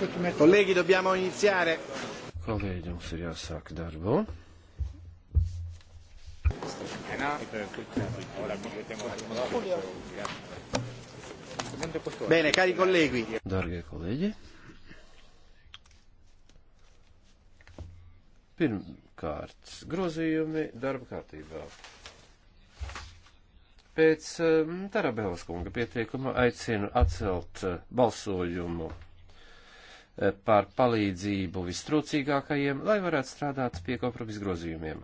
Kolēģi, dobjām iniciāre. Kolēģi, mums ir jāsāk darbu. Bene, cari colleghi. Darghe colleghi. Pirmkārt, grozījumi darba kārtībā. Pēc um, Tarabēlas kunga pieteikuma aicinu atcelt uh, balsojumu par palīdzību vistrūcīgākajiem, lai varētu strādāt pie kompromisu grozījumiem.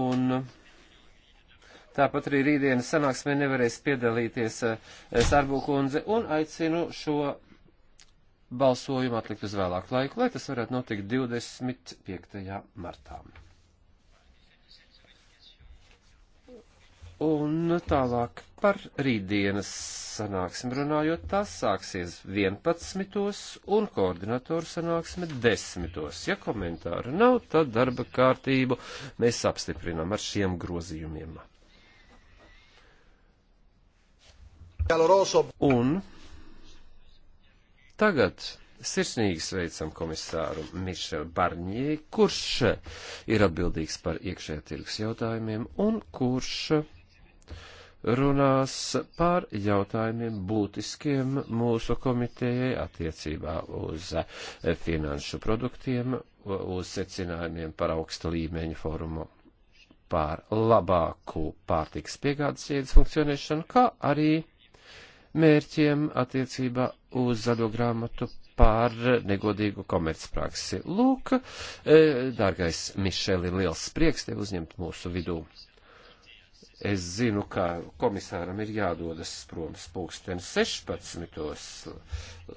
Un tāpat arī rītdienas sanāksmē nevarēs piedalīties eh, Sarbūkundze un aicinu šo balsojumu atlikt uz vēlāku laiku, lai tas varētu notikt 25. martā. Un tālāk par rītdienas sanāksmi runājot, tas sāksies 11. un koordinatoru sanāksme 10. Ja komentāru nav, tad darba kārtību mēs apstiprinām ar šiem grozījumiem. Un tagad sirsnīgi sveicam komisāru Mišelu Barņē, kurš ir atbildīgs par iekšējā tirgus jautājumiem un kurš runās par jautājumiem būtiskiem mūsu komitejai attiecībā uz finanšu produktiem, uz secinājumiem par augsta līmeņa forumu par labāku pārtiks piegādes iedas funkcionēšanu, kā arī mērķiem attiecībā uz zaļo grāmatu par negodīgu komercpraksi. Lūk, eh, dārgais Mišeli, liels prieks tevi uzņemt mūsu vidū. Es zinu, ka komisāram ir jādodas proms pulksten 16,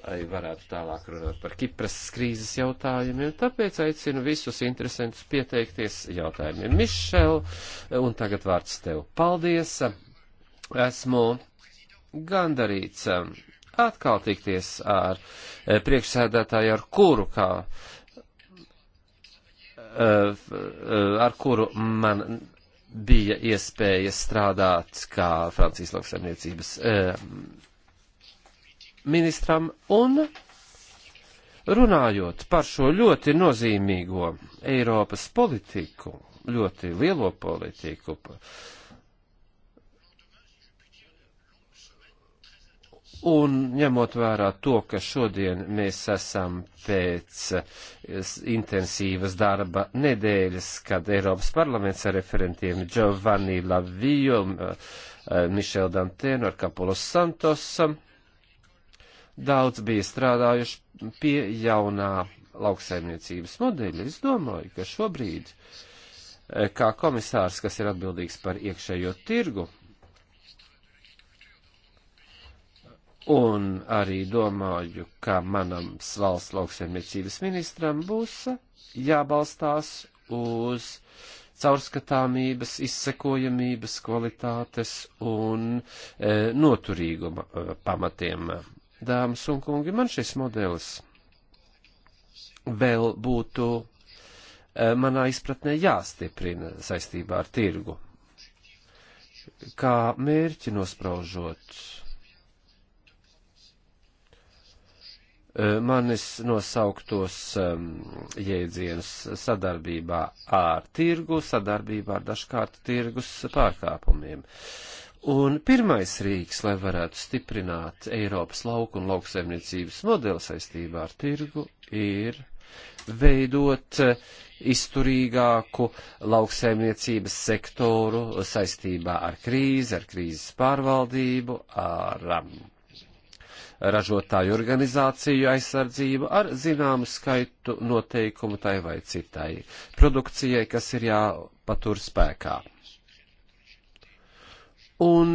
lai varētu tālāk runāt par Kipras krīzes jautājumiem, tāpēc aicinu visus interesantus pieteikties jautājumiem. Mišel, un tagad vārds tev. Paldies! Esmu gandarīts um, atkal tikties ar eh, priekšsēdētāju, ar kuru kā eh, eh, ar kuru man bija iespēja strādāt kā Francijas lauksaimniecības eh, ministram un runājot par šo ļoti nozīmīgo Eiropas politiku, ļoti lielo politiku, eh, Un ņemot vērā to, ka šodien mēs esam pēc intensīvas darba nedēļas, kad Eiropas parlaments ar referentiem Giovanni Lavio, eh, Mišel Dantēnu ar Kapulos Santos daudz bija strādājuši pie jaunā lauksaimniecības modeļa. Es domāju, ka šobrīd, eh, kā komisārs, kas ir atbildīgs par iekšējo tirgu, Un arī domāju, ka manam valsts lauksaimniecības ministram būs jābalstās uz caurskatāmības, izsekojamības, kvalitātes un e, noturīguma e, pamatiem. Dāmas un kungi, man šis modelis vēl būtu e, manā izpratnē jāstiprina saistībā ar tirgu. Kā mērķi nospraužot Eh, manis nosauktos jēdzienus sadarbībā ar tirgu, sadarbībā ar dažkārt tirgus pārkāpumiem. Un pirmais rīks, lai varētu stiprināt Eiropas lauku un lauksaimniecības modeli saistībā ar tirgu, ir veidot eh, izturīgāku lauksaimniecības sektoru saistībā ar krīzi, ar krīzes pārvaldību, ar um, ražotāju organizāciju aizsardzību ar zināmu skaitu noteikumu tai vai citai produkcijai, kas ir jāpatur spēkā. Un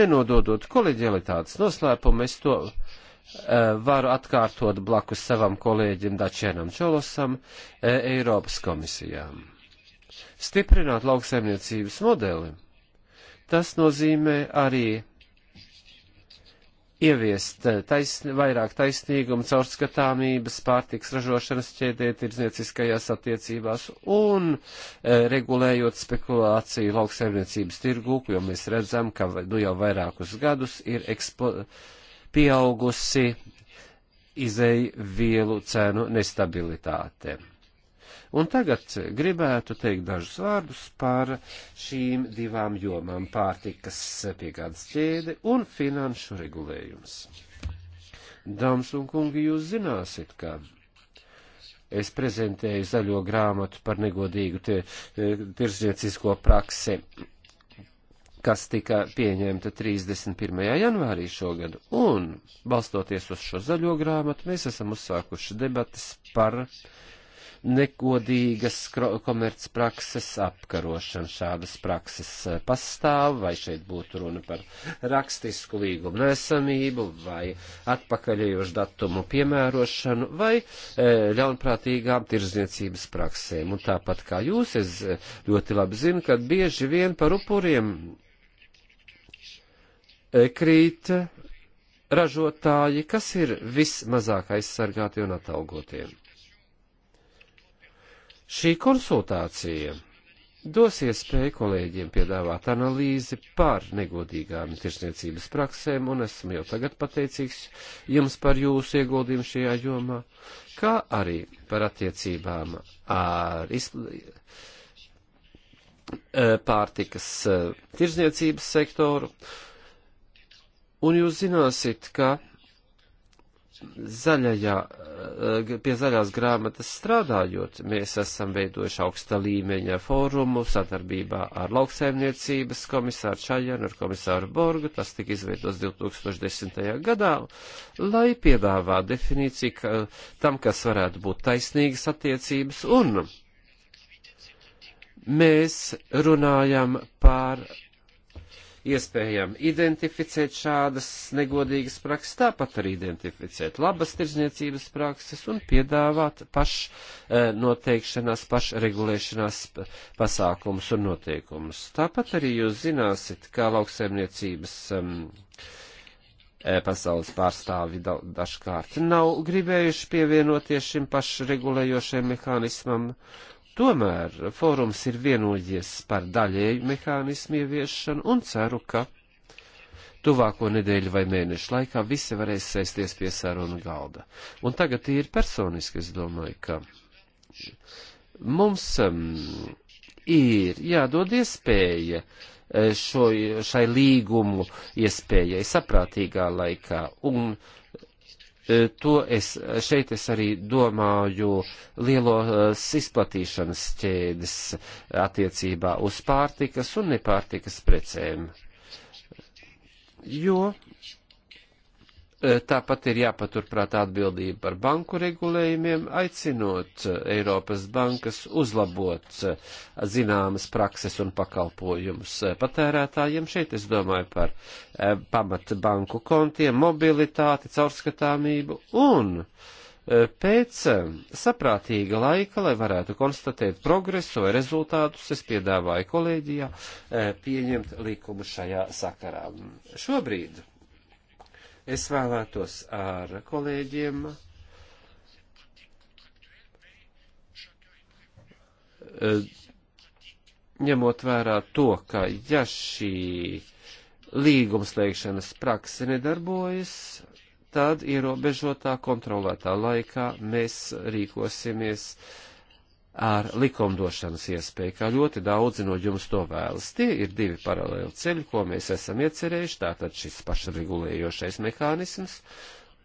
nenododot koleģialitātes noslēpumu, es to eh, varu atkārtot blakus savam kolēģim Dačēnam Čolosam eh, Eiropas komisijām. Stiprināt lauksaimniecības modeli, tas nozīmē arī ieviest eh, taisn, vairāk taisnīguma, caurskatāmības, pārtiks ražošanas ķēdē, tirdznieciskajās attiecībās un e, regulējot spekulāciju lauksaimniecības tirgū, jo mēs redzam, ka nu jau vairākus gadus ir ekspo, pieaugusi izēju vielu cenu nestabilitāte. Un tagad gribētu teikt dažus vārdus par šīm divām jomām - pārtikas piegādes ķēde un finanšu regulējums. Dāmas un kungi, jūs zināsiet, ka es prezentēju zaļo grāmatu par negodīgu e, tirsniecisko praksi kas tika pieņemta 31. janvārī šogad, un, balstoties uz šo zaļo grāmatu, mēs esam uzsākuši debatas par uh, nekodīgas komercprakses apkarošana. Šādas prakses eh, pastāv, vai šeit būtu runa par rakstisku līgumu nesamību, vai atpakaļējošu datumu piemērošanu, vai e, ļaunprātīgām tirzniecības praksēm. Un tāpat kā jūs, es eh, ļoti labi zinu, ka bieži vien par upuriem krīt ražotāji, kas ir vismazāk aizsargāti un atalgotie. Šī konsultācija dos iespēju kolēģiem piedāvāt analīzi par negodīgām tirsniecības praksēm, un esmu jau tagad pateicīgs jums par jūsu ieguldījumu šajā jomā, kā arī par attiecībām ar izpl... Eh, pārtikas eh, tirsniecības sektoru. Un jūs zināsit, ka zaļajā, eh, pie zaļās grāmatas strādājot, mēs esam veidojuši augsta līmeņa fórumu sadarbībā ar lauksaimniecības komisāru Čajanu, ar komisāru Borgu, tas tika izveidots 2010. gadā, lai piedāvā definīciju ka, tam, kas varētu būt taisnīgas attiecības, un mēs runājam par iespējami identificēt šādas negodīgas prakses, tāpat arī identificēt labas tirzniecības prakses un piedāvāt pašnoteikšanās, eh, pašregulēšanās pasākumus un noteikumus. Tāpat arī jūs zināsit, kā lauksaimniecības um, pasaules pārstāvi dažkārt nav gribējuši pievienoties šim pašregulējošajam mehānismam, Tomēr fórums ir vienojies par daļēju mehānismu ieviešanu un ceru, ka tuvāko nedēļu vai mēnešu laikā visi varēs sēsties pie sarunu galda. Un tagad ir personiski, es domāju, ka mums um, ir jādod iespēja eh, šo, šai līgumu iespējai saprātīgā laikā. Un, uh, E, to es, šeit es arī domāju lielos e, izplatīšanas ķēdes attiecībā uz pārtikas un nepārtikas precēm. Jo Eh, tāpat ir jāpaturprāt atbildība par banku regulējumiem, aicinot eh, Eiropas bankas uzlabot eh, zināmas prakses un pakalpojumus patērētājiem. Šeit es domāju par pamata banku kontiem, mobilitāti, caurskatāmību un pēc saprātīga laika, lai varētu konstatēt progresu vai rezultātus, es piedāvāju kolēģijā pieņemt likumu šajā sakarā. Šobrīd Es vēlētos ar kolēģiem e, ņemot vērā to, ka ja šī līgumslēgšanas prakse nedarbojas, tad ierobežotā kontrolētā laikā mēs rīkosimies uh, ar likumdošanas iespēju, kā ļoti daudzi no jums to vēlas. Tie ir divi paralēli ceļi, ko mēs esam iecerējuši, tātad šis pašregulējošais mehānisms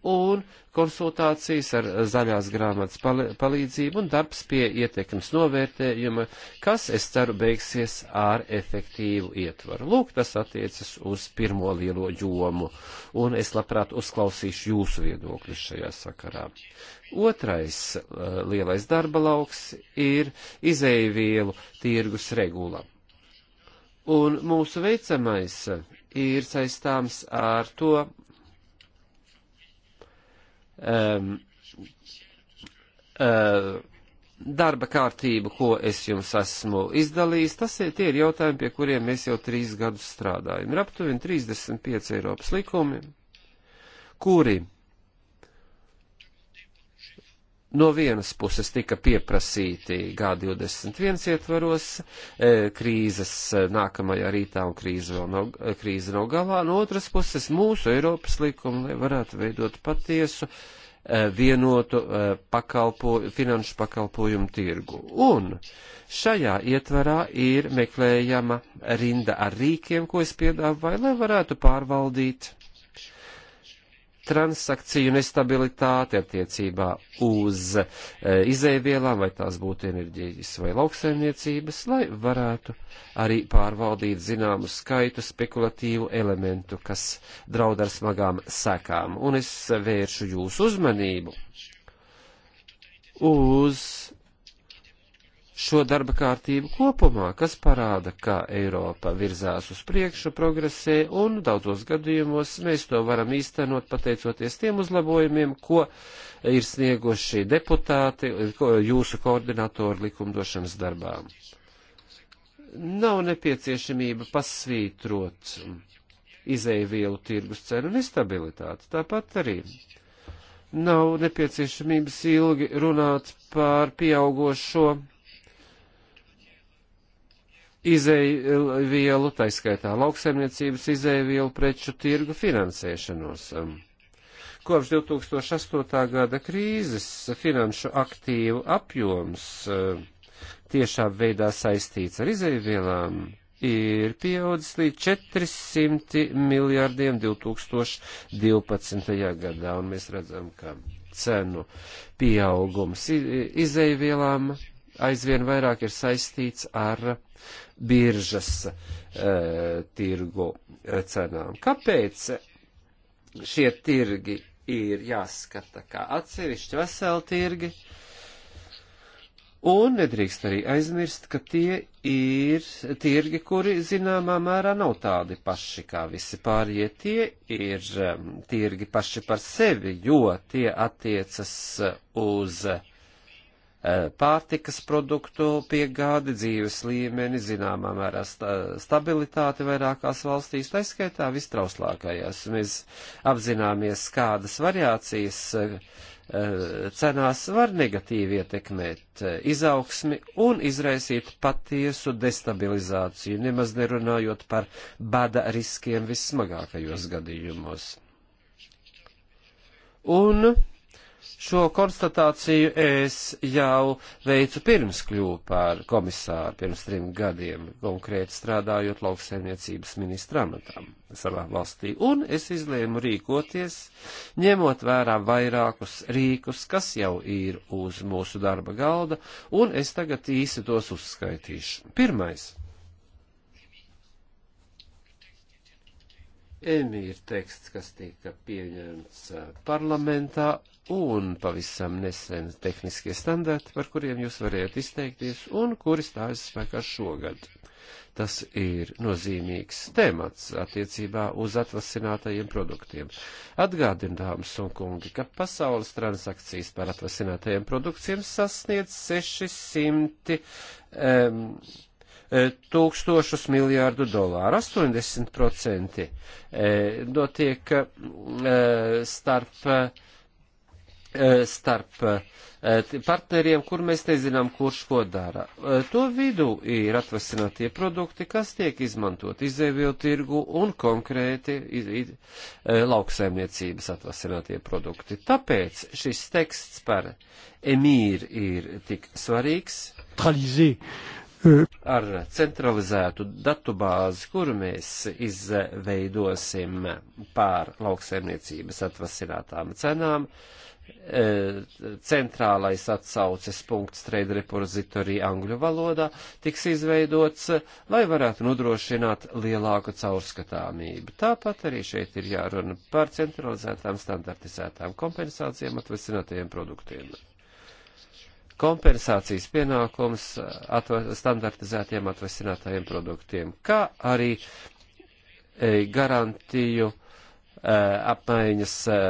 un konsultācijas ar zaļās grāmatas palīdzību un darbs pie ietekmes novērtējuma, kas, es ceru, beigsies ar efektīvu ietvaru. Lūk, tas attiecas uz pirmo lielo jomu, un es labprāt uzklausīšu jūsu viedokļus šajā sakarā. Otrais uh, lielais darba lauks ir izēvielu tirgus regula. Un mūsu veicamais ir saistāms ar to, um, uh, darba kārtību, ko es jums esmu izdalījis. Tas ir tie ir jautājumi, pie kuriem mēs jau trīs gadus strādājam. Ir aptuveni 35 Eiropas likumi, kuri no vienas puses tika pieprasīti G21 ietvaros, e, krīzes e, nākamajā rītā un krīze vēl nav, e, krīze nav galā, no otras puses mūsu Eiropas likumi, lai varētu veidot patiesu vienotu pakalpo, finanšu pakalpojumu tirgu. Un šajā ietvarā ir meklējama rinda ar rīkiem, ko es piedāvāju, lai varētu pārvaldīt transakciju nestabilitāti attiecībā uz e, izēvielām, vai tās būtu enerģijas vai lauksaimniecības, lai varētu arī pārvaldīt zināmu skaitu spekulatīvu elementu, kas draud ar smagām sekām. Un es vēršu jūsu uzmanību uz šo darba kārtību kopumā, kas parāda, kā Eiropa virzās uz priekšu, progresē, un daudzos gadījumos mēs to varam īstenot pateicoties tiem uzlabojumiem, ko ir snieguši deputāti, jūsu koordinatori likumdošanas darbām. Nav nepieciešamība pasvītrot izēvielu tirgus cenu nestabilitāti, tāpat arī nav nepieciešamības ilgi runāt par pieaugošo izēvielu, taiskaitā lauksaimniecības izēvielu preču tirgu finansēšanos. Um, Kopš 2008. gada krīzes finanšu aktīvu apjoms um, tiešā veidā saistīts ar izēvielām ir pieaudzis līdz 400 miljārdiem 2012. gadā, un mēs redzam, ka cenu pieaugums izēvielām aizvien vairāk ir saistīts ar biržas e, tirgu e, cenām. Kāpēc šie tirgi ir jāskata kā atsevišķi veseli tirgi? Un nedrīkst arī aizmirst, ka tie ir tirgi, kuri zināmā mērā nav tādi paši kā visi pārējie. Tie ir um, tirgi paši par sevi, jo tie attiecas uz uh, Eh, pārtikas produktu piegādi, dzīves līmeni, zināmā mērā stabilitāti vairākās valstīs, tā skaitā vistrauslākajās. Mēs apzināmies, kādas variācijas eh, cenās var negatīvi ietekmēt eh, izaugsmi un izraisīt patiesu destabilizāciju, nemaz nerunājot par bada riskiem vissmagākajos gadījumos. Un Šo konstatāciju es jau veicu pirms kļuvu par komisāru, pirms trim gadiem, konkrēti strādājot lauksaimniecības ministra amatam savā valstī, un es izlēmu rīkoties, ņemot vērā vairākus rīkus, kas jau ir uz mūsu darba galda, un es tagad īsi tos uzskaitīšu. Pirmais. Emīra teksts, kas tika pieņemts eh, parlamentā, un pavisam nesen tehniskie standarti, par kuriem jūs varētu izteikties un kuri stājas spēkā šogad. Tas ir nozīmīgs temats attiecībā uz atvasinātajiem produktiem. Atgādinu, dāmas un kungi, ka pasaules transakcijas par atvasinātajiem produktiem sasniedz 600 um, e, tūkstošus miljārdu dolāru. 80% e, notiek e, starp Eh, starp eh, partneriem, kur mēs nezinām, kurš ko dara. Eh, to vidū ir atvasinātie produkti, kas tiek izmantot izēvielu tirgu un konkrēti iz, iz, lauksaimniecības atvasinātie produkti. Tāpēc šis teksts par emīru ir tik svarīgs. Tralizē ar centralizētu datubāzi, kuru mēs izveidosim pār lauksaimniecības atvasinātām cenām, uh, E, centrālais atsauces punkts trade repozitorī angļu valodā tiks izveidots, lai varētu nodrošināt lielāku caurskatāmību. Tāpat arī šeit ir jārunā par centralizētām standartizētām kompensācijām atvesinātajiem produktiem. Kompensācijas pienākums atva standartizētiem atvesinātajiem produktiem, kā arī e, garantiju e, apmaiņas e,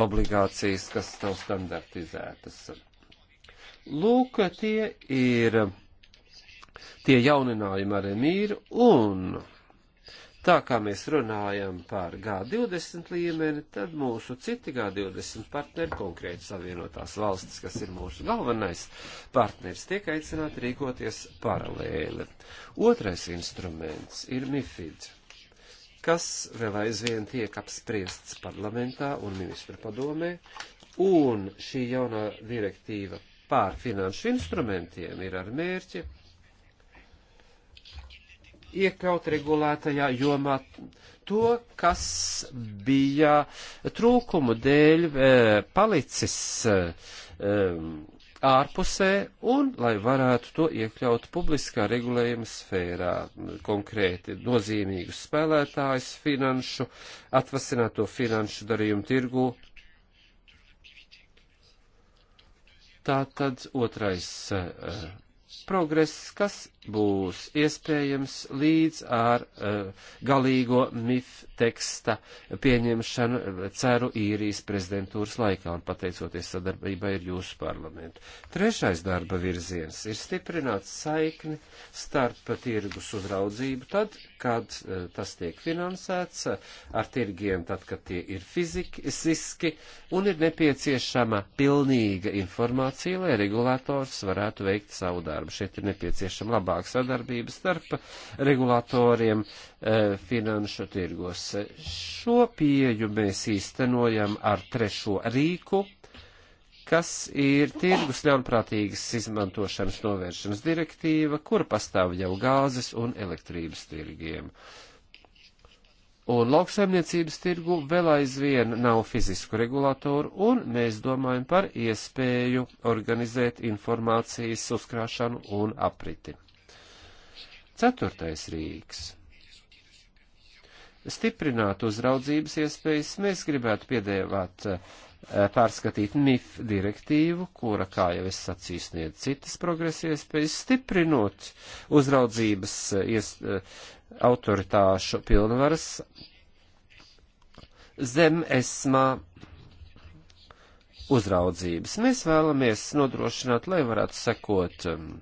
obligācijas, kas nav standartizētas. Lūk, tie ir tie jauninājumi ar emīru un tā kā mēs runājam par G20 līmeni, tad mūsu citi G20 partneri, konkrēti savienotās valstis, kas ir mūsu galvenais partneris, tiek aicināti rīkoties paralēli. Otrais instruments ir MIFID kas vēl aizvien tiek apspriests parlamentā un ministra padomē, un šī jaunā direktīva pār finanšu instrumentiem ir ar mērķi iekļaut regulētajā jomā to, kas bija trūkumu dēļ eh, palicis um, ārpusē un lai varētu to iekļaut publiskā regulējuma sfērā, konkrēti nozīmīgus spēlētājus finanšu, atvasināto finanšu darījumu tirgu. Tā tad otrais eh, progress, kas būs iespējams līdz ar uh, galīgo MIF teksta pieņemšanu, eh, ceru, īrijas prezidentūras laikā un pateicoties sadarbībai ar jūsu parlamentu. Trešais darba virziens ir stiprināt saikni starp tirgus uzraudzību tad, kad uh, tas tiek finansēts ar tirgiem, tad, kad tie ir fiziski un ir nepieciešama pilnīga informācija, lai regulators varētu veikt savu darbu. Šeit ir nepieciešama labā labāka sadarbība starp regulatoriem eh, finanšu tirgos. Šo pieju mēs īstenojam ar trešo rīku, kas ir tirgus ļaunprātīgas izmantošanas novēršanas direktīva, kur pastāv jau gāzes un elektrības tirgiem. Un lauksaimniecības tirgu vēl aizvien nav fizisku regulatoru, un mēs domājam par iespēju organizēt informācijas uzkrāšanu un apriti. Ceturtais rīks stiprināt uzraudzības iespējas, mēs gribētu piedēvāt eh, pārskatīt MIF direktīvu, kura, kā jau es sacīju, sniedz citas progresa iespējas, stiprinot uzraudzības eh, ies, eh, autoritāšu pilnvaras zem esmā uzraudzības. Mēs vēlamies nodrošināt, lai varētu sekot ehm,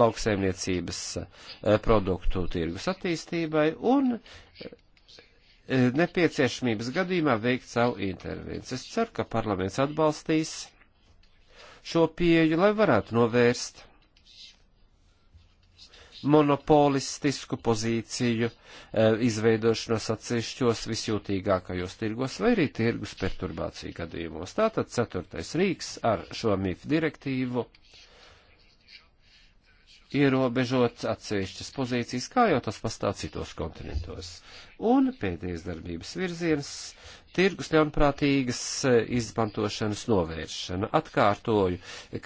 lauksaimniecības eh, produktu tirgus attīstībai un eh, nepieciešamības gadījumā veikt savu intervenciju. Es ceru, ka parlaments atbalstīs šo pieju, lai varētu novērst monopolistisku pozīciju eh, izveidošanos atsevišķos visjūtīgākajos tirgos vai arī tirgus perturbāciju gadījumos. Tātad ceturtais rīks ar šo MIF direktīvu ierobežot atsevišķas pozīcijas, kā jau tas pastāv citos kontinentos. Un pēdējais darbības virziens - tirgus ļaunprātīgas e, izmantošanas novēršana. Atkārtoju,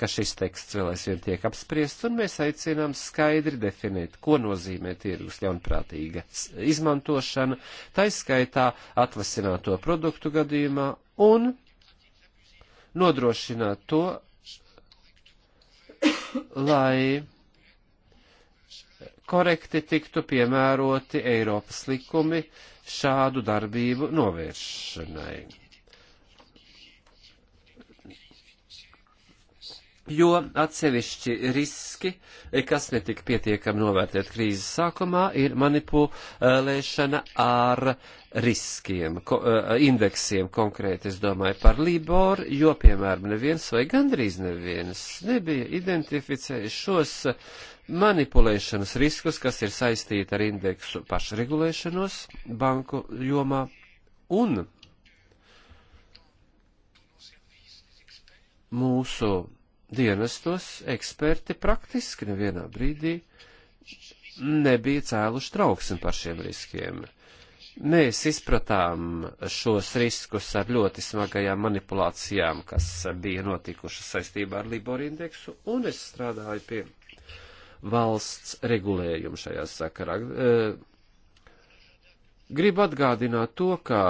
ka šis teksts vēl aizvien tiek apspriests, un mēs aicinām skaidri definēt, ko nozīmē tirgus ļaunprātīga izmantošana, taiskaitā atvasināto produktu gadījumā, un nodrošināt to, lai korekti tiktu piemēroti Eiropas likumi šādu darbību novēršanai. Jo atsevišķi riski, kas netika pietiekami novērtēt krīzes sākumā, ir manipulēšana ar riskiem, ko, eh, indeksiem konkrēti, es domāju, par Libor, jo, piemēram, neviens vai gandrīz neviens nebija identificējis šos uh, manipulēšanas riskus, kas ir saistīti ar indeksu pašregulēšanos banku jomā un mūsu dienestos eksperti praktiski nevienā brīdī nebija cēluši trauksmi par šiem riskiem. Mēs izpratām šos riskus ar ļoti smagajām manipulācijām, kas bija notikušas saistībā ar Libor indeksu, un es strādāju pie valsts regulējumu šajā sakarā. Eh, gribu atgādināt to, ka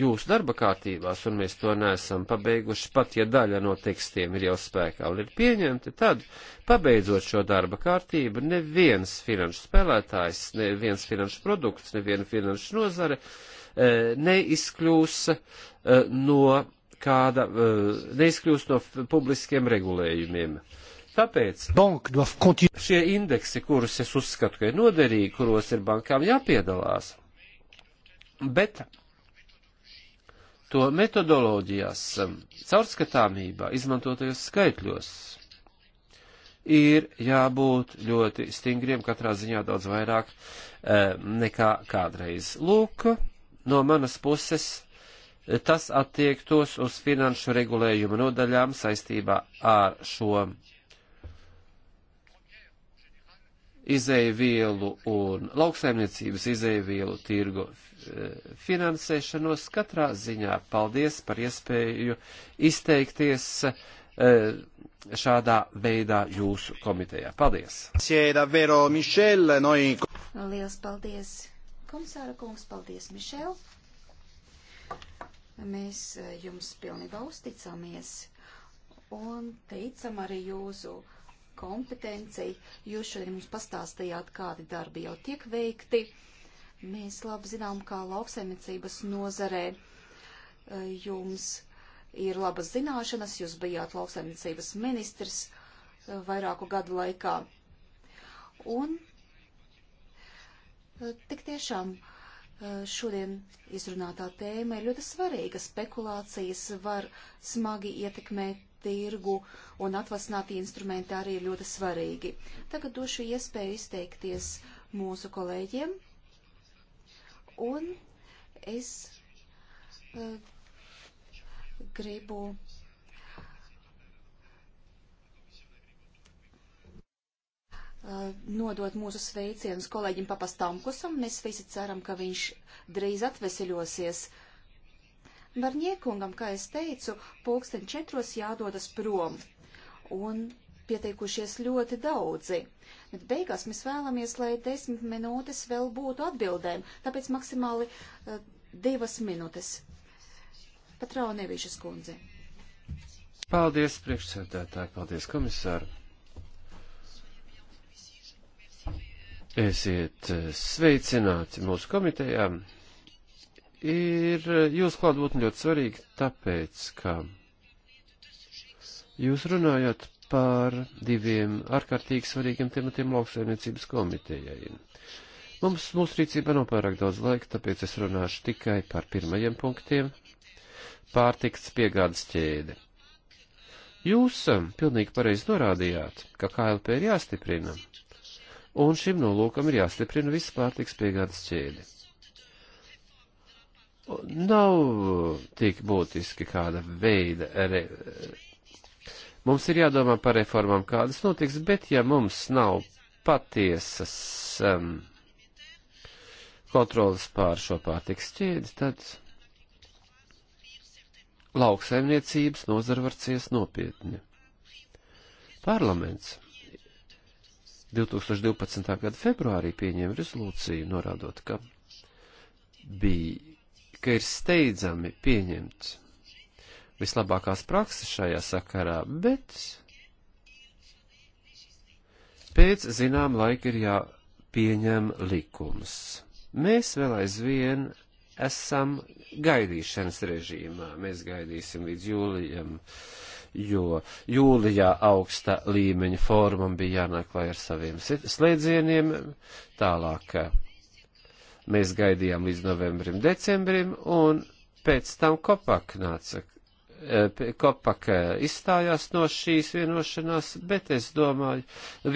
jūsu darba kārtībās, un mēs to neesam pabeiguši, pat ja daļa no tekstiem ir jau spēkā un ir pieņemti, tad, pabeidzot šo darba kārtību, neviens finanšu spēlētājs, neviens finanšu produkts, neviena finanšu nozare eh, eh, neizkļūs no kāda, neizkļūs no publiskiem regulējumiem. Tāpēc šie indeksi, kurus es uzskatu, ka ir noderīgi, kuros ir bankām jāpiedalās, bet to metodoloģijās, um, caurskatāmībā, izmantotajos skaitļos ir jābūt ļoti stingriem, katrā ziņā daudz vairāk e, nekā kādreiz. Lūk, no manas puses tas attiektos uz finanšu regulējuma nodaļām saistībā ar šo izēvielu un lauksaimniecības izēvielu tirgu eh, finansēšanos. Katrā ziņā paldies par iespēju izteikties eh, šādā veidā jūsu komitejā. Paldies! Lielas paldies, komisāra kungs, paldies, Mišel! Mēs eh, jums pilnībā uzticamies un teicam arī jūsu kompetencija. Jūs šodien mums pastāstījāt, kādi darbi jau tiek veikti. Mēs labi zinām, kā lauksaimniecības nozarē e, jums ir labas zināšanas, jūs bijāt lauksaimniecības ministrs e, vairāku gadu laikā. Un e, tik tiešām šodien izrunātā tēma ir ļoti svarīga. Spekulācijas var smagi ietekmēt tirgu un atvasināti instrumenti arī ir ļoti svarīgi. Tagad došu iespēju izteikties mūsu kolēģiem. Un es uh, gribu. Uh, nodot mūsu sveicienus kolēģim Papastamkusam. Mēs visi ceram, ka viņš drīz atveseļosies uh, Barņiekungam, kā es teicu, pulksten četros jādodas prom. Un pieteikušies ļoti daudzi. Bet beigās mēs vēlamies, lai desmit minūtes vēl būtu atbildēm, tāpēc maksimāli uh, divas minūtes. Patrāva Nevišas kundze. Paldies, priekšsēdētāji, paldies, komisāri. Esiet eh, sveicināti mūsu komitejām ir jūs klātbūtni ļoti svarīgi, tāpēc, ka jūs runājat par diviem ārkārtīgi svarīgiem tematiem lauksaimniecības komitejai. Mums mūsu rīcībā nav pārāk daudz laika, tāpēc es runāšu tikai par pirmajiem punktiem - pārtiks piegādes ķēde. Jūs um, pilnīgi pareizi norādījāt, ka KLP ir jāstiprina, un šim nolūkam ir jāstiprina viss pārtiks piegādes ķēde nav eh, tik būtiski kāda veida. Re... Mums ir jādomā par reformām, kādas notiks, bet ja mums nav patiesas um, kontrolas pār šo pārtiks ķēdi, tad lauksaimniecības nozara var ciest nopietni. Parlaments 2012. gada februārī pieņēma rezolūciju, norādot, ka bija ka ir steidzami pieņemts vislabākās prakses šajā sakarā, bet pēc zinām laika ir jāpieņem likums. Mēs vēl aizvien esam gaidīšanas režīmā. Mēs gaidīsim līdz jūlijam, jo jūlijā augsta līmeņa fórumam bija jānāk klāj ar saviem slēdzieniem. Tālāk Mēs gaidījām līdz novembrim, decembrim, un pēc tam kopak nāca. E, kopak e, izstājās no šīs vienošanās, bet es domāju,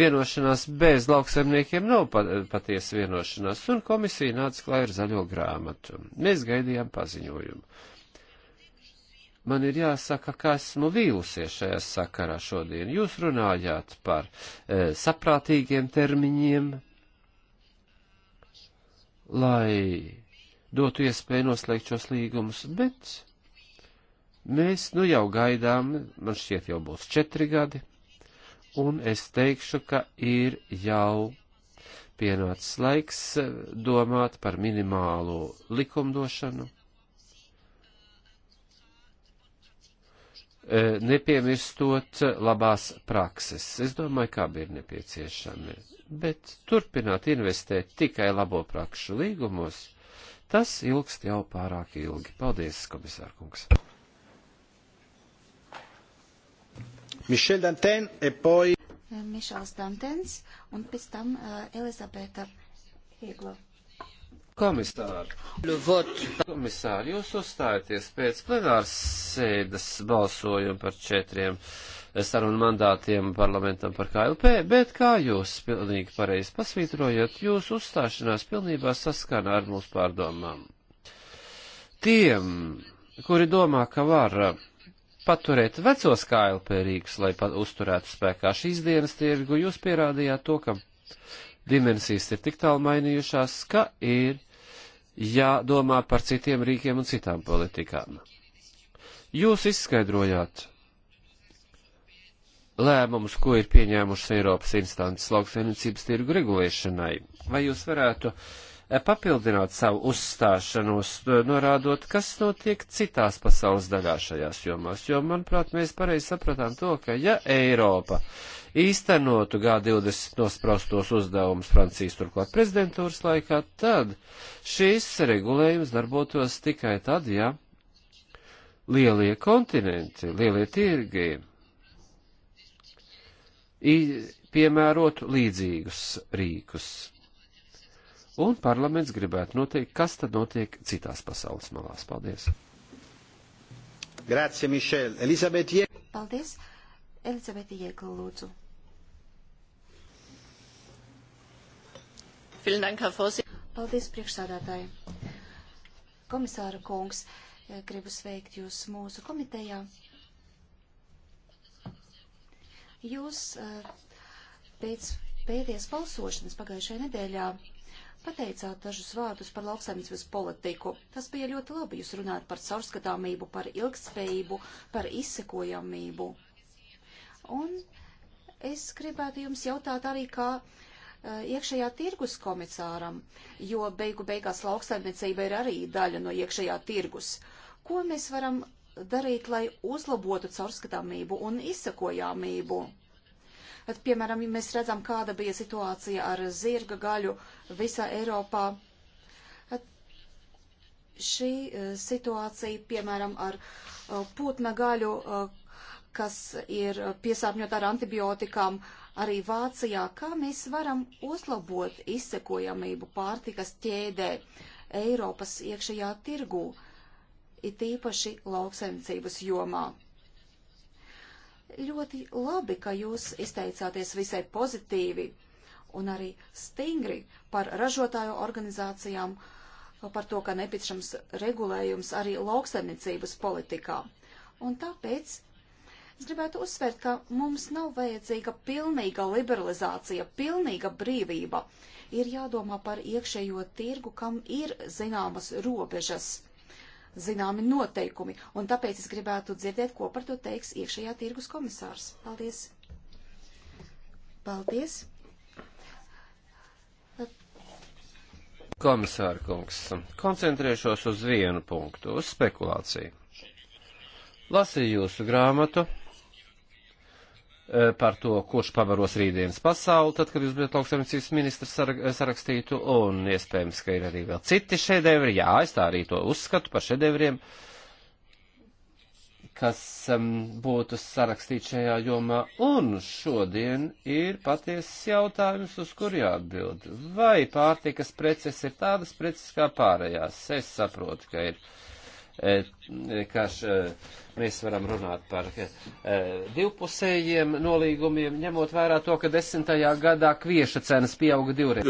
vienošanās bez lauksaimniekiem nav patiesa vienošanās, un komisija nāca klāja ar zaļo grāmatu. Mēs gaidījām paziņojumu man ir jāsaka, ka esmu vīlusies šajā sakarā šodien. Jūs runājāt par e, saprātīgiem termiņiem, lai dotu iespēju noslēgt šos līgumus, bet mēs nu jau gaidām, man šķiet jau būs četri gadi, un es teikšu, ka ir jau pienācis laiks domāt par minimālo likumdošanu. E, nepiemirstot labās prakses. Es domāju, kā bija nepieciešami bet turpināt investēt tikai labo prakšu līgumos, tas ilgst jau pārāk ilgi. Paldies, komisārkungs! Mišel Danten, e poi... Eh, Mišels Dantens un pēc tam uh, Elizabeta Higlo. Komisāri, komisāri, jūs uzstājaties pēc plenāras sēdes balsojumu par četriem sarunu mandātiem parlamentam par KLP, bet kā jūs pilnīgi pareizi pasvītrojat, jūs uzstāšanās pilnībā saskana ar mūsu pārdomām. Tiem, kuri domā, ka var paturēt vecos KLP rīkus, lai pat uzturētu spēkā šīs dienas tirgu, jūs pierādījāt to, ka dimensijas ir tik tālu mainījušās, ka ir jādomā par citiem rīkiem un citām politikām. Jūs izskaidrojāt lēmumus, ko ir pieņēmušas Eiropas instances lauksaimniecības tirgu regulēšanai. Vai jūs varētu eh, papildināt savu uzstāšanos, eh, norādot, kas notiek citās pasaules daļās šajās jomās? Jo, manuprāt, mēs pareizi sapratām to, ka ja Eiropa īstenotu G20 nospraustos uzdevumus Francijas turklāt prezidentūras laikā, tad šīs regulējums darbotos tikai tad, ja lielie kontinenti, lielie tirgi piemērot līdzīgus rīkus. Un parlaments gribētu noteikt, kas tad notiek citās pasaules malās. Paldies! Grazie, Mišel. Elizabete Jēgla. Paldies. Elizabete Jēgla, lūdzu. Paldies, priekšsādātāji. Komisāra kungs, gribu sveikt jūs mūsu komitejā. Jūs eh, pēc pēdējās balsošanas pagājušajā nedēļā pateicāt dažus vārdus par lauksaimniecības politiku. Tas bija ļoti labi. Jūs runājat par caurskatāmību, par ilgspējību, par izsekojamību. Un es gribētu jums jautāt arī, kā eh, iekšējā tirgus komisāram, jo beigu beigās lauksaimniecība ir arī daļa no iekšējā tirgus. Ko mēs varam darīt, lai uzlabotu caurskatāmību un izsakojāmību? At, piemēram, mēs redzam, kāda bija situācija ar zirga gaļu visā Eiropā. At, šī e, situācija, piemēram, ar e, putna gaļu, e, kas ir piesārņota ar antibiotikām, arī Vācijā, kā mēs varam uzlabot izsekojamību pārtikas ķēdē Eiropas iekšējā tirgū. Uh, it īpaši lauksaimniecības jomā. Ļoti labi, ka jūs izteicāties visai pozitīvi un arī stingri par ražotāju organizācijām, par to, ka nepieciešams regulējums arī lauksaimniecības politikā. Un tāpēc es gribētu uzsvērt, ka mums nav vajadzīga pilnīga liberalizācija, pilnīga brīvība. Ir jādomā par iekšējo tirgu, kam ir zināmas robežas zināmi noteikumi, un tāpēc es gribētu dzirdēt, ko par to teiks iekšējā tirgus komisārs. Paldies! Paldies! Komisāra kungs, koncentrēšos uz vienu punktu, uz spekulāciju. Lasīju jūsu grāmatu Eh, par to, kurš pavaros rītdienas pasauli, tad, kad jūs bijat lauksaimniecības ministrs eh, sarakstītu, un iespējams, ka ir arī vēl citi šedevri, jā, es tā arī to uzskatu par šedevriem, kas um, būtu sarakstīti šajā jomā, un šodien ir patiesas jautājums, uz kuru jāatbild. Vai pārtikas preces ir tādas preces kā pārējās? Es saprotu, ka ir. Uh, Eh, ka eh, mēs varam runāt par eh, divpusējiem nolīgumiem, ņemot vērā to, ka desmitajā gadā kvieša cenas pieauga divreiz.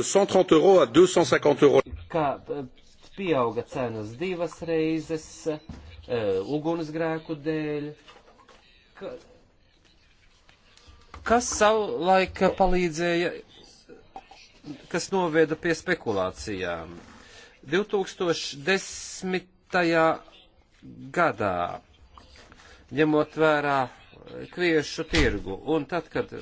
Kā pieauga cenas divas reizes ugunsgrēku dēļ. Kas savulaik palīdzēja, kas noveda pie spekulācijām? 2010 gadā, ņemot vērā kviešu tirgu. Un tad, kad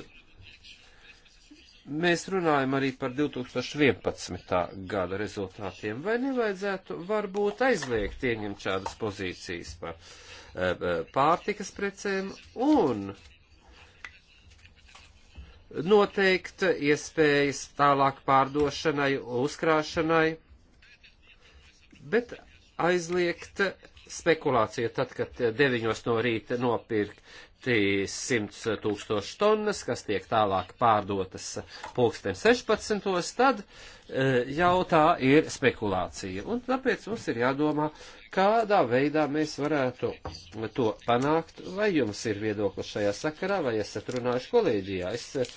mēs runājam arī par 2011. gada rezultātiem, vai nevajadzētu varbūt aizliegt ieņemt šādas pozīcijas par eh, eh, pārtikas precēm un noteikt iespējas tālāk pārdošanai, uzkrāšanai, bet aizliegt spekulācija tad, kad 9 eh, no rīta nopirkti 100 tūkstoši tonnas, kas tiek tālāk pārdotas pulksten 16, tad eh, jau tā ir spekulācija. Un tāpēc mums ir jādomā, kādā veidā mēs varētu to panākt, vai jums ir viedoklis šajā sakarā, vai esat runājuši kolēģijā. Es eh,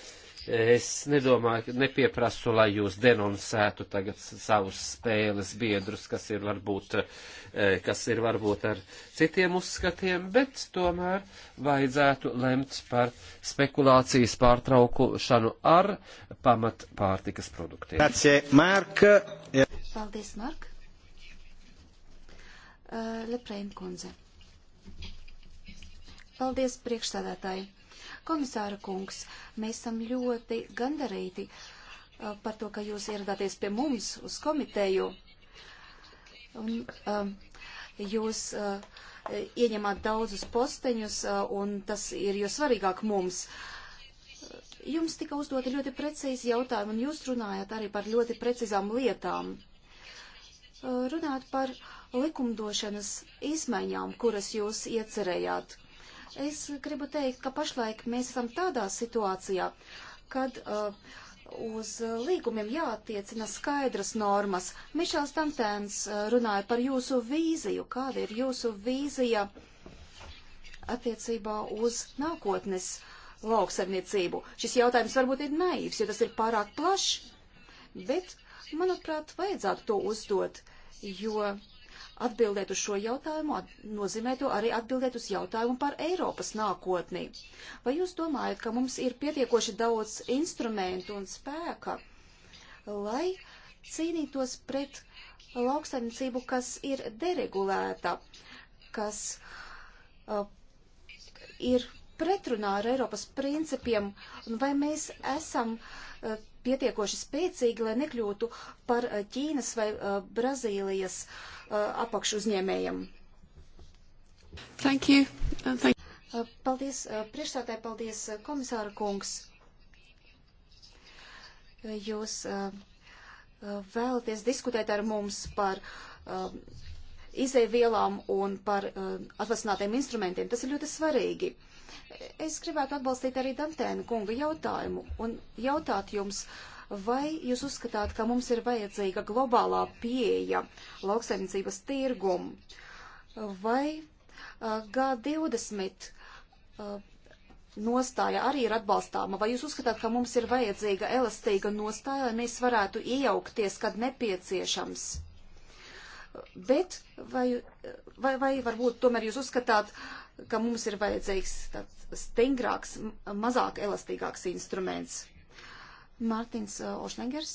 Es nedomāju, nepieprasu, lai jūs denoncētu tagad savus spēles biedrus, kas ir varbūt, eh, kas ir varbūt ar citiem uzskatiem, bet tomēr vajadzētu lemt par spekulācijas pārtraukušanu ar pamat pārtikas produktiem. Paldies, Mark. Eh, Leprēna kundze. Paldies, priekšstādātāji. Komisāra kungs, mēs esam ļoti gandarīti uh, par to, ka jūs ieradāties pie mums uz komiteju. Un, um, jūs uh, ieņemat daudzus posteņus, uh, un tas ir jo svarīgāk mums. Jums tika uzdoti ļoti precīzi jautājumi, un jūs runājat arī par ļoti precīzām lietām. Uh, runāt par likumdošanas izmaiņām, kuras jūs iecerējāt. Es gribu teikt, ka pašlaik mēs esam tādā situācijā, kad uh, uz līgumiem jātiecina skaidras normas. Mišels Tantēns uh, runāja par jūsu vīziju. Kāda ir jūsu vīzija attiecībā uz nākotnes lauksaimniecību? Šis jautājums varbūt ir naivs, jo tas ir pārāk plašs, bet, manuprāt, vajadzētu to uzdot, jo Atbildēt uz šo jautājumu nozīmētu arī atbildēt uz jautājumu par Eiropas nākotni. Vai jūs domājat, ka mums ir pietiekoši daudz instrumentu un spēka, lai cīnītos pret lauksaimniecību, kas ir deregulēta, kas uh, ir pretrunā ar Eiropas principiem, vai mēs esam uh, Eh, pietiekoši spēcīgi, lai nekļūtu par eh, Ķīnas vai eh, Brazīlijas apakšu uzņēmējiem. Thank you. Uh, thank you. Paldies, priekšstādāji, paldies, komisāra kungs. Jūs vēlaties diskutēt ar mums par izēvielām un par atvasinātiem instrumentiem. Tas ir ļoti svarīgi. Uh, Es gribētu atbalstīt arī Dantēna kunga jautājumu un jautāt jums, vai jūs uzskatāt, ka mums ir vajadzīga globālā pieeja lauksaimniecības tirgumu, vai G20 nostāja arī ir atbalstāma, vai jūs uzskatāt, ka mums ir vajadzīga elastīga nostāja, lai mēs varētu iejaukties, kad nepieciešams? Bet vai, vai, vai varbūt tomēr jūs uzskatāt, uh, ka mums ir vajadzīgs tāds stingrāks, mazāk elastīgāks instruments. Mārtiņs uh, Ošnegers,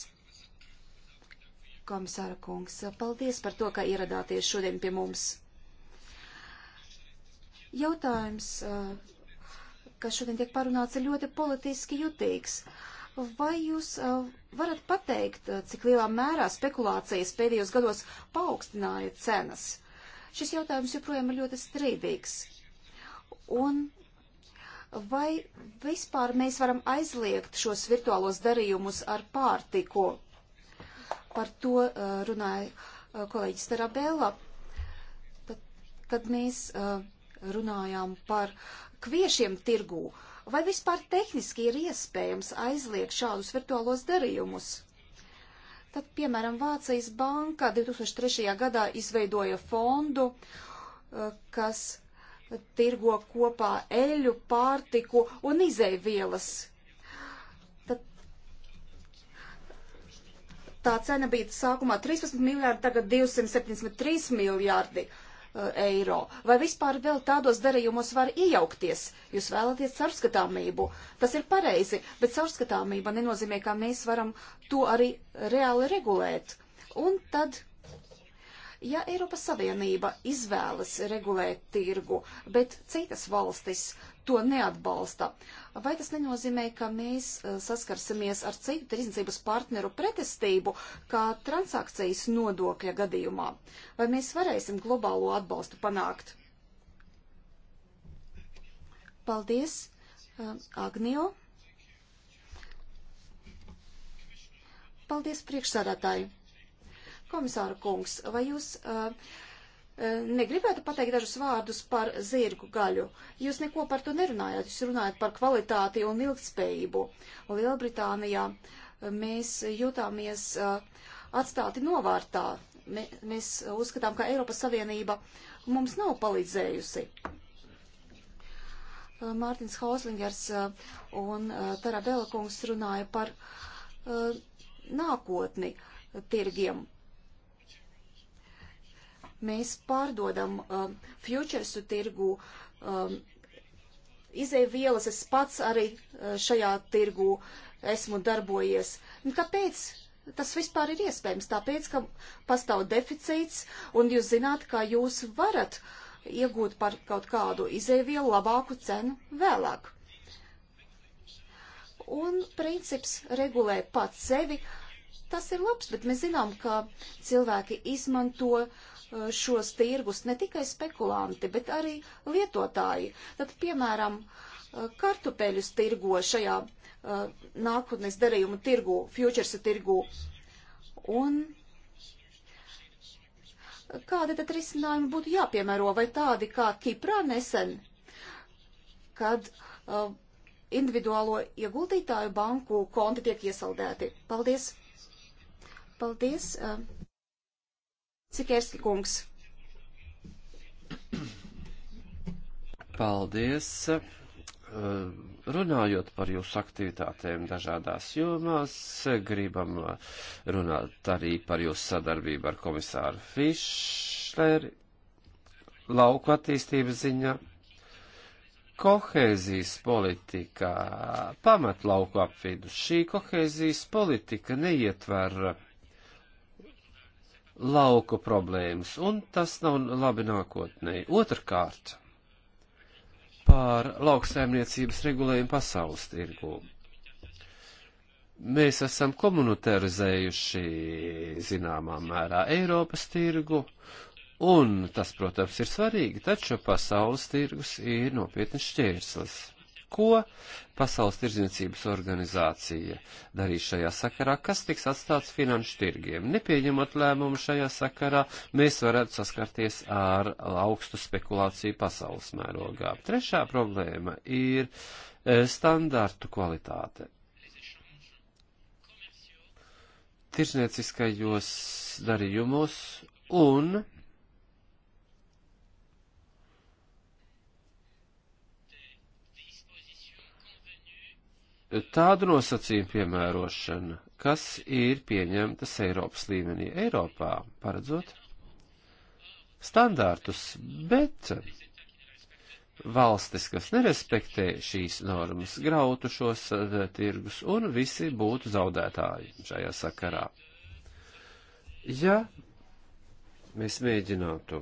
komisāra kungs, uh, paldies par to, ka ieradāties šodien pie mums. Jautājums, uh, kas šodien tiek parunāts, ir ļoti politiski jutīgs. Vai jūs varat pateikt, cik lielā mērā spekulācijas pēdējos gados paaugstināja cenas? Šis jautājums joprojām ir ļoti strīdīgs Un vai vispār mēs varam aizliegt šos virtuālos darījumus ar pārtiku? Par to uh, runāja uh, kolēģis Terabēla, tad, kad mēs uh, runājām par kviešiem tirgū. Vai vispār tehniski ir iespējams aizliegt šādus virtuālos darījumus? Tad, piemēram, Vācijas banka 2003. gadā izveidoja fondu, uh, kas tirgo kopā eļu, pārtiku un izēvielas. Tad tā cena bija sākumā 13 miljārdi, tagad 273 miljārdi eh, eiro. Vai vispār vēl tādos darījumos var iejaukties? Jūs vēlaties caurskatāmību. Tas ir pareizi, bet caurskatāmība nenozīmē, ka mēs varam to arī reāli regulēt. Un tad Ja Eiropas Savienība izvēlas regulēt tirgu, bet citas valstis to neatbalsta, vai tas nenozīmē, ka mēs e, saskarsimies ar citu tirdzniecības partneru pretestību, kā transakcijas nodokļa gadījumā? Vai mēs varēsim globālo atbalstu panākt? Paldies, e, Agnio. Paldies, priekšsādātāji. Komisāra kungs, vai jūs uh, negribētu pateikt dažus vārdus par zirgu gaļu? Jūs neko par to nerunājāt, jūs runājat par kvalitāti un ilgtspējību. Lielbritānijā mēs jūtāmies uh, atstāti novārtā. Mē, mēs uzskatām, ka Eiropas Savienība mums nav palīdzējusi. Mārtiņš Hauslingers un Tarabela kungs runāja par nākotni tirgiem. Mēs pārdodam um, futuresu tirgu um, izēvielas. Es pats arī uh, šajā tirgu esmu darbojies. Un kāpēc tas vispār ir iespējams? Tāpēc, ka pastāv deficīts un jūs zināt, kā jūs varat iegūt par kaut kādu izēvielu labāku cenu vēlāk un princips regulē pats sevi. Tas ir labs, bet mēs zinām, ka cilvēki izmanto Uh, šos tirgus ne tikai spekulanti, bet arī lietotāji. Tad, piemēram, uh, kartupeļus tirgo šajā uh, nākotnes darījumu tirgu, futuresa tirgu. Un kādi tad risinājumi būtu jāpiemēro, vai tādi kā Kiprā nesen, kad uh, individuālo ieguldītāju banku konti tiek iesaldēti? Paldies! Paldies! Uh, Cikerski kungs. Paldies! Eh, runājot par jūsu aktivitātēm dažādās jomās, gribam runāt arī par jūsu sadarbību ar komisāru Fišleri lauku attīstības ziņā. Kohēzijas politika pamat lauku apvidus. Šī kohēzijas politika neietver lauku problēmas, un tas nav labi nākotnē. Otrkārt, pār lauksaimniecības regulējumu pasaules tirgū. Mēs esam komunitarizējuši zināmā mērā Eiropas tirgu, un tas, protams, ir svarīgi, taču pasaules tirgus ir nopietnas šķērslis ko Pasaules tirdzniecības organizācija darīs šajā sakarā, kas tiks atstāts finanšu tirgiem. Nepieņemot lēmumu šajā sakarā, mēs varētu saskarties ar augstu spekulāciju pasaules mērogā. Trešā problēma ir e, standārtu kvalitāte. Tirzniecīskajos darījumos un tādu nosacījumu piemērošana, kas ir pieņemtas Eiropas līmenī, Eiropā, paredzot standārtus, bet valstis, kas nerespektē šīs normas, grautu šos eh, tirgus un visi būtu zaudētāji šajā sakarā. Ja mēs mēģinātu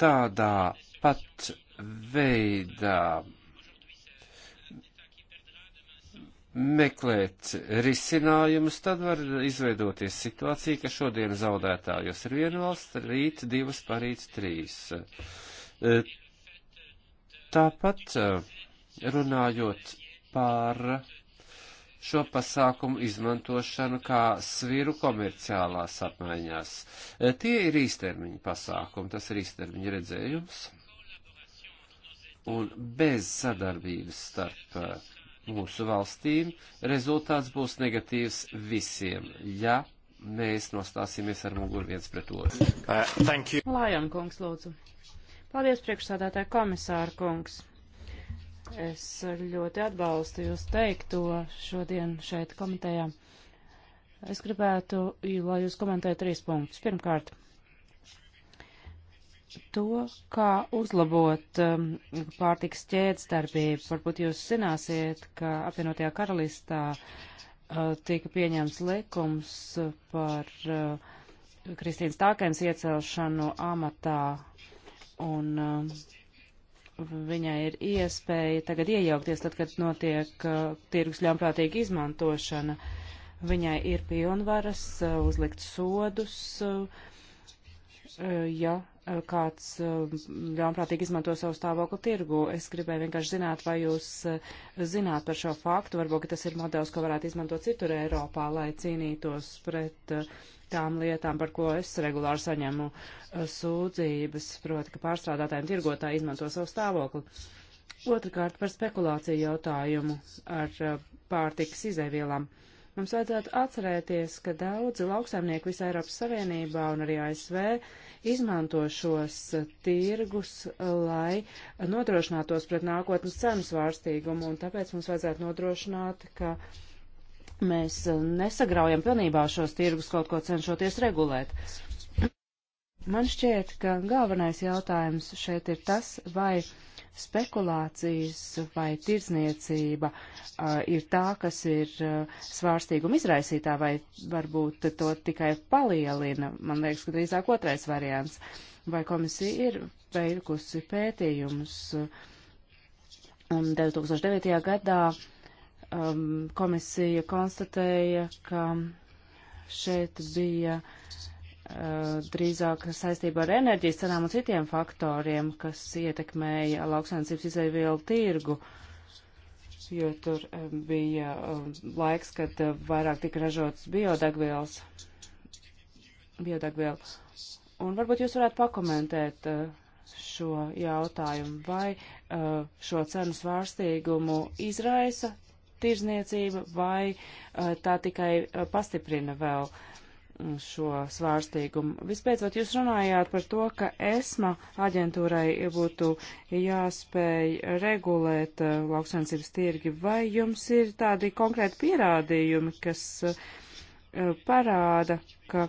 tādā pat veidā meklēt risinājumus, tad var izveidoties situācija, ka šodien zaudētājos ir viena valsts, rīt divas, parīt trīs. E, tāpat e, runājot par šo pasākumu izmantošanu kā sviru komerciālās apmaiņās. E, tie ir īstermiņa pasākumi, tas ir īstermiņa redzējums. Un bez sadarbības starp e, mūsu valstīm rezultāts būs negatīvs visiem, ja mēs nostāsimies ar muguru viens pret otru. Uh, Lājam, kungs, lūdzu. Paldies, priekšsādātāja komisāra kungs. Es ļoti atbalstu jūs teikto šodien šeit komitejā. Es gribētu, lai jūs komentētu trīs punktus. Pirmkārt, to, kā uzlabot um, pārtiks ķēdes darbību. Varbūt jūs zināsiet, ka apvienotajā karalistā uh, tika pieņemts likums par uh, Kristīnas Tākens iecelšanu amatā un uh, viņai ir iespēja tagad iejaukties, tad, kad notiek uh, tirgus ļaunprātīga izmantošana. Viņai ir pilnvaras uh, uzlikt sodus, uh, uh, ja uh, kāds uh, ļaunprātīgi izmanto savu stāvokli tirgu. Es gribēju vienkārši zināt, vai jūs uh, zināt par šo faktu. Varbūt, ka tas ir modelis, ko varētu izmantot citur Eiropā, lai cīnītos pret uh, tām lietām, par ko es regulāri saņemu eh, sūdzības, proti, ka pārstrādātājiem tirgotāji izmanto savu stāvokli. Otrakārt par spekulāciju jautājumu ar eh, pārtikas izēvielām. Mums vajadzētu atcerēties, ka daudzi lauksaimnieki visā Eiropas Savienībā un arī ASV izmanto šos eh, tirgus, lai nodrošinātos pret nākotnes cenu svārstīgumu, un tāpēc mums vajadzētu nodrošināt, ka uh, mēs eh, nesagraujam pilnībā šos tirgus kaut ko cenšoties regulēt. Man šķiet, ka galvenais jautājums šeit ir tas, vai spekulācijas vai tirdzniecība uh, eh, ir tā, kas ir uh, eh, svārstīguma izraisītā, vai varbūt to tikai palielina. Man liekas, ka drīzāk otrais variants. Vai komisija ir veikusi pētījumus? Un 2009. gadā um, komisija konstatēja, ka šeit bija uh, drīzāk saistība ar enerģijas cenām un citiem faktoriem, kas ietekmēja lauksainicības izēvielu tirgu, jo tur um, bija um, laiks, kad uh, vairāk tika ražotas biodegvielas. Biodegvielu. Un varbūt jūs varētu pakomentēt uh, šo jautājumu, vai uh, šo cenu svārstīgumu izraisa tirzniecība, vai eh, tā tikai eh, pastiprina vēl mm, šo svārstīgumu. Vispēcot, jūs runājāt par to, ka ESMA aģentūrai būtu jāspēj regulēt eh, lauksaimniecības tirgi, vai jums ir tādi konkrēti pierādījumi, kas parāda, ka,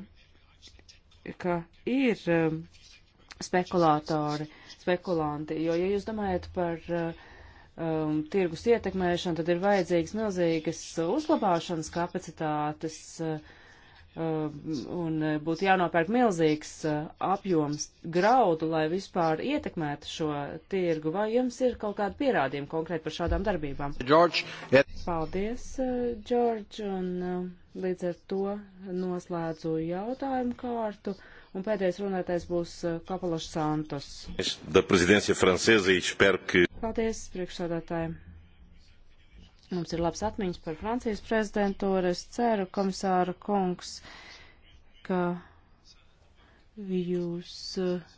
ka ir spekulātori, spekulanti, jo, ja jūs domājat par uh, um, tirgus ietekmēšanu, tad ir vajadzīgas milzīgas uzlabāšanas kapacitātes uh, um, un uh, būtu jānopērk milzīgs uh, apjoms graudu, lai vispār ietekmētu šo tirgu. Vai jums ir kaut kāda pierādījuma konkrēti par šādām darbībām? George, yeah. Paldies, Džordž, uh, un uh, līdz ar to noslēdzu jautājumu kārtu. Un pēdējais runātais būs uh, Kapalošs Santos. Da prezidência francesa e espero que Paldies priekšsādātājiem. Mums ir labs atmiņas par Francijas prezidentūru. Es ceru, komisāra kungs, ka jūs uh,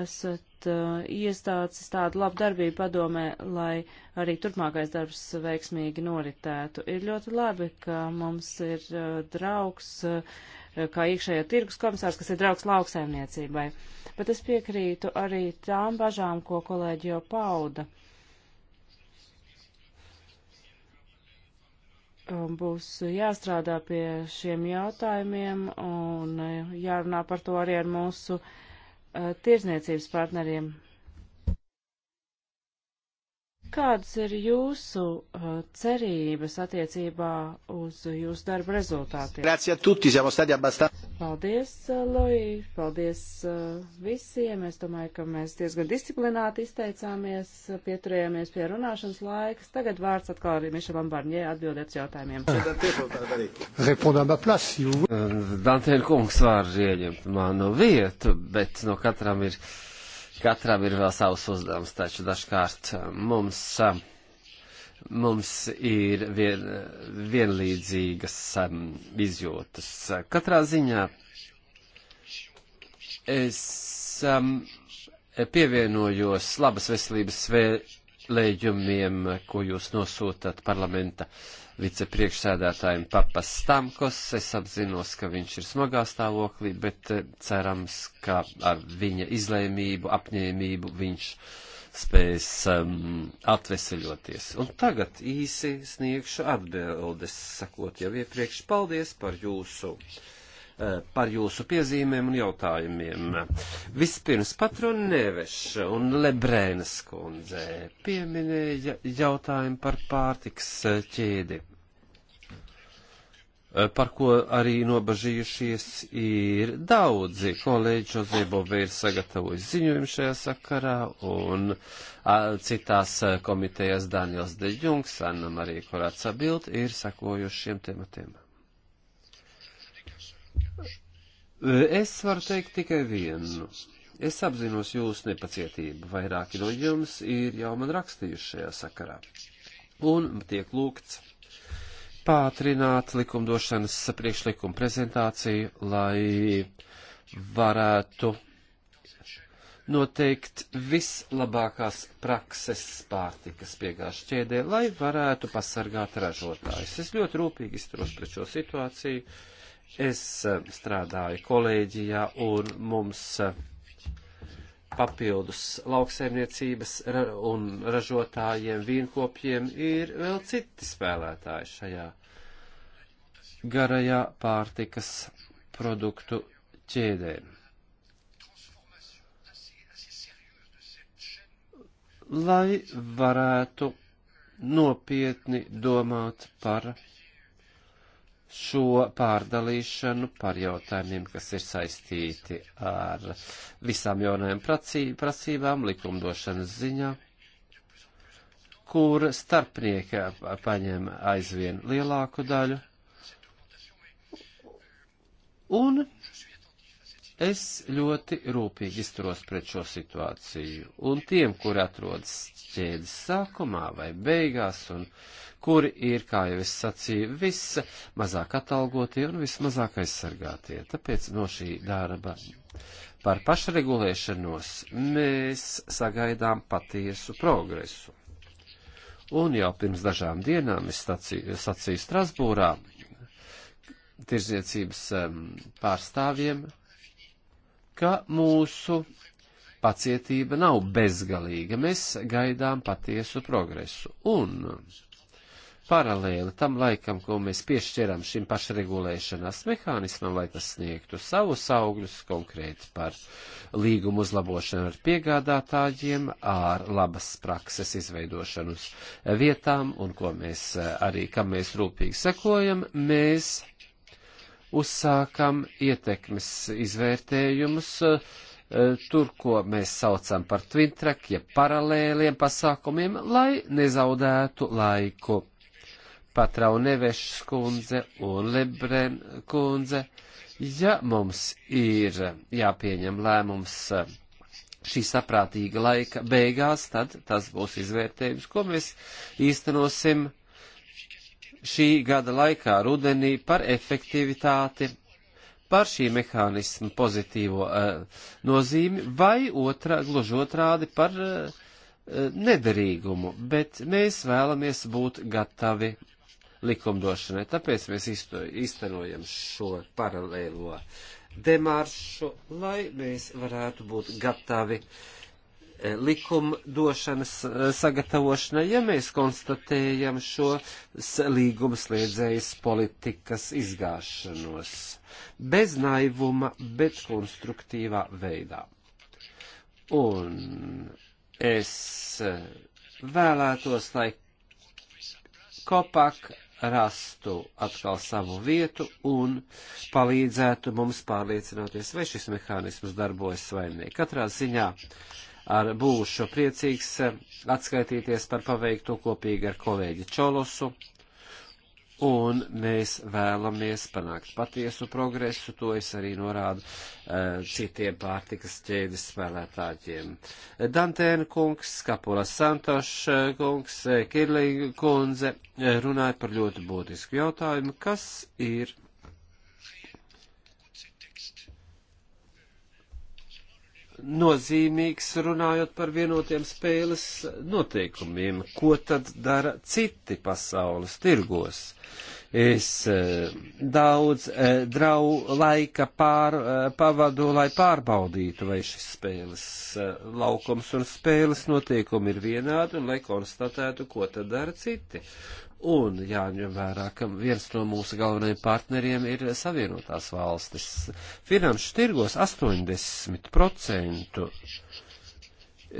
esat uh, iestācis tādu labu darbību padomē, lai arī turpmākais darbs veiksmīgi noritētu. Ir ļoti labi, ka mums ir uh, draugs, uh, kā iekšējā tirgus komisārs, kas ir draugs lauksaimniecībai. Uh, bet es piekrītu arī tām bažām, ko kolēģi jau pauda. Um, būs jāstrādā pie šiem jautājumiem un eh, jārunā par to arī ar mūsu eh, tirzniecības partneriem. Kādas ir jūsu uh, cerības attiecībā uz jūsu darba rezultātiem? Paldies, uh, Loji, paldies uh, visiem. Es domāju, ka mēs diezgan disciplināti izteicāmies, uh, pieturējāmies pie runāšanas laikas. Tagad vārds atkal arī Mišelam Barņē atbildēt uz jautājumiem. Dantēna kungs var ieņemt manu vietu, bet no katram ir. Uh, Katram ir vēl savs uzdevums, taču dažkārt mums, mums ir vien, vienlīdzīgas um, izjūtas. Katrā ziņā es um, pievienojos labas veselības vēlējumiem, ko jūs nosūtat parlamenta uh, vicepriekšsēdētājiem papas Stamkos. Es apzinos, ka viņš ir smagā stāvoklī, bet eh, cerams, ka ar viņa izlēmību, apņēmību viņš spēs um, atveseļoties. Un tagad īsi sniegšu atbildes, sakot jau iepriekš paldies par jūsu Eh, par jūsu piezīmēm un jautājumiem. Vispirms patronu Neveša un Lebrēnas kundze pieminēja jautājumu par pārtiks eh, ķēdi, eh, par ko arī nobažījušies ir daudzi kolēģi. Žozebove ir sagatavojis ziņojumu šajā sakarā un citās komitejās Daniels De Jungs, Anna Marija Korāca Bild ir sakojuši šiem tematiem. Es varu teikt tikai vienu. Es apzinos jūsu nepacietību. Vairāki no jums ir jau man rakstījuši šajā sakarā. Un tiek lūgts pātrināt likumdošanas priekšlikumu prezentāciju, lai varētu noteikt vislabākās prakses pārtikas piegāžu ķēdē, lai varētu pasargāt ražotājus. Es ļoti rūpīgi izturos pret šo situāciju Es eh, strādāju kolēģijā un mums eh, papildus lauksaimniecības un ražotājiem, vīnkopjiem ir vēl citi spēlētāji šajā garajā pārtikas produktu ķēdē. Lai varētu nopietni domāt par šo pārdalīšanu par jautājumiem, kas ir saistīti ar visām jaunajām prasībām likumdošanas ziņā, kur starpnieki paņem aizvien lielāku daļu. Un es ļoti rūpīgi izturos pret šo situāciju. Un tiem, kur atrodas ķēdes sākumā vai beigās, un uh, kuri ir, kā jau es sacīju, vismazāk atalgotie un vismazāk aizsargātie. Tāpēc no šī darba par pašregulēšanos mēs sagaidām patiesu progresu. Un jau pirms dažām dienām es sacīju, sacīju Strasbūrā tirzniecības pārstāvjiem, ka mūsu pacietība nav bezgalīga, mēs gaidām patiesu progresu. Un paralēli tam laikam, ko mēs piešķiram šim pašregulēšanās mehānismam, lai tas sniegtu savus augļus konkrēti par līgumu uzlabošanu ar piegādātājiem, ar labas prakses izveidošanu uz vietām, un ko mēs eh, arī, kam mēs rūpīgi sekojam, mēs uzsākam ietekmes izvērtējumus, eh, tur, ko mēs saucam par twintrack, ja paralēliem pasākumiem, lai nezaudētu laiku Patrau Nevešs kundze un Lebren kundze, ja mums ir jāpieņem lēmums šī saprātīga laika beigās, tad tas būs izvērtējums, ko mēs īstenosim šī gada laikā rudenī par efektivitāti, par šī mehānismu pozitīvo uh, nozīmi vai otrā, gluži otrādi par uh, eh, nederīgumu, bet mēs vēlamies būt gatavi likumdošanai. Tāpēc mēs iztenojam šo paralēlo demāršu, lai mēs varētu būt gatavi eh, likumdošanas eh, sagatavošanai, ja mēs konstatējam šo līgumas liedzējas politikas izgāšanos. Bez naivuma, bet konstruktīvā veidā. Un es eh, vēlētos, lai Kopak rastu atkal savu vietu un palīdzētu mums pārliecināties, vai šis mehānisms darbojas vai ne. Katrā ziņā ar būšu priecīgs eh, atskaitīties par paveikto kopīgi ar kolēģi Čolosu un mēs vēlamies panākt patiesu progresu, to es arī norādu uh, citiem pārtikas ķēdes spēlētāķiem. Eh, Dantēna kungs, Kapula Santošs eh, kungs, Kirlīga kundze runāja par ļoti būtisku jautājumu, kas ir nozīmīgs runājot par vienotiem spēles noteikumiem, ko tad dara citi pasaules tirgos. Es eh, daudz eh, drau laika pār, eh, pavadu, lai pārbaudītu, vai šis spēles laukums un spēles noteikumi ir vienādi, un lai konstatētu, ko tad dara citi un jāņem vērā, ka viens no mūsu galvenajiem partneriem ir Savienotās valstis. Finanšu tirgos 80% e,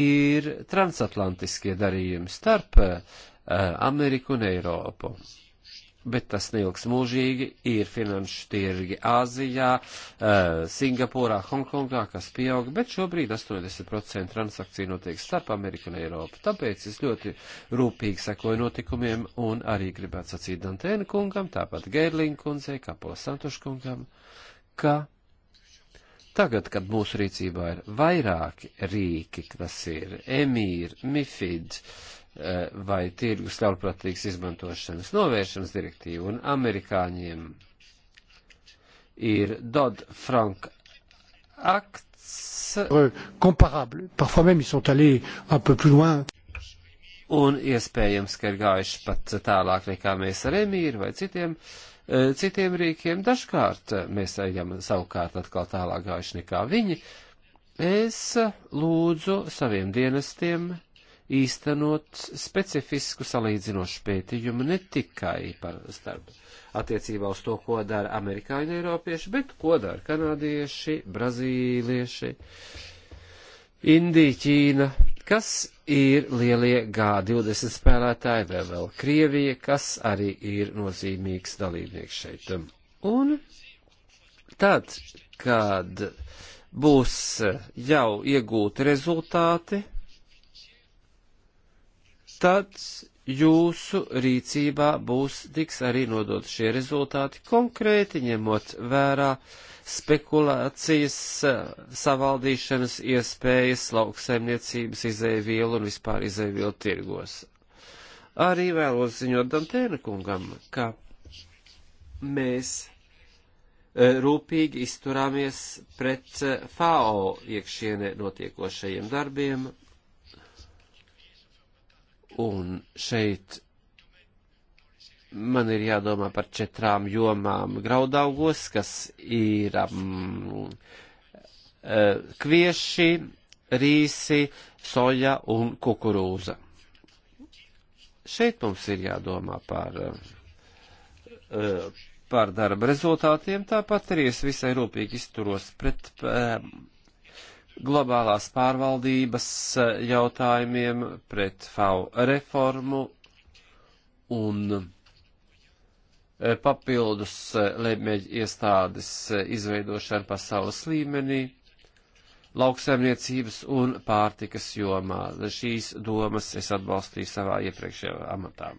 ir transatlantiskie darījumi starp e, Ameriku un Eiropu bet tas neilgs mūžīgi, ir finanšu tirgi Āzijā, eh, Singapūrā, Hongkongā, kas pieaug, bet šobrīd 80% transakciju notiek starp Ameriku un Eiropu. Tāpēc es ļoti rūpīgi sekoju notikumiem un arī gribētu sacīt Dantēna kungam, tāpat Gērlinga kundzei, Kapo Santuš kungam, ka tagad, kad mūsu rīcībā ir vairāki rīki, kas ir Emīr, Mifid, uh, Eh, vai tirgus ļaunprātīgas izmantošanas novēršanas direktīva, un amerikāņiem ir Dodd-Frank akts. Euh, comparable. Parfois même ils sont allés un peu plus loin. Un iespējams, ka ir gājuši pat tālāk nekā mēs ar emīru vai citiem, eh, citiem rīkiem. Dažkārt eh, mēs ejam savukārt atkal tālāk gājuši nekā viņi. Es lūdzu saviem dienestiem īstenot specifisku salīdzinošu pētījumu ne tikai par starp attiecībā uz to, ko dara amerikāņu eiropieši, bet ko dara kanādieši, brazīlieši, Indija, Ķīna, kas ir lielie G20 spēlētāji, vēl vēl Krievija, kas arī ir nozīmīgs dalībnieks šeit. Un tad, kad būs jau iegūti rezultāti, tad jūsu rīcībā būs tiks arī nodot šie rezultāti konkrēti, ņemot vērā spekulācijas, savaldīšanas iespējas, lauksaimniecības izēvielu un vispār izēvielu tirgos. Arī vēlos ziņot Dantēna kungam, ka mēs e, rūpīgi izturāmies pret e, FAO iekšienē notiekošajiem darbiem Un šeit man ir jādomā par četrām jomām graudaugos, kas ir um, eh, kvieši, rīsi, soja un kukurūza. Šeit mums ir jādomā par, uh, par darba rezultātiem, tāpat arī es visai rūpīgi izturos pret. Uh, globālās pārvaldības eh, jautājumiem, pret FAU reformu un eh, papildus eh, lemēģi iestādes izveidošanu pasaules līmenī, lauksaimniecības un pārtikas jomā. Šīs domas es atbalstīju savā iepriekšējā amatā.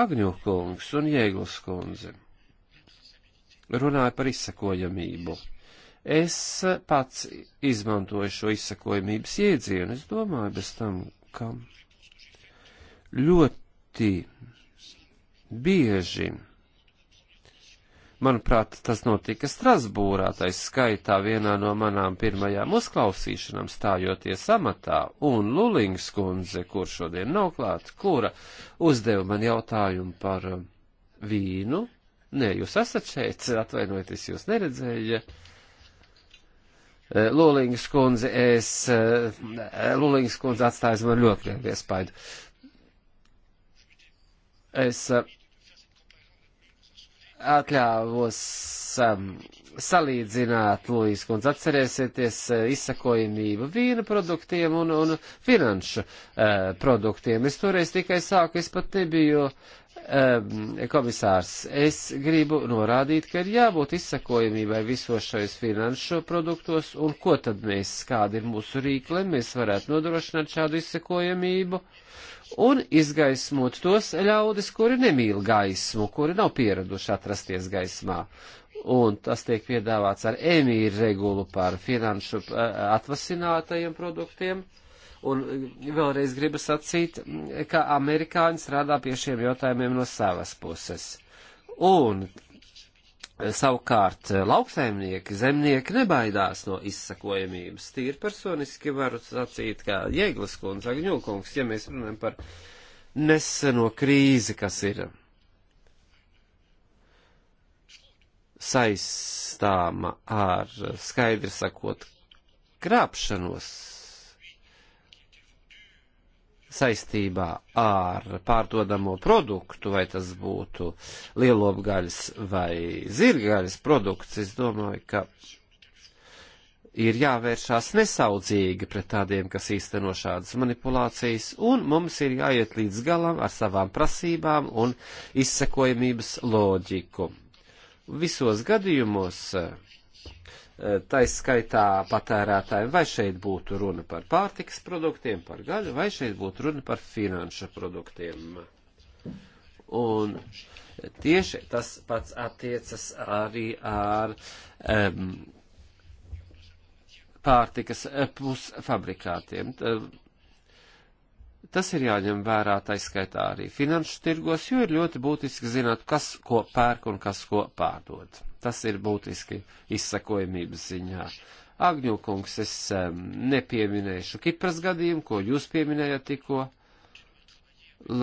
Agņu kungs un Jēglas kundze runāja par izsekojamību Es pats izmantoju šo izsakojumības jēdzienu. Es domāju bez tam, ka ļoti bieži manuprāt, tas notika Strasbūrā, tai skaitā vienā no manām pirmajām uzklausīšanām stājoties amatā, un Lulings kundze, kur šodien nav klāt, kura uzdeva man jautājumu par um, vīnu. Nē, jūs esat šeit, atvainojieties, jūs neredzēju. Eh, Lūlīngas kundze, es, eh, Lūlīngas kundze atstājas man ļoti lielu iespaidu. Es eh, atļāvos ehm, salīdzināt, Lūijas kundze, atcerēsieties eh, izsakojamību vīna produktiem un, un finanšu uh, produktiem. Es toreiz tikai sāku, es pat nebiju um, komisārs. Es gribu norādīt, ka ir jābūt izsakojamībai visos šajos finanšu produktos, un ko tad mēs, kādi ir mūsu rīki, lai mēs varētu nodrošināt šādu izsakojamību un izgaismot tos ļaudis, kuri nemīl gaismu, kuri nav pieraduši atrasties gaismā. Uh, un tas tiek piedāvāts ar emīru regulu par finanšu eh, atvasinātajiem produktiem. Un eh, vēlreiz gribu sacīt, mm, ka amerikāņi strādā pie šiem jautājumiem no savas puses. Un eh, savukārt lauksaimnieki, zemnieki nebaidās no izsakojamības. Tīri personiski varu sacīt, ka Jēglis kundze, Agņūkungs, ja mēs runājam par neseno krīzi, kas ir saistāma ar, skaidri sakot, krāpšanos saistībā ar pārdodamo produktu, vai tas būtu lielopgaļas vai zirgaļas produkts, es domāju, ka ir jāvēršās nesaudzīgi pret tādiem, kas īsteno šādas manipulācijas, un mums ir jāiet līdz galam ar savām prasībām un izsekojamības loģiku visos gadījumos, eh, taiskaitā patērētājiem, vai šeit būtu runa par pārtikas produktiem, par gaļu, vai šeit būtu runa par finanšu produktiem. Un tieši tas pats attiecas arī ar um, pārtikas eh, pusfabrikātiem. Tas ir jāņem vērā taiskaitā arī finanšu tirgos, jo ir ļoti būtiski zināt, kas ko pērk un kas ko pārdod. Tas ir būtiski izsakojamības ziņā. Agņokungs, es um, nepieminēšu Kipras gadījumu, ko jūs pieminējat tikko,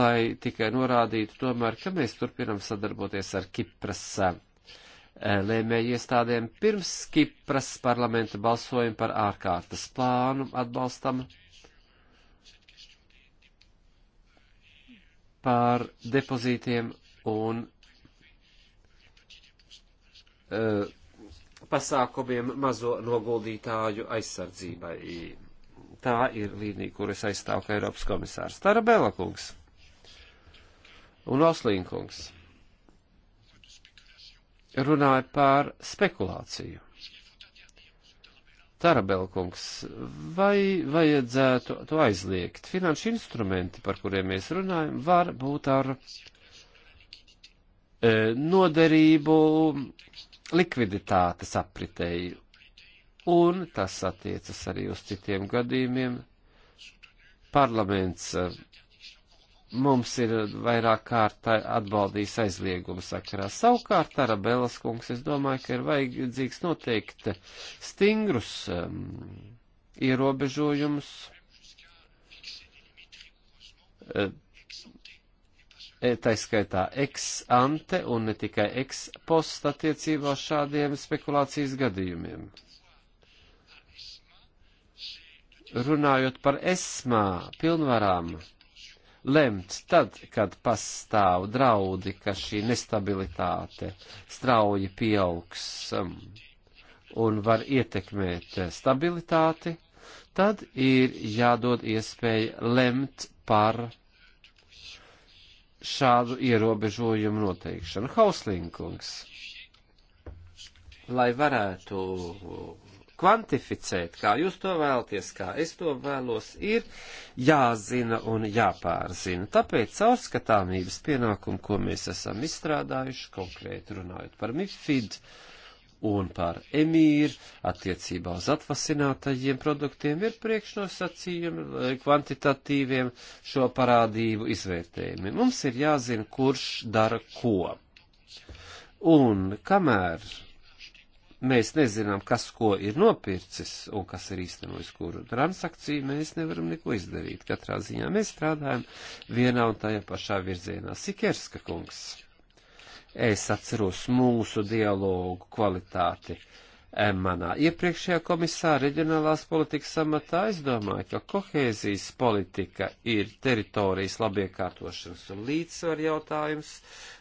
lai tikai norādītu tomēr, ka mēs turpinam sadarboties ar Kipras um, lēmēju iestādēm pirms Kipras parlamenta balsojuma par ārkārtas plānu atbalstam par depozītiem un uh, pasākumiem mazo noguldītāju aizsardzībai. Tā ir līnija, kuru es aizstāvu kā Eiropas komisārs. Tarabela kungs un Oslīnkungs runāja par spekulāciju. Tarabelkungs, vai vajadzētu to aizliegt? Finanšu instrumenti, par kuriem mēs runājam, var būt ar e, noderību likviditātes apritēju, un tas attiecas arī uz citiem gadījumiem. Parlaments e, mums ir vairāk kārt atbaldījis aizlieguma sakarā. Savukārt, Arabēlas kungs, es domāju, ka ir vajadzīgs noteikti stingrus um, ierobežojumus. Uh, Tā skaitā ex ante un ne tikai ex post attiecībā šādiem spekulācijas gadījumiem. Runājot par esmā pilnvarām, uh, lemt tad, kad pastāv draudi, ka šī nestabilitāte strauji pieaugs um, un var ietekmēt stabilitāti, tad ir jādod iespēja lemt par šādu ierobežojumu noteikšanu. Hauslinkungs, lai varētu kvantificēt, kā jūs to vēlaties, kā es to vēlos, ir jāzina un jāpārzina. Tāpēc caurskatāmības pienākumu, ko mēs esam izstrādājuši, konkrēti runājot par MIFID un par emīru attiecībā uz atvasinātajiem produktiem, ir priekšnosacījumi eh, kvantitatīviem šo parādību izvērtējumiem. Mums ir jāzina, kurš dara ko. Un kamēr mēs nezinām, kas ko ir nopircis un kas ir īstenojis kuru transakciju, mēs nevaram neko izdarīt. Katrā ziņā mēs strādājam vienā un tajā pašā virzienā. Sikerska kungs, es atceros mūsu dialogu kvalitāti. Uh, manā iepriekšējā komisāra reģionālās politikas amatā aizdomāju, ka kohēzijas politika ir teritorijas labiekārtošanas un līdzsvar jautājums,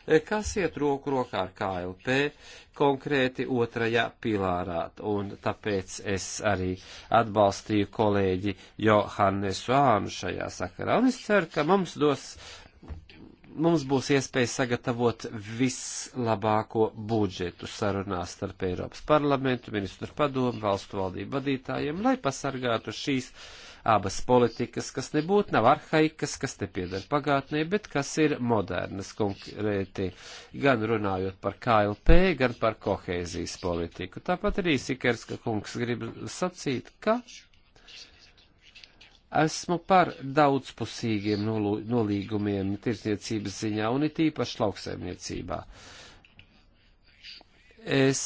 eh, kas iet roku rokā ar KLP, konkrēti otrajā pilārā, un tāpēc es arī atbalstīju kolēģi Johannesu Ānu šajā sakarā, un es ceru, ka mums dos mums būs iespēja sagatavot vislabāko budžetu sarunās starp Eiropas parlamentu, ministru padomu, valstu valdību vadītājiem, lai pasargātu šīs abas politikas, kas nebūtu nav arhaikas, kas nepiedara pagātnē, bet kas ir modernas konkrēti, gan runājot par KLP, gan par kohēzijas politiku. Tāpat arī Sikerska kungs grib sacīt, ka Esmu par daudzpusīgiem nolīgumiem tirsniecības ziņā un it īpaši lauksaimniecībā. Es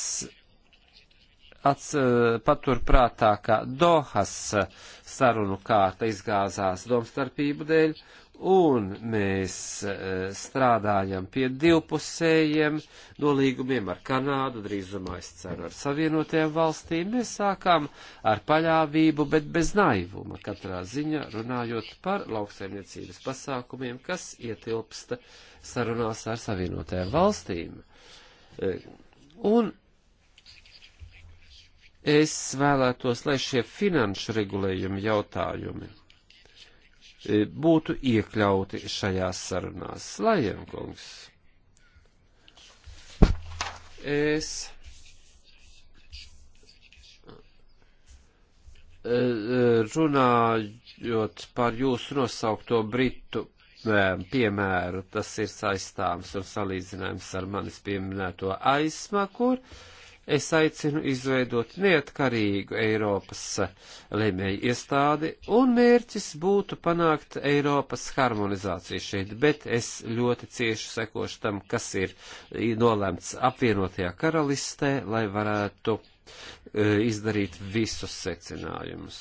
ats, eh, paturprātā, ka Dohas eh, sarunu kārta izgāzās domstarpību dēļ, un mēs eh, strādājam pie divpusējiem nolīgumiem ar Kanādu, drīzumā es ceru ar savienotajām valstīm. Mēs sākām ar paļāvību, bet bez naivuma, katrā ziņa runājot par lauksaimniecības pasākumiem, kas ietilpsta sarunās ar savienotajām valstīm. Eh, un es vēlētos, lai šie finanšu regulējumi jautājumi E, būtu iekļauti šajās sarunās. Lajenkungs, es e, runājot par jūsu nosaukto Britu e, piemēru, tas ir saistāms un salīdzinājums ar manis pieminēto aizsmaku, kur es aicinu izveidot neatkarīgu Eiropas eh, lemēju iestādi, un mērķis būtu panākt Eiropas harmonizāciju šeit, bet es ļoti cieši sekošu tam, kas ir nolēmts apvienotajā karalistē, lai varētu eh, izdarīt visus secinājumus.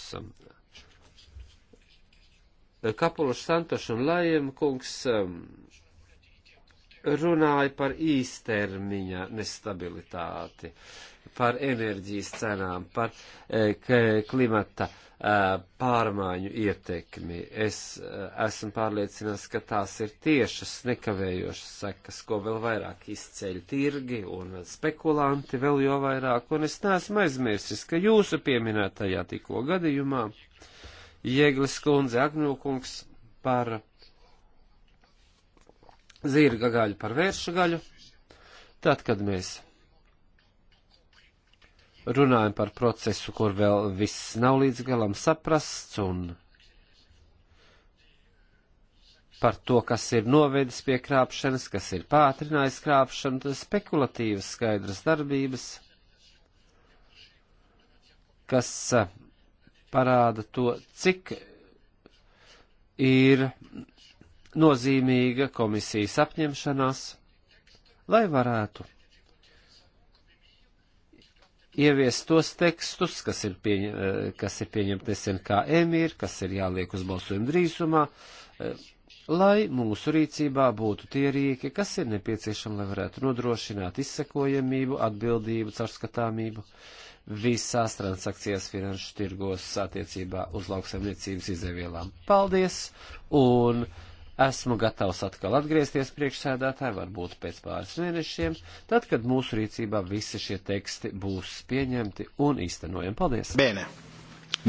Kapulušs Santošs un Lajiem kungs eh, runāju par īstermiņa nestabilitāti, par enerģijas cenām, par e, klimata e, pārmaiņu ietekmi. Es e, esmu pārliecināts, ka tās ir tiešas nekavējošas sekas, ko vēl vairāk izceļ tirgi un spekulanti vēl jo vairāk, un es neesmu aizmirsis, ka jūsu pieminētajā tikko gadījumā Jēglis kundze Agņokungs par zirga gaļu par vēršu gaļu, tad, kad mēs runājam par procesu, kur vēl viss nav līdz galam saprasts un par to, kas ir novedis pie krāpšanas, kas ir pātrinājis krāpšanu, spekulatīvas skaidras darbības, kas eh, parāda to, cik ir nozīmīga komisijas apņemšanās, lai varētu ieviest tos tekstus, kas ir, pieņem, eh, kas ir pieņemti nesen kā emīri, kas ir jāliek uz balsojumu drīzumā, eh, lai mūsu rīcībā būtu tie rīki, kas ir nepieciešami, lai varētu nodrošināt izsekojamību, atbildību, caurskatāmību visās transakcijās finanšu tirgos attiecībā uz lauksaimniecības izēvielām. Paldies! Un Esmu gatavs atkal atgriezties priekšsēdētāji, varbūt pēc pāris mēnešiem, tad, kad mūsu rīcībā visi šie teksti būs pieņemti un īstenojami. Paldies! Bene.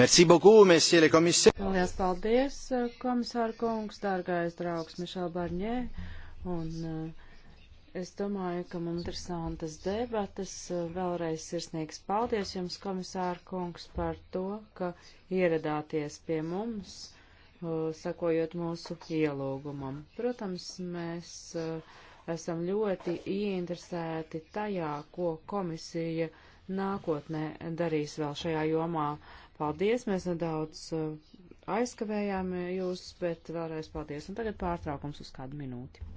Merci beaucoup, monsieur le commissaire. Lielas paldies, komisāra kungs, dārgais draugs Mišel Barņē. Un uh, es domāju, ka mums interesantas debatas. Vēlreiz sirsnīgs paldies jums, komisāra kungs, par to, ka ieradāties pie mums Uh, sakojot mūsu ielūgumam. Protams, mēs uh, esam ļoti ieinteresēti tajā, ko komisija nākotnē darīs vēl šajā jomā. Paldies, mēs nedaudz uh, aizkavējām jūs, bet vēlreiz paldies. Un tagad pārtraukums uz kādu minūti.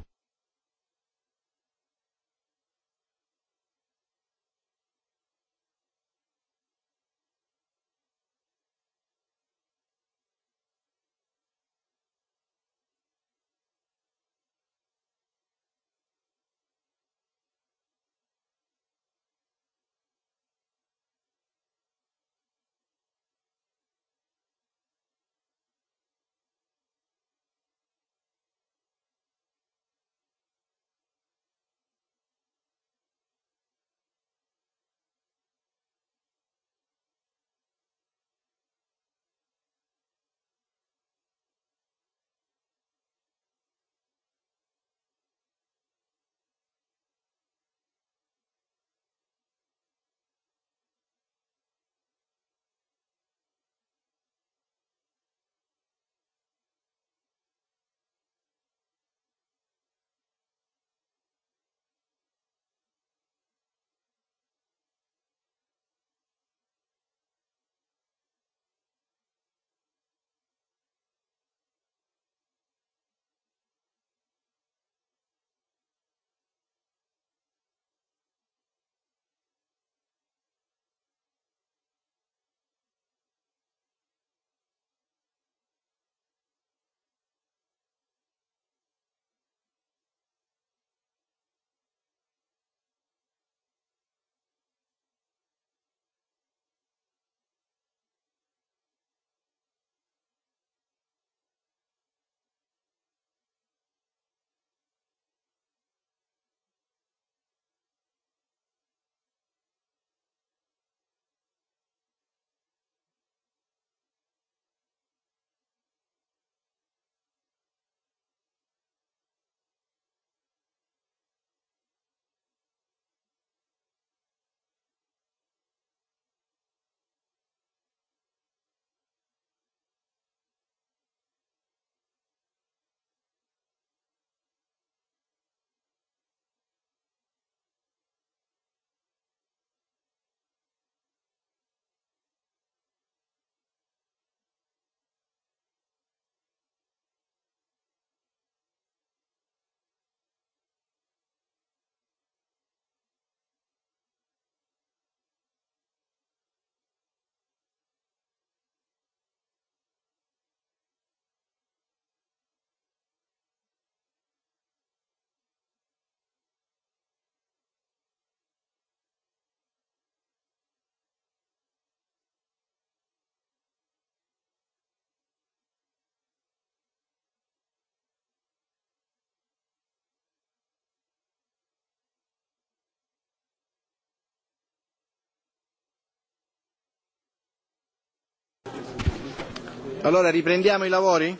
Allora riprendiamo i lavori?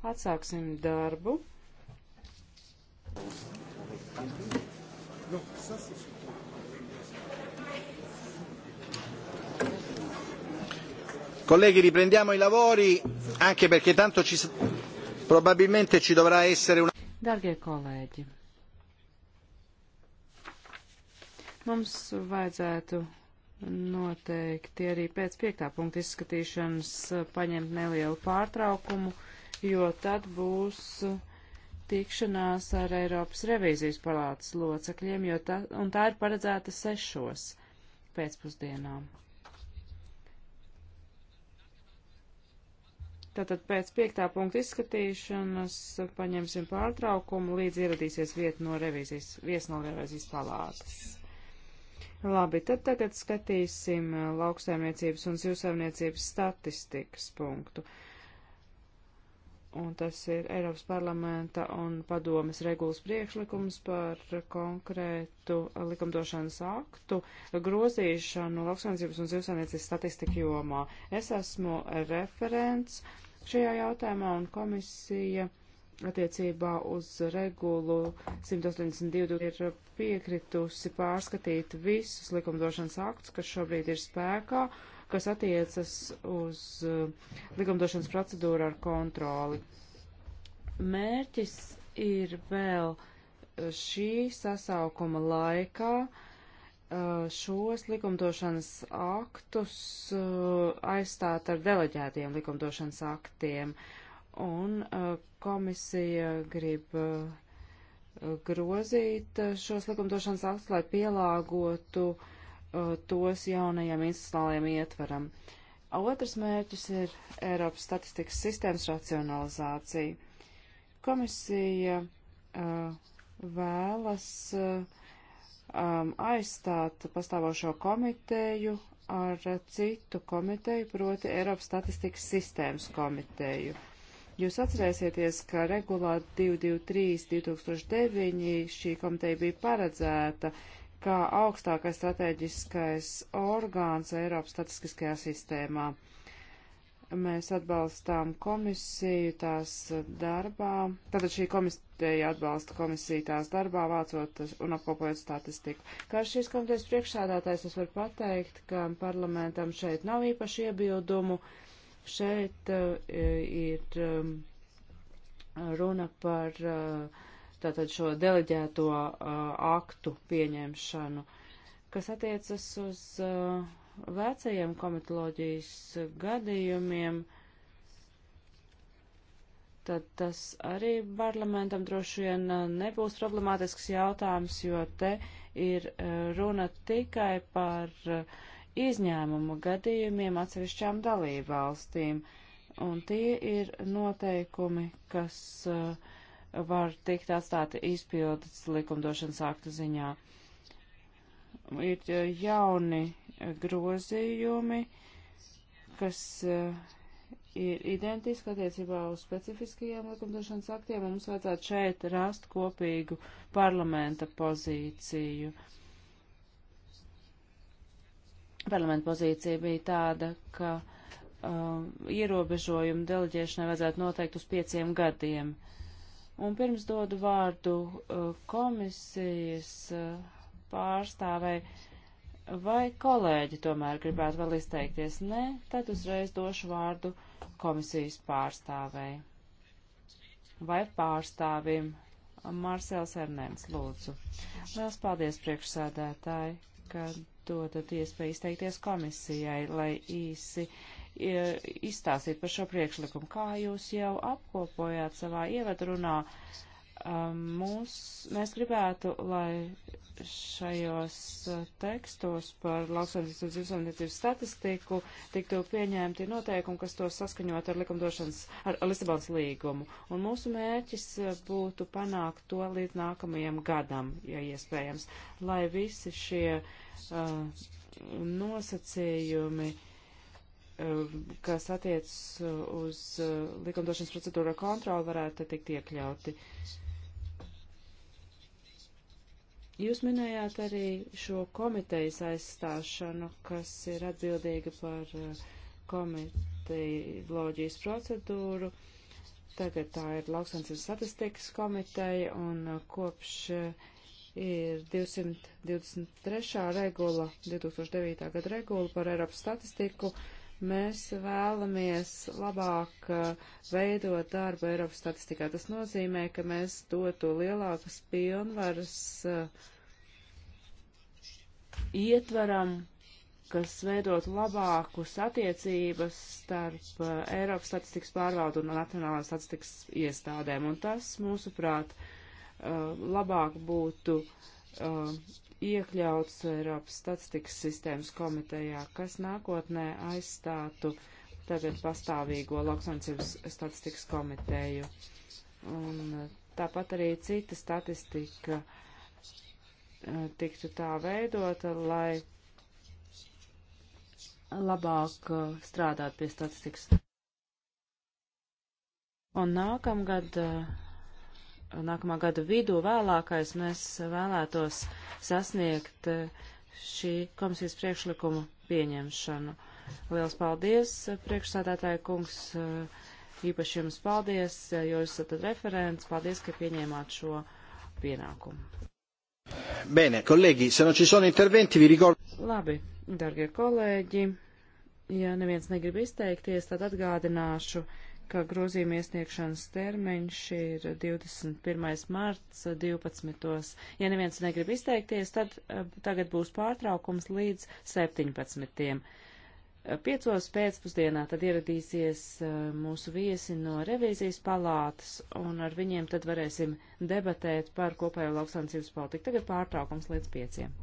Atsāksim darbu. Colleghi, riprendiamo i lavori anche perché tanto ci, probabilmente ci dovrà essere una. Dargie colleghi, mums vajadzētu Noteikti arī pēc piektā punkta izskatīšanas eh, paņemt nelielu pārtraukumu, jo tad būs eh, tikšanās ar Eiropas revīzijas palātas locekļiem, jo tā, un tā ir paredzēta sešos pēcpusdienām. Tātad pēc piektā punkta izskatīšanas eh, paņemsim pārtraukumu, līdz ieradīsies vieta no revīzijas, viesnolevīzijas palātas. Labi, tad tagad skatīsim eh, lauksaimniecības un zivsaimniecības statistikas punktu. Un tas ir Eiropas parlamenta un padomas regulas priekšlikums par konkrētu likumdošanas aktu grozīšanu lauksaimniecības un zivsaimniecības statistika jomā. Es esmu referents šajā jautājumā un komisija attiecībā uz regulu 182 ir piekritusi pārskatīt visus likumdošanas aktus, kas šobrīd ir spēkā, kas attiecas uz uh, likumdošanas procedūru ar kontroli. Mērķis ir vēl uh, šī sasaukuma laikā uh, šos likumdošanas aktus aizstāt ar deleģētiem likumdošanas aktiem. Uh, un uh, komisija grib uh, grozīt uh, šos likumdošanas aktus, lai pielāgotu tos jaunajam institucionālajam ietvaram. Otrs mērķis ir Eiropas statistikas sistēmas racionalizācija. Komisija uh, vēlas uh, um, aizstāt pastāvošo komiteju ar citu komiteju, proti Eiropas statistikas sistēmas komiteju. Uh, Jūs atcerēsieties, ka regulā 223-2009 šī komiteja bija paredzēta kā augstākais strateģiskais orgāns Eiropas statistiskajā sistēmā. Mēs atbalstām komisiju tās darbā, tātad šī komiteja atbalsta komisiju tās darbā, vācot un apkopojot statistiku. Kā šīs komitejas priekšsādātājs es varu pateikt, ka parlamentam šeit nav īpaši iebildumu. Uh, Šeit eh, ir ehm, runa par eh, tātad šo deleģēto eh, aktu pieņemšanu, kas attiecas uz vecajiem komitoloģijas gadījumiem tad tas arī parlamentam droši vien nebūs problemātisks jautājums, jo te ir runa tikai par uh, izņēmumu gadījumiem atsevišķām dalībvalstīm, un tie ir noteikumi, kas uh, var tikt atstāti izpildes likumdošanas aktu ziņā. Ir uh, jauni grozījumi, kas uh, ir identiski attiecībā uz specifiskajiem likumdošanas aktiem, un mums vajadzētu šeit rast kopīgu parlamenta pozīciju. Uh, Parlamenta pozīcija bija tāda, ka um, ierobežojumu deleģēšanai vajadzētu noteikt uz pieciem gadiem. Un pirms dodu vārdu uh, komisijas uh, pārstāvei, vai kolēģi tomēr gribētu vēl izteikties? Nē, tad uzreiz došu vārdu komisijas pārstāvei. Vai pārstāvim? Marcels Ernēms, lūdzu. Liels paldies priekšsēdētāji, ka dotat iespēju izteikties komisijai, lai īsi izstāstītu par šo priekšlikumu. Kā jūs jau apkopojāt savā ievadrunā, um, mūs, mēs gribētu, lai šajos eh, tekstos par lauksaimniecības dzīvesaimniecības statistiku tiktu pieņemti noteikumi, kas to saskaņot ar likumdošanas, ar Lisabons līgumu. Un mūsu mērķis eh, būtu panākt to līdz nākamajam gadam, ja iespējams, lai visi šie uh, nosacījumi uh, kas attiecas uz uh, likumdošanas procedūra kontroli, varētu tikt iekļauti. Uh, Jūs minējāt arī šo komitejas aizstāšanu, kas ir atbildīga par uh, komiteoloģijas procedūru. Tagad tā ir lauksansības statistikas komiteja un uh, kopš uh, ir 223. regula, 2009. gada regula par Eiropas statistiku. Uh, Mēs vēlamies labāk uh, veidot darbu Eiropas statistikā. Tas nozīmē, ka mēs dotu lielākas pilnvaras uh, ietvaram, kas veidot labākus attiecības starp uh, Eiropas statistikas pārvaldu un nacionālām statistikas iestādēm. Un tas, mūsuprāt, labāk būtu iekļauts Eiropas statistikas sistēmas komitejā, kas nākotnē aizstātu tagad pastāvīgo lauksaimniecības statistikas komiteju. Un eh, tāpat arī cita statistika eh, tiktu tā veidota, lai labāk eh, strādāt pie statistikas. Un nākamgad nākamā gada vidū vēlākais mēs vēlētos sasniegt eh, šī komisijas priekšlikuma pieņemšanu. Liels paldies, eh, priekšsādātāja kungs, eh, īpaši jums paldies, jo jūs esat referents, paldies, ka pieņēmāt šo pienākumu. Bene, kolēģi, se non ci sono interventi, vi ricordo. Labi, darbie kolēģi, ja neviens negrib izteikties, tad atgādināšu, ka grozījuma iesniegšanas termiņš ir 21. marts 12. Ja neviens negrib izteikties, tad eh, tagad būs pārtraukums līdz 17. Piecos pēcpusdienā tad ieradīsies eh, mūsu viesi no revīzijas palātas, un ar viņiem tad varēsim debatēt par kopējo lauksaimniecības politiku. Tagad pārtraukums līdz pieciem.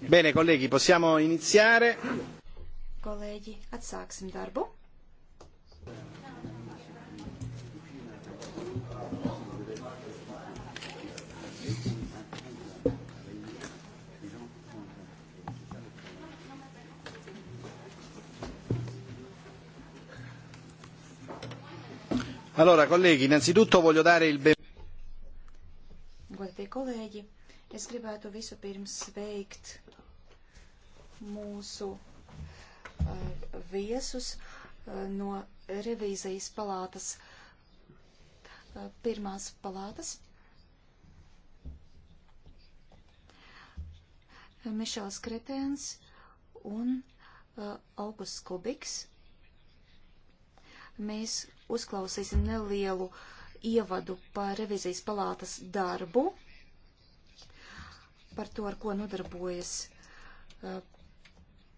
Bene, kolēģi, possiamo iniziare. Kolēģi, atsāksim darbu. Allora, colleghi, innanzitutto voglio dare il benvenuto. Guardate, colleghi, es gribētu visu pirms sveikt mūsu uh, viesus uh, no revīzijas palātas, uh, pirmās palātas. Mišels Kretēns un Augusts Kubiks. Mēs uzklausīsim nelielu ievadu par revizijas palātas darbu, par to, ar ko nodarbojas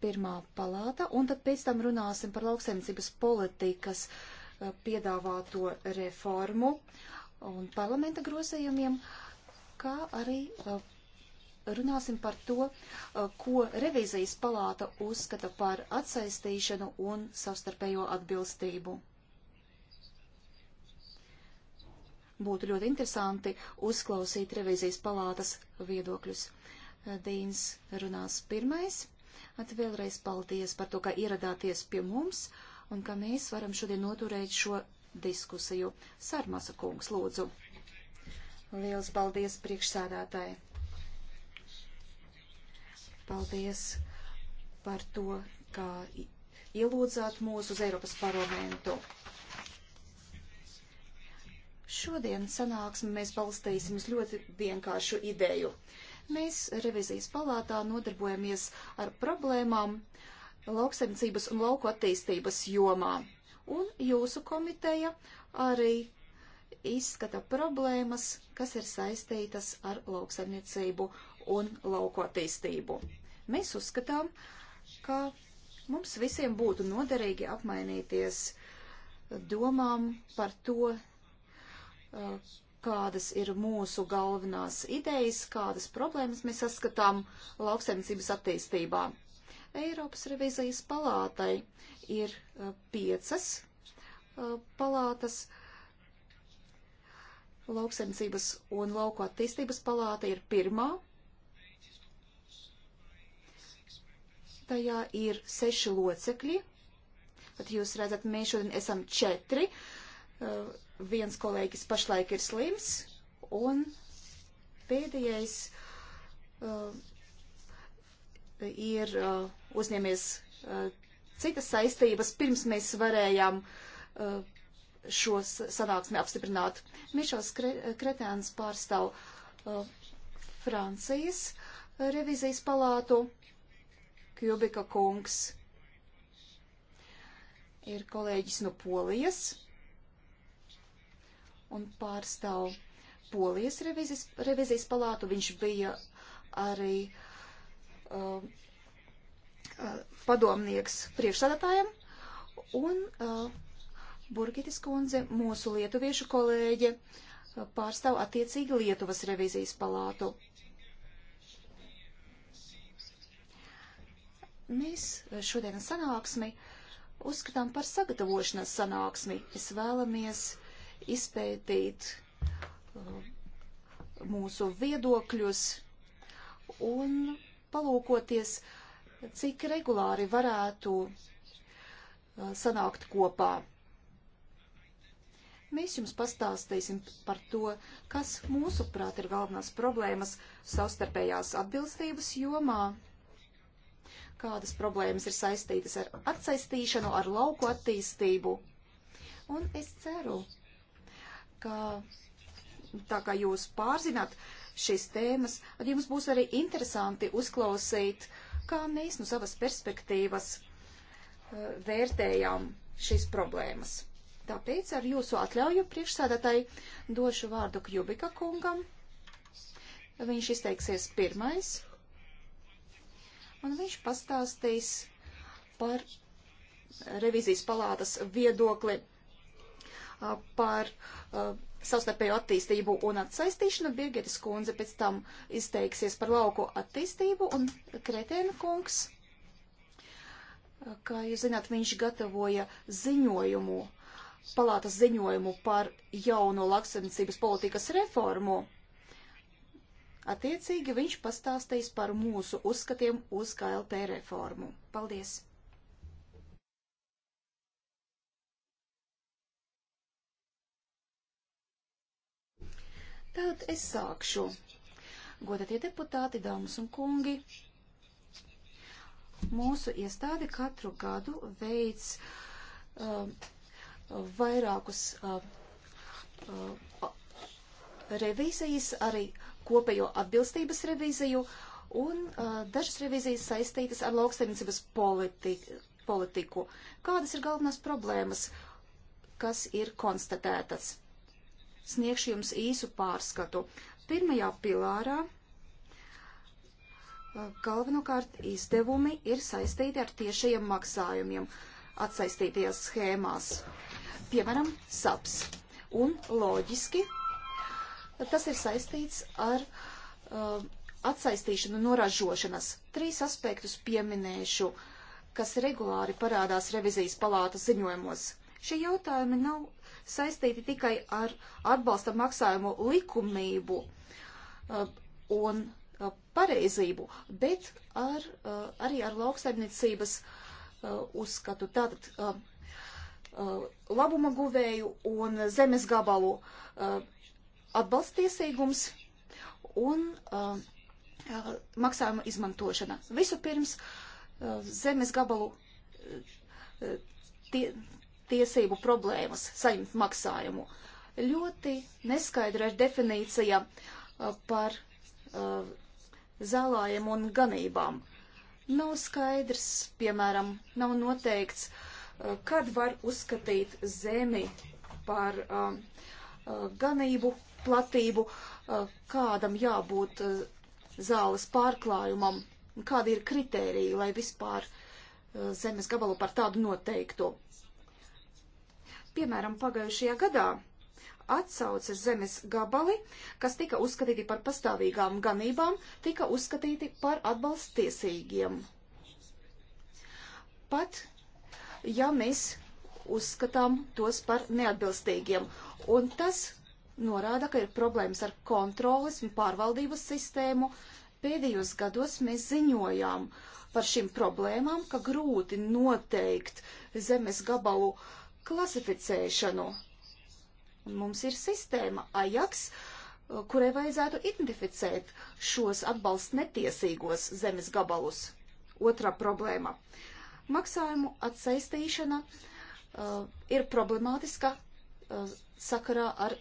pirmā palāta, un tad pēc tam runāsim par lauksaimniecības politikas eh, piedāvāto reformu un parlamenta grozējumiem, kā arī eh, runāsim par to, eh, ko revizijas palāta uzskata par atsaistīšanu un savstarpējo atbilstību. Būtu ļoti interesanti uzklausīt revizijas palātas viedokļus. Dīns runās pirmais. Atvēlreiz paldies par to, ka ieradāties pie mums un ka mēs varam šodien noturēt šo diskusiju. Sarmasa kungs, lūdzu. Liels paldies priekšsādātāji. Paldies par to, ka ielūdzāt mūs uz Eiropas parlamentu. Šodien sanāksmi mēs balstīsim uz ļoti vienkāršu ideju. Uh, Mēs revizijas palātā nodarbojamies ar problēmām lauksaimniecības un lauku attīstības jomā. Un jūsu komiteja arī izskata problēmas, kas ir saistītas ar lauksaimniecību un lauku attīstību. Mēs uzskatām, ka mums visiem būtu noderīgi apmainīties domām par to, kādas ir mūsu galvenās idejas, kādas problēmas mēs saskatām lauksaimniecības attīstībā. Eiropas revizijas palātai ir uh, piecas uh, palātas. Lauksaimniecības un lauku attīstības palāta ir pirmā. Tajā ir seši locekļi. Tad jūs redzat, mēs šodien esam četri. Uh, viens kolēģis pašlaik ir slims, un pēdējais uh, ir uh, uzņēmies uh, citas saistības, pirms mēs varējām uh, šo sanāksmi apstiprināt. Mišels Kre Kretēns pārstāv uh, Francijas revizijas palātu, Kjubika kungs ir kolēģis no Polijas un pārstāv Polijas revizijas, revizijas palātu. Viņš bija arī uh, uh padomnieks priekšsādātājiem. Un uh, Burgitis kundze, mūsu lietuviešu kolēģe, uh, pārstāv attiecīgi Lietuvas revizijas palātu. Mēs šodienas sanāksmi uzskatām par sagatavošanas sanāksmi. Mēs vēlamies izpētīt uh, mūsu viedokļus un palūkoties, cik regulāri varētu uh, sanākt kopā. Mēs jums pastāstīsim par to, kas mūsuprāt ir galvenās problēmas savstarpējās atbilstības jomā, kādas problēmas ir saistītas ar atsaistīšanu, ar lauku attīstību. Un es ceru, ka tā kā jūs pārzināt šīs tēmas, tad jums būs arī interesanti uzklausīt, kā mēs no savas perspektīvas eh, vērtējām šīs problēmas. Tāpēc ar jūsu atļauju priekšsēdētāji došu vārdu Kjubika kungam. Viņš izteiksies pirmais, un viņš pastāstīs par revizijas palātas viedokli par uh, savstarpēju attīstību un atsaistīšanu. Birgeris kundze pēc tam izteiksies par lauku attīstību un Kretēna kungs, kā jūs zināt, viņš gatavoja ziņojumu, palātas ziņojumu par jauno lauksaimniecības politikas reformu. Attiecīgi viņš pastāstīs par mūsu uzskatiem uz KLP reformu. Paldies! Tad es sākšu. Godatie deputāti, dāmas un kungi, mūsu iestāde katru gadu veids uh, vairākus uh, uh, revīzijas, arī kopējo atbilstības revīziju, un uh, dažas revīzijas saistītas ar lauksaimniecības politiku, politiku. Kādas ir galvenās problēmas, kas ir konstatētas? sniegšu jums īsu pārskatu. Pirmajā pilārā eh, galvenokārt izdevumi ir saistīti ar tiešajiem maksājumiem atsaistītajās schēmās, piemēram, SAPS. Un loģiski tas ir saistīts ar uh, atsaistīšanu no ražošanas. Trīs aspektus pieminēšu, kas regulāri parādās revizijas palātas ziņojumos. Šie jautājumi nav saistīti tikai ar atbalsta maksājumu likumību uh, un uh, pareizību, bet ar, uh, arī ar lauksaimniecības uzskatu. Tātad labuma guvēju un zemes gabalu atbalstiesīgums un maksājuma izmantošana. Visu pirms zemes gabalu tie, tiesību problēmas saņemt maksājumu. Ļoti neskaidra ir definīcija uh, par uh, zālājiem un ganībām. Nav skaidrs, piemēram, nav noteikts, uh, kad var uzskatīt zemi par uh, uh ganību platību, uh, kādam jābūt zāles pārklājumam, kādi ir kritēriji, lai vispār zemes gabalu par tādu noteiktu. Piemēram, pagājušajā gadā atsauces zemes gabali, kas tika uzskatīti par pastāvīgām ganībām, tika uzskatīti par atbalstiesīgiem. Pat, ja mēs uzskatām tos par neatbilstīgiem, un tas norāda, ka ir problēmas ar kontrolas un pārvaldības sistēmu. Pēdējos gados mēs ziņojām par šīm problēmām, ka grūti noteikt zemes gabalu uh, klasificēšanu. Un mums ir sistēma AJAX, uh, kurai vajadzētu identificēt šos atbalsts netiesīgos zemes gabalus. Otra problēma - maksājumu atsaistīšana uh, ir problemātiska uh, sakarā ar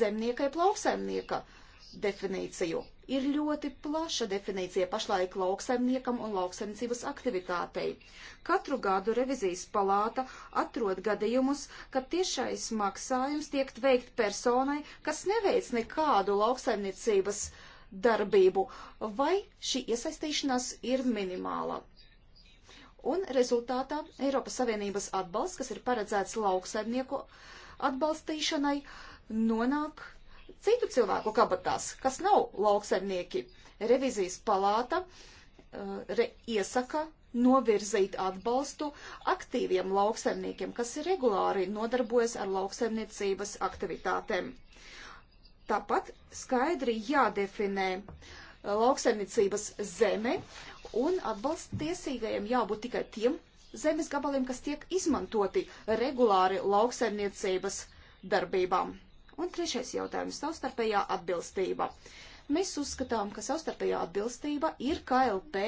zemnieka ir lauksaimnieka uh, definīciju. Ir ļoti plaša definīcija pašlaik lauksaimniekam un lauksaimniecības aktivitātei. Katru gadu revizijas palāta atrod gadījumus, kad tiešais maksājums tiek veikt personai, kas neveic nekādu lauksaimniecības darbību, vai šī iesaistīšanās ir minimāla. Un rezultātā Eiropas Savienības atbalsts, kas ir paredzēts lauksaimnieku atbalstīšanai, nonāk citu cilvēku kabatās, kas nav lauksaimnieki. Revizijas palāta uh, re, iesaka novirzīt atbalstu aktīviem lauksaimniekiem, kas ir regulāri nodarbojas ar lauksaimniecības aktivitātēm. Tāpat skaidri jādefinē uh, lauksaimniecības zeme un atbalsta tiesīgajiem jābūt tikai tiem zemes gabaliem, kas tiek izmantoti regulāri lauksaimniecības darbībām. Un trešais jautājums - savstarpējā atbilstība. Mēs uzskatām, ka savstarpējā atbilstība ir KLP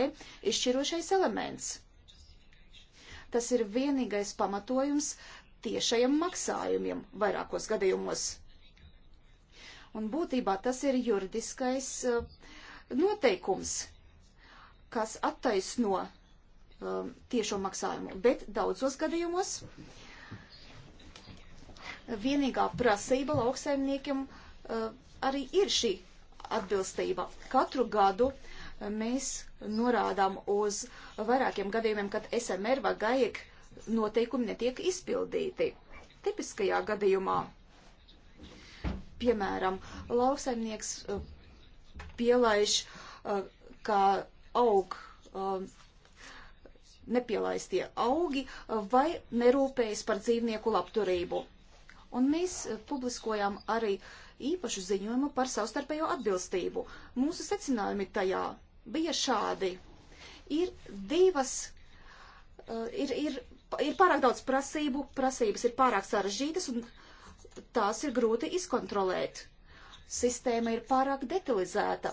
izšķirošais elements. Tas ir vienīgais pamatojums tiešajiem maksājumiem vairākos gadījumos. Un būtībā tas ir juridiskais eh, noteikums, kas attaisno um, tiešo maksājumu, bet daudzos gadījumos uh, vienīgā prasība lauksaimniekiem e, arī ir šī atbilstība. Katru gadu e, mēs norādām uz vairākiem gadījumiem, kad SMR vai GAIEK noteikumi netiek izpildīti. Tipiskajā gadījumā, piemēram, lauksaimnieks e, pielaiž, kā aug nepielaistie augi vai nerūpējas par dzīvnieku labturību. Un mēs eh, publiskojām arī īpašu ziņojumu par savstarpējo atbilstību. Mūsu secinājumi tajā bija šādi. Ir divas, eh, ir, ir, ir pārāk daudz prasību, prasības ir pārāk sarežģītas un tās ir grūti izkontrolēt. Sistēma ir pārāk detalizēta.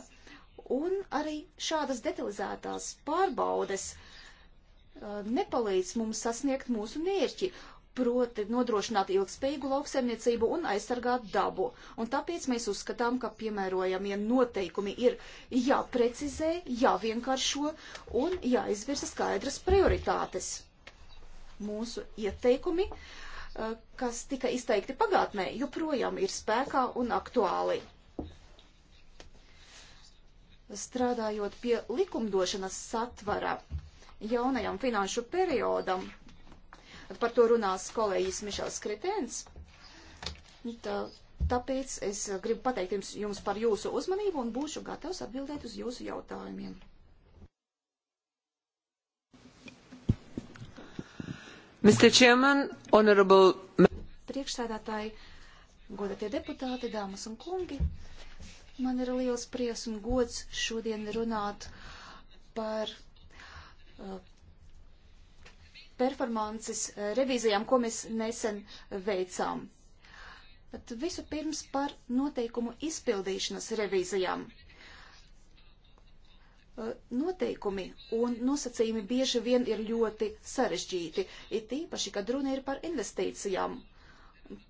Un arī šādas detalizētās pārbaudes eh, nepalīdz mums sasniegt mūsu mērķi proti nodrošināt ilgspējīgu lauksaimniecību un aizsargāt dabu. Un tāpēc mēs uzskatām, ka piemērojamie noteikumi ir jāprecizē, jāvienkāršo un jāizvirza skaidras prioritātes. Mūsu ieteikumi, eh, kas tika izteikti pagātnē, joprojām ir spēkā un aktuāli. Strādājot pie likumdošanas satvara jaunajam finanšu periodam, par to runās kolēģis Mišels Kritēns. Nu, tā, tāpēc es gribu pateikt jums, jums par jūsu uzmanību un būšu gatavs atbildēt uz jūsu jautājumiem. Mr. Chairman, honorable... Priekšsēdētāji, godatie deputāti, dāmas un kungi, man ir liels prieks un gods šodien runāt par uh, performances eh, revīzijām, ko mēs nesen veicām. Bet visu pirms par noteikumu izpildīšanas revīzijām. Eh, noteikumi un nosacījumi bieži vien ir ļoti sarežģīti, it īpaši, kad runa ir par investīcijām.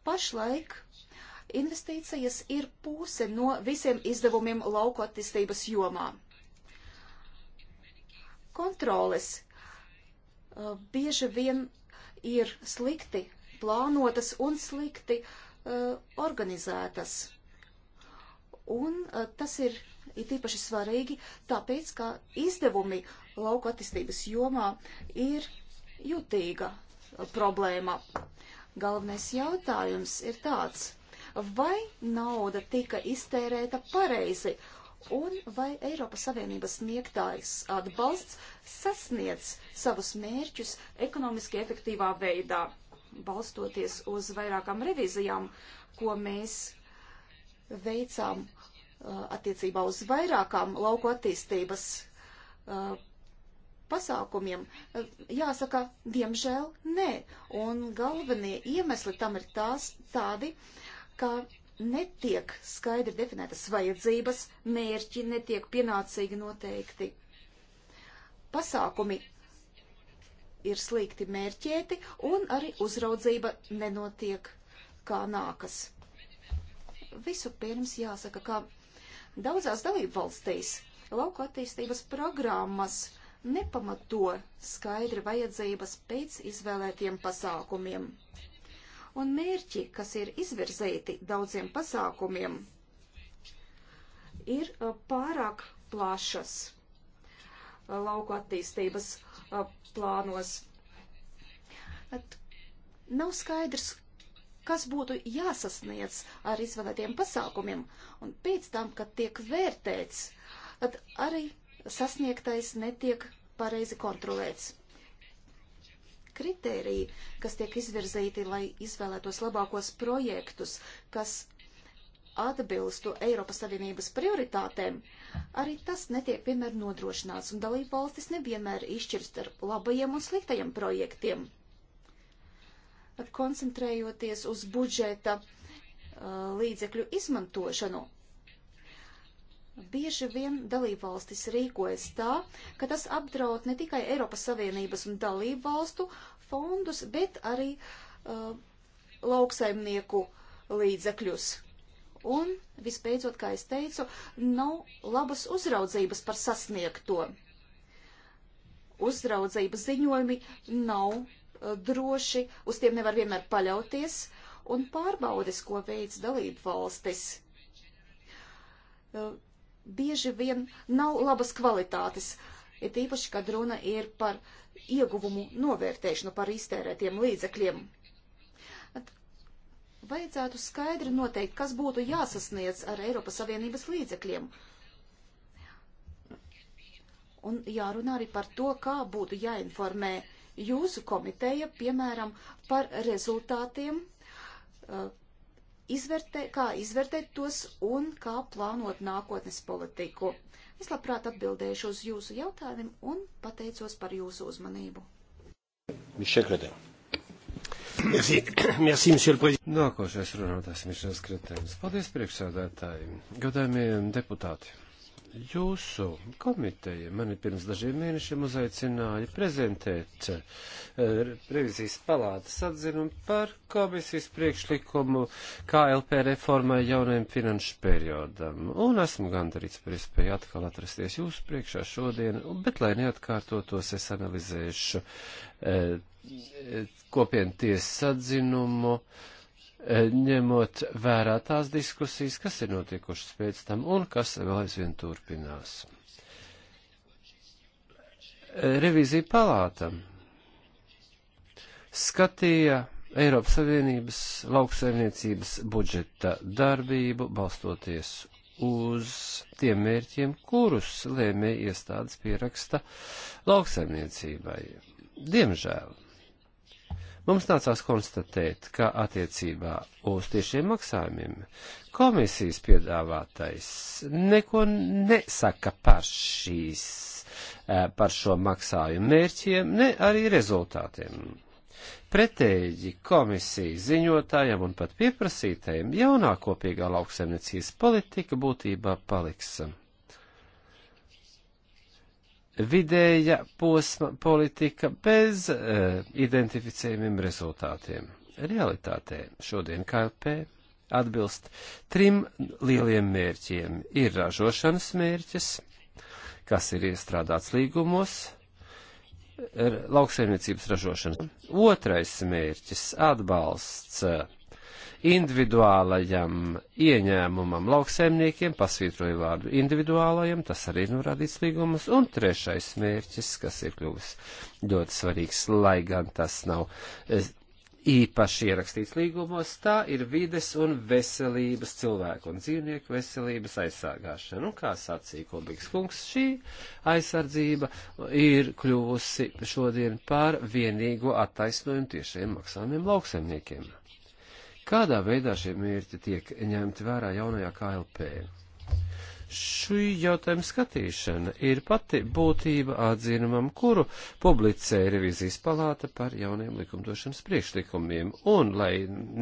Pašlaik investīcijas ir puse no visiem izdevumiem lauku attīstības jomā. Kontroles Uh, bieži vien ir slikti plānotas un slikti uh, organizētas. Un uh, tas ir it īpaši svarīgi, tāpēc, ka izdevumi lauka attīstības jomā ir jutīga problēma. Galvenais jautājums ir tāds, vai nauda tika iztērēta pareizi un vai Eiropas Savienības sniegtājs atbalsts sasniedz savus mērķus ekonomiski efektīvā veidā, balstoties uz vairākām revizijām, ko mēs veicām uh, attiecībā uz vairākām lauku attīstības uh, pasākumiem. Uh, jāsaka, diemžēl nē, un galvenie iemesli tam ir tās tādi, ka netiek skaidri definētas vajadzības, mērķi netiek pienācīgi noteikti. Pasākumi ir slikti mērķēti un arī uzraudzība nenotiek kā nākas. Visu pirms jāsaka, ka daudzās dalību valstīs lauku attīstības programmas nepamato skaidri vajadzības pēc izvēlētiem pasākumiem un mērķi, kas ir izvirzīti daudziem pasākumiem, ir uh, pārāk plašas uh, lauku attīstības uh, plānos. At nav skaidrs, kas būtu jāsasniedz ar izvēlētiem pasākumiem, un pēc tam, kad tiek vērtēts, tad arī sasniegtais netiek pareizi kontrolēts kritēriji, kas tiek izvirzīti, lai izvēlētos labākos projektus, kas atbilstu Eiropas Savienības prioritātēm, arī tas netiek vienmēr nodrošināts, un dalību valstis nevienmēr izšķirs starp labajiem un sliktajiem projektiem. Koncentrējoties uz budžeta uh, līdzekļu izmantošanu, Bieži vien dalībvalstis rīkojas tā, ka tas apdraud ne tikai Eiropas Savienības un dalībvalstu fondus, bet arī uh, lauksaimnieku līdzekļus. Un, visbeidzot, kā es teicu, nav labas uzraudzības par sasniegto. Uzraudzības ziņojumi nav uh, droši, uz tiem nevar vienmēr paļauties, un pārbaudes, ko veids dalību valstis. Uh, bieži vien nav labas kvalitātes, ir tīpaši, kad runa ir par ieguvumu novērtēšanu, par iztērētiem līdzekļiem. Vajadzētu skaidri noteikt, kas būtu jāsasniedz ar Eiropas Savienības līdzekļiem. Un jārunā arī par to, kā būtu jāinformē jūsu komiteja, piemēram, par rezultātiem, izvērtē, kā izvērtēt tos un kā plānot nākotnes politiku. Es labprāt atbildēšu uz jūsu jautājumiem un pateicos par jūsu uzmanību. Nākošais runātājs Mišels Kretēns. Paldies priekšsēdētāji, godājumie deputāti. Jūsu komiteja mani pirms dažiem mēnešiem uzaicināja prezentēt eh, revizijas palātas atzinumu par komisijas priekšlikumu KLP reformai jaunajam finanšu periodam. Un esmu gandarīts par iespēju atkal atrasties jūsu priekšā šodien, bet lai neatkārtotos, es analizēšu eh, eh kopienu tiesas atzinumu. Eh, ņemot vērā tās diskusijas, kas ir notikušas pēc tam un kas vēl aizvien turpinās. Revīzija palāta skatīja Eiropas Savienības lauksaimniecības budžeta darbību balstoties uz tiem mērķiem, kurus lēmēja iestādes pieraksta lauksaimniecībai. Diemžēl Mums nācās konstatēt, ka attiecībā uz tiešiem maksājumiem komisijas piedāvātais neko nesaka par šīs, eh, par šo maksājumu mērķiem, ne arī rezultātiem. Pretēji komisijas ziņotājiem un pat pieprasītājiem jaunā kopīgā lauksaimniecības politika būtībā paliks vidēja posma politika bez uh, identificējumiem rezultātiem. Realitātē šodien KLP atbilst trim lieliem mērķiem. Ir ražošanas mērķis, kas ir iestrādāts līgumos, lauksaimniecības ražošana. Otrais mērķis - atbalsts uh, individuālajam ieņēmumam lauksaimniekiem, pasvītroju vārdu individuālajam, tas arī ir norādīts līgumus, un trešais mērķis, kas ir kļuvis ļoti svarīgs, lai gan tas nav eh, īpaši ierakstīts līgumos, tā ir vides un veselības cilvēku un dzīvnieku veselības aizsargāšana. Un kā sacīja Kobīgs kungs, šī aizsardzība ir kļuvusi šodien par vienīgo attaisnojumu tiešiem maksājumiem lauksaimniekiem. Kādā veidā šie mērķi tiek ņemti vērā jaunajā KLP? Šī jautājuma skatīšana ir pati būtība atzinumam, kuru publicē revizijas palāta par jauniem likumdošanas priekšlikumiem, un, lai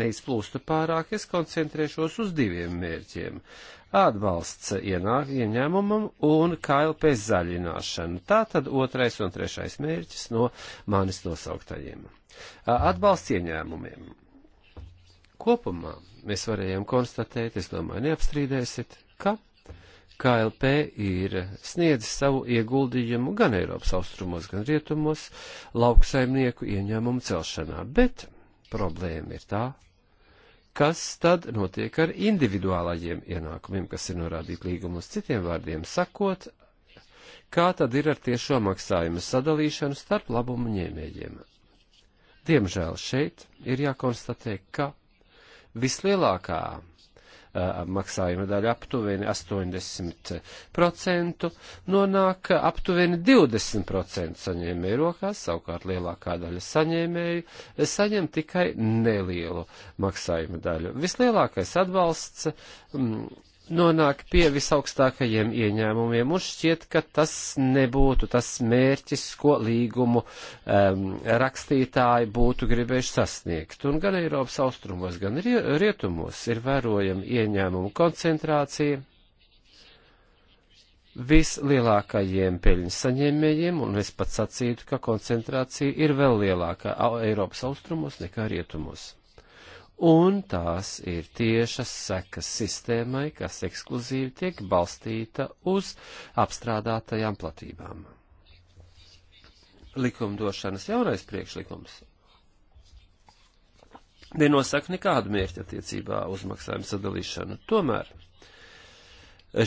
neizplūstu pārāk, es koncentrēšos uz diviem mērķiem - atbalsts ienāk ieņēmumam un KLP zaļināšana. Tā tad otrais un trešais mērķis no manis nosauktajiem - atbalsts ieņēmumiem. Kopumā mēs varējām konstatēt, es domāju, neapstrīdēsit, ka KLP ir sniedzis savu ieguldījumu gan Eiropas austrumos, gan rietumos lauksaimnieku ieņēmumu celšanā, bet problēma ir tā, kas tad notiek ar individuālajiem ienākumiem, kas ir norādīti līgumus citiem vārdiem sakot, kā tad ir ar tiešo maksājumu sadalīšanu starp labumu ņēmējiem. Diemžēl šeit ir jākonstatē, ka vislielākā maksājuma daļa aptuveni 80%, nonāk aptuveni 20% saņēmēju rokās, savukārt lielākā daļa saņēmēju saņem tikai nelielu maksājuma daļu. Vislielākais atbalsts nonāk pie visaugstākajiem ieņēmumiem. Mums šķiet, ka tas nebūtu tas mērķis, ko līgumu um, rakstītāji būtu gribējuši sasniegt. Un gan Eiropas austrumos, gan rietumos ir vērojama ieņēmumu koncentrācija vislielākajiem peļņas saņēmējiem, un es pats sacītu, ka koncentrācija ir vēl lielākā Eiropas austrumos nekā rietumos un tās ir tiešas sekas sistēmai, kas ekskluzīvi tiek balstīta uz apstrādātajām platībām. Likumdošanas jaunais priekšlikums nenosaka nekādu mērķi attiecībā uz maksājumu sadalīšanu. Tomēr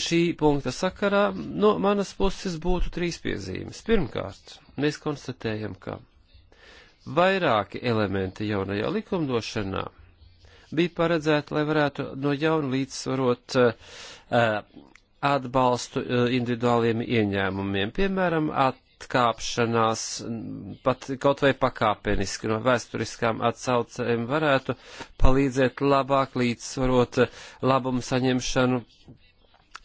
šī punkta sakarā no manas puses būtu trīs piezīmes. Pirmkārt, mēs konstatējam, ka vairāki elementi jaunajā likumdošanā bija paredzēta, lai varētu no jauna līdzsvarot eh, atbalstu eh, individuāliem ieņēmumiem. Piemēram, atkāpšanās, pat kaut vai pakāpeniski no vēsturiskām atsaucēm varētu palīdzēt labāk līdzsvarot eh, labumu saņemšanu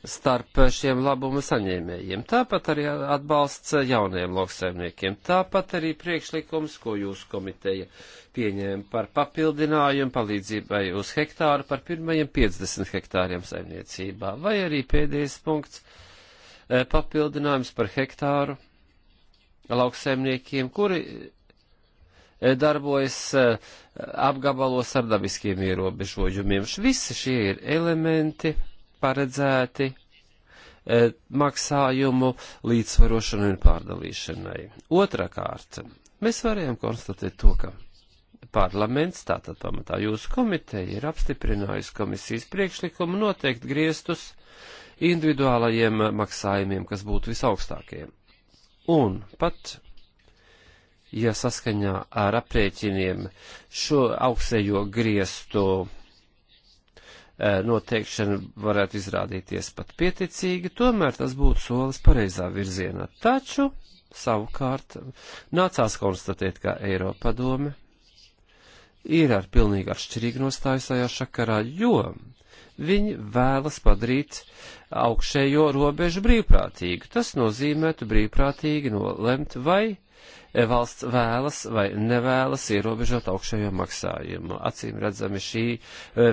starp šiem labumu saņēmējiem. Tāpat arī atbalsts jaunajiem lauksaimniekiem. Tāpat arī priekšlikums, ko jūsu komiteja pieņēma par papildinājumu palīdzībai uz hektāru par pirmajiem 50 hektāriem saimniecībā. Vai arī pēdējais punkts eh, papildinājums par hektāru lauksaimniekiem, kuri eh, darbojas eh, apgabalos ar dabiskiem ierobežojumiem. Visi šie ir elementi paredzēti e, maksājumu līdzsvarošanai un pārdalīšanai. Otrakārt, mēs varējām konstatēt to, ka parlaments, tātad pamatā jūsu komiteja, ir apstiprinājusi komisijas priekšlikumu noteikt griestus individuālajiem maksājumiem, kas būtu visaugstākie. Un pat, ja saskaņā ar aprēķiniem šo augsējo griestu Eh, noteikšana varētu izrādīties pat pieticīga, tomēr tas būtu solis pareizā virzienā. Taču, savukārt, nācās konstatēt, ka Eiropa padome ir ar pilnīgi atšķirīgu nostāju šajā šakarā, jo viņi vēlas padarīt augšējo robežu brīvprātīgu. Tas nozīmētu brīvprātīgi nolemt, vai valsts vēlas vai nevēlas ierobežot augšējo maksājumu. Acīm redzami šī e,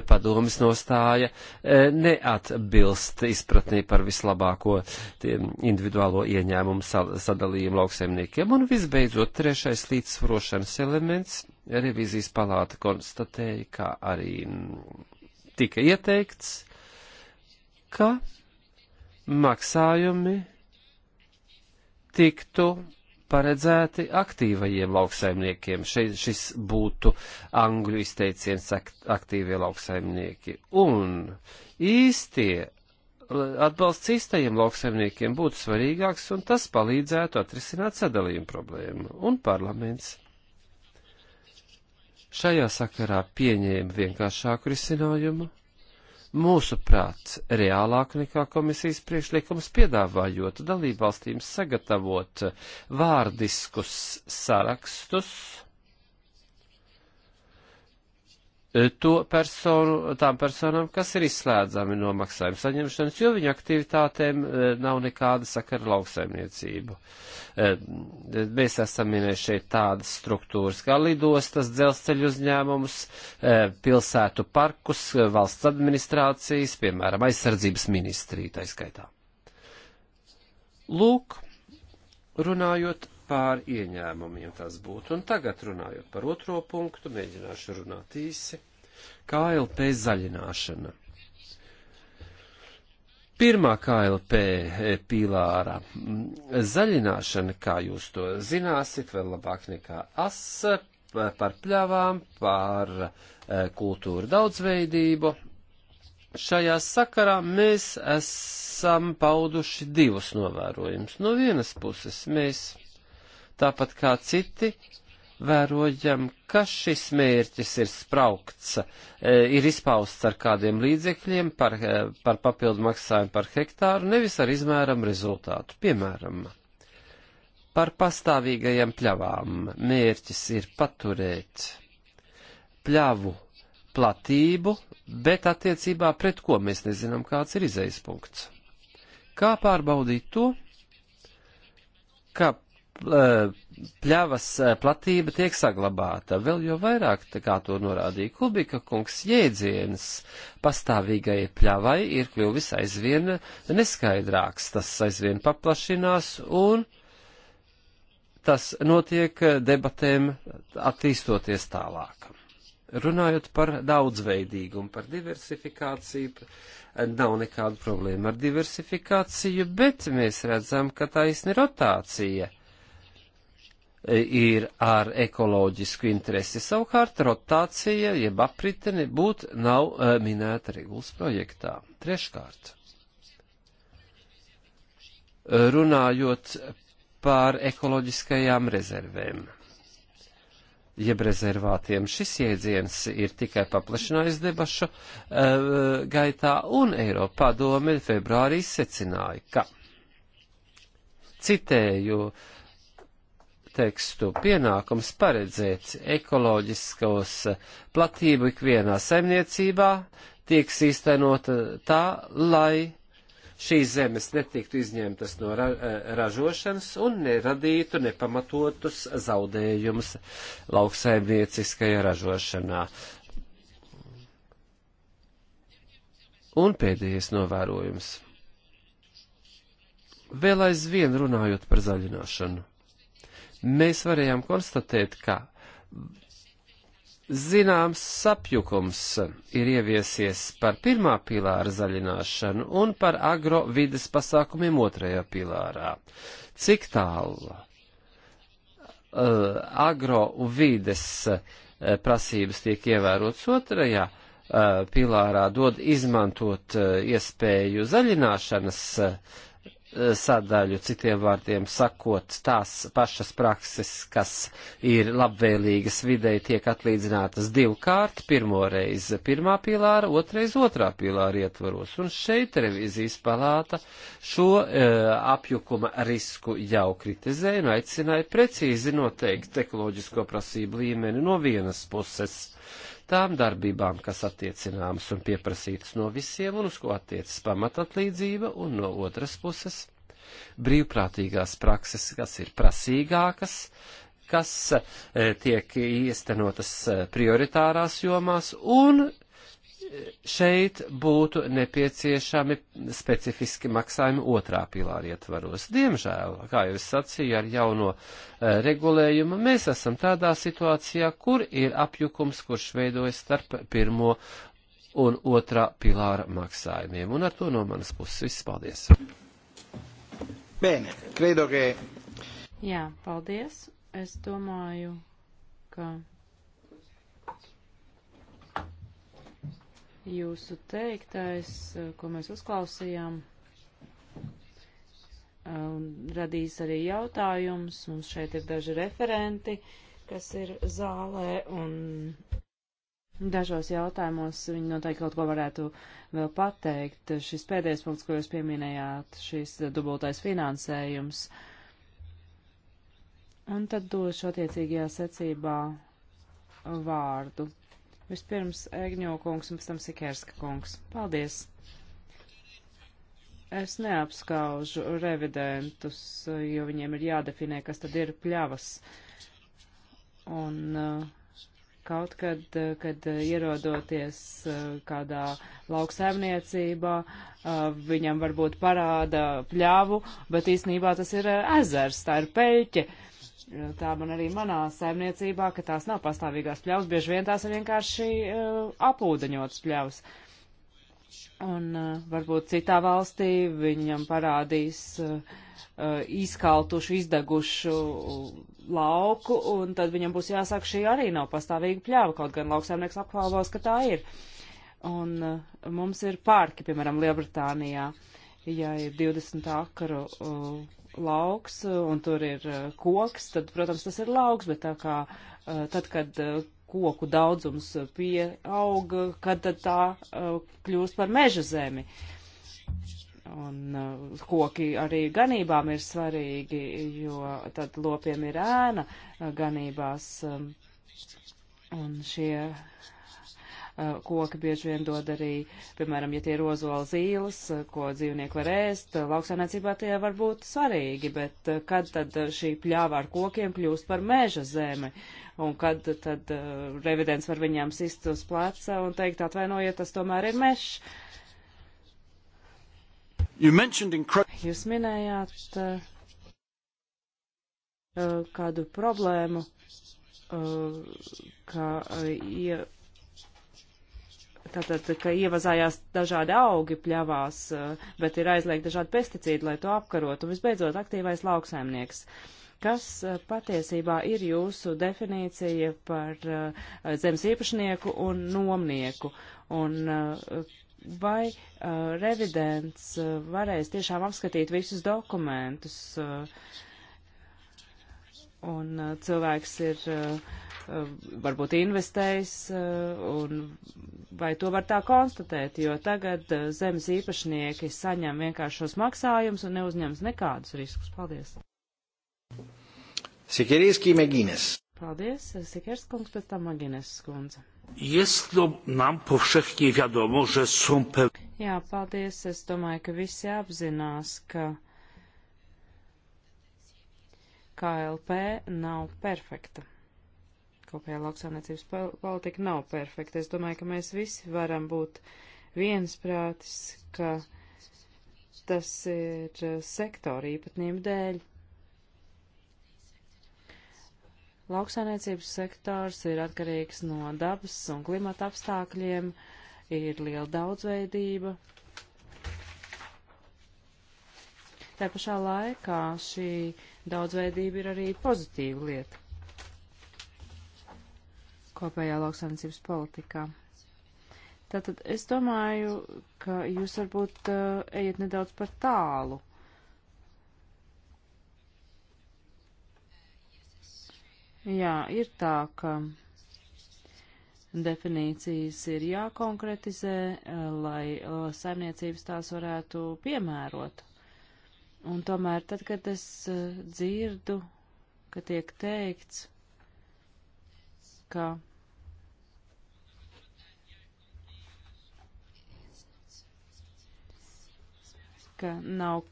padomis nostāja e, neatbilst izpratnī par vislabāko individuālo ieņēmumu sadalījumu lauksaimniekiem. Un visbeidzot, trešais līdzsvarošanas elements. Revizijas palāta konstatēja, ka arī tika ieteikts, ka maksājumi tiktu paredzēti aktīvajiem lauksaimniekiem. Šeit šis būtu angļu izteiciens aktīvie lauksaimnieki. Un īstie atbalsts īstajiem lauksaimniekiem būtu svarīgāks, un tas palīdzētu atrisināt sadalījumu problēmu. Un parlaments šajā sakarā pieņēma vienkāršāku risinājumu mūsuprāt, reālāk nekā komisijas priekšlikums piedāvājot dalībvalstīm sagatavot vārdiskus sarakstus, to personu, tām personām, kas ir izslēdzami no maksājuma saņemšanas, jo viņu aktivitātēm e, nav nekāda sakara lauksaimniecību. E, e, mēs esam minējuši šeit tādas struktūras kā lidostas, dzelzceļu uzņēmumus, pilsētu parkus, valsts administrācijas, piemēram, aizsardzības ministrija taiskaitā. Lūk, runājot pār ieņēmumiem tas būtu. Un tagad runājot par otro punktu, mēģināšu runāt īsi. KLP zaļināšana. Pirmā KLP e, pīlāra zaļināšana, kā jūs to zināsit, vēl labāk nekā as, par pļavām, par e, kultūru daudzveidību. Šajā sakarā mēs esam pauduši divus novērojumus. No vienas puses mēs tāpat kā citi, vērojam, ka šis mērķis ir spraukts, e, ir izpausts ar kādiem līdzekļiem par, e, par papildu maksājumu par hektāru, nevis ar izmēram rezultātu. Piemēram, par pastāvīgajām pļavām mērķis ir paturēt pļavu platību, bet attiecībā pret ko mēs nezinām, kāds ir izejas punkts. Kā pārbaudīt to, ka Eh, pļavas eh, platība tiek saglabāta. Vēl jau vairāk, kā to norādīja Kubika kungs, jēdziens pastāvīgai pļavai ir kļuvis aizvien neskaidrāks, tas aizvien paplašinās un tas notiek debatēm attīstoties tālāk. Runājot par daudzveidīgumu, par diversifikāciju, nav nekāda problēma ar diversifikāciju, bet mēs redzam, ka taisni rotācija uh, E, ir ar ekoloģisku interesi. Savukārt rotācija, jeb apritene, būt nav e, minēta regulas projektā. Treškārt, runājot par ekoloģiskajām rezervēm, jeb rezervātiem, šis jēdziens ir tikai paplašinājis debašu e, gaitā, un Eiropā doma februārī secināja, ka, citēju, uh, tekstu pienākums paredzēt ekoloģiskos platību ikvienā saimniecībā tieks īstenota tā, lai šīs zemes netiktu izņemtas no ra eh, ražošanas un neradītu nepamatotus zaudējumus lauksaimnieciskajā ražošanā. Un pēdējais novērojums. Vēl aizvien runājot par zaļināšanu mēs varējām konstatēt, ka zināms sapjukums ir ieviesies par pirmā pilāra zaļināšanu un par agrovides pasākumiem otrajā pilārā. Cik tālu uh, eh, agrovides uh, eh, prasības tiek ievērotas otrajā uh, pilārā, dod izmantot uh, iespēju zaļināšanas uh, Eh, sadaļu, citiem vārdiem sakot, tās pašas prakses, kas ir labvēlīgas videi, tiek atlīdzinātas divkārt, pirmoreiz pirmā pilāra, otrreiz otrā pilāra ietvaros. Un šeit revizijas palāta šo e, apjukuma risku jau kritizēja un aicināja precīzi noteikt ekoloģisko prasību līmeni no vienas puses. E, tām darbībām, kas attiecināmas un pieprasītas no visiem un uz ko attiecas pamatatlīdzība, un no otras puses brīvprātīgās prakses, kas ir prasīgākas, kas eh, tiek iestenotas eh, prioritārās jomās un šeit būtu nepieciešami specifiski maksājumi otrā pilāra ietvaros. Diemžēl, kā jau es sacīju, ar jauno e, regulējumu mēs esam tādā situācijā, kur ir apjukums, kurš veidojas starp pirmo un otrā pilāra maksājumiem. Un ar to no manas puses viss paldies. Bene, credo, ka... Jā, paldies. Es domāju, ka Jūsu teiktais, eh, ko mēs uzklausījām, eh, radīs arī jautājums. Mums šeit ir daži referenti, kas ir zālē, un dažos jautājumos viņi noteikti kaut ko varētu vēl pateikt. Šis pēdējais punkts, ko jūs pieminējāt, šis dubultais finansējums. Un tad došu attiecīgajā secībā vārdu Vispirms Egņo kungs un pēc tam Sikerska kungs. Paldies! Es neapskaužu revidentus, jo viņiem ir jādefinē, kas tad ir pļavas. Un uh, kaut kad, uh, kad ierodoties uh, kādā lauksēmniecībā, viņam varbūt parāda pļavu, bet īsnībā tas ir ezers, tā ir peļķe. Uh, Tā man arī manā saimniecībā, ka tās nav pastāvīgās pļavas, bieži vien tās ir vienkārši uh, aplūdeņotas pļavas. Un uh, varbūt citā valstī viņam parādīs uh, uh, izkaltušu, izdegušu lauku, un tad viņam būs jāsaka, šī arī nav pastāvīga pļava, kaut gan lauksaimnieks apgalvos, ka tā ir. Un uh, mums ir parki, piemēram, Lielbritānijā, ja ir 20 akaru. Uh, lauks un tur ir eh, koks, tad, protams, tas ir lauks, bet tā kā eh, tad, kad eh, koku daudzums pieauga, kad tad tā kļūst par meža zemi. Un uh, koki arī ganībām ir svarīgi, jo tad lopiem ir ēna ganībās. Um, un šie Eh, koki bieži vien dod arī, piemēram, ja tie ir ozola zīles, eh, ko dzīvnieki var ēst, eh, lauksaimniecībā tie var būt svarīgi, bet kad tad šī pļāva ar kokiem kļūst par meža zemi? Un kad tad uh, revidents var viņām sist uz pleca un teikt, atvainojiet, tas tomēr ir mežs? Jūs minējāt uh, kādu problēmu, uh, ka. Uh, ja, Tātad, ka ievazājās dažādi augi pļavās, eh, bet ir aizliegti dažādi pesticīdi, lai to apkarotu. Un visbeidzot, aktīvais lauksaimnieks. Kas eh, patiesībā ir jūsu definīcija par eh, zemes īpašnieku un nomnieku? Un vai revidents varēs tiešām apskatīt visus dokumentus? Uh, un uh, cilvēks ir uh, uh, varbūt investējis, uh, un vai to var tā konstatēt, jo tagad uh, zemes īpašnieki saņem vienkārši šos maksājumus un neuzņems nekādus riskus. Paldies! Sikerīski Megīnes. Paldies, uh, Sikerskungs, pēc tam Magīnes skundze. Jest to nam powszechnie wiadomo, że są pewne. Jā, paldies. Es domāju, ka visi apzinās, ka uh, KLP nav perfekta. Kopējā lauksaimniecības politika nav perfekta. Es domāju, ka mēs visi varam būt viensprātis, ka tas ir eh, sektora īpatnību dēļ. Lauksaimniecības sektors ir atkarīgs no dabas un klimata apstākļiem, ir liela daudzveidība, Tā pašā laikā šī daudzveidība ir arī pozitīva lieta kopējā lauksaimniecības politikā. Tātad es domāju, ka jūs varbūt uh, ejat nedaudz par tālu. Jā, ir tā, ka definīcijas ir jākonkretizē, eh, lai eh, saimniecības tās varētu piemērot. Un tomēr tad, kad es eh, dzirdu, ka tiek teikts, ka ka nav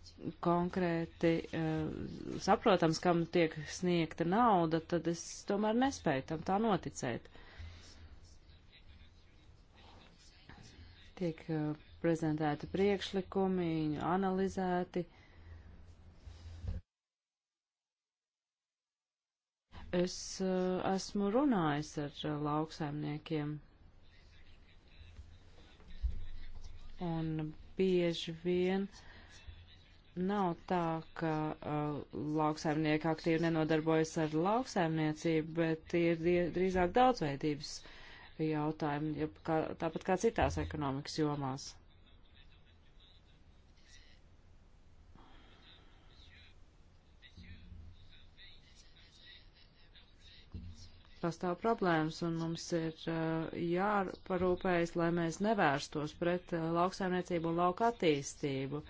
konkrēti uh, saprotams, kam tiek sniegta nauda, tad es tomēr nespēju tam tā noticēt. Tiek uh, prezentēti priekšlikumi, analizēti. Uh, Es eh, esmu runājis ar eh, lauksaimniekiem. Un bieži vien nav tā, ka uh, lauksaimnieki aktīvi nenodarbojas ar lauksaimniecību, bet ir drīzāk daudzveidības jautājumi, kā, tāpat kā citās ekonomikas jomās. pastāv problēmas, un mums ir eh, jāparūpējas, lai mēs nevērstos pret eh, lauksaimniecību un lauka attīstību.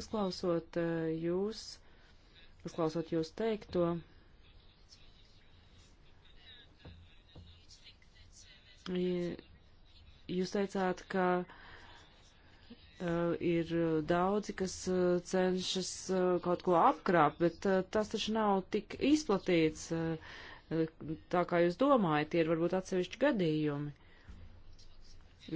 Uzklausot eh, jūs, uzklausot jūs teikto, jūs teicāt, ka uh, ir daudzi, kas uh, cenšas uh, kaut ko apkrāpt, bet uh, tas taču nav tik izplatīts. Uh, tā kā jūs domājat, tie ir varbūt atsevišķi gadījumi.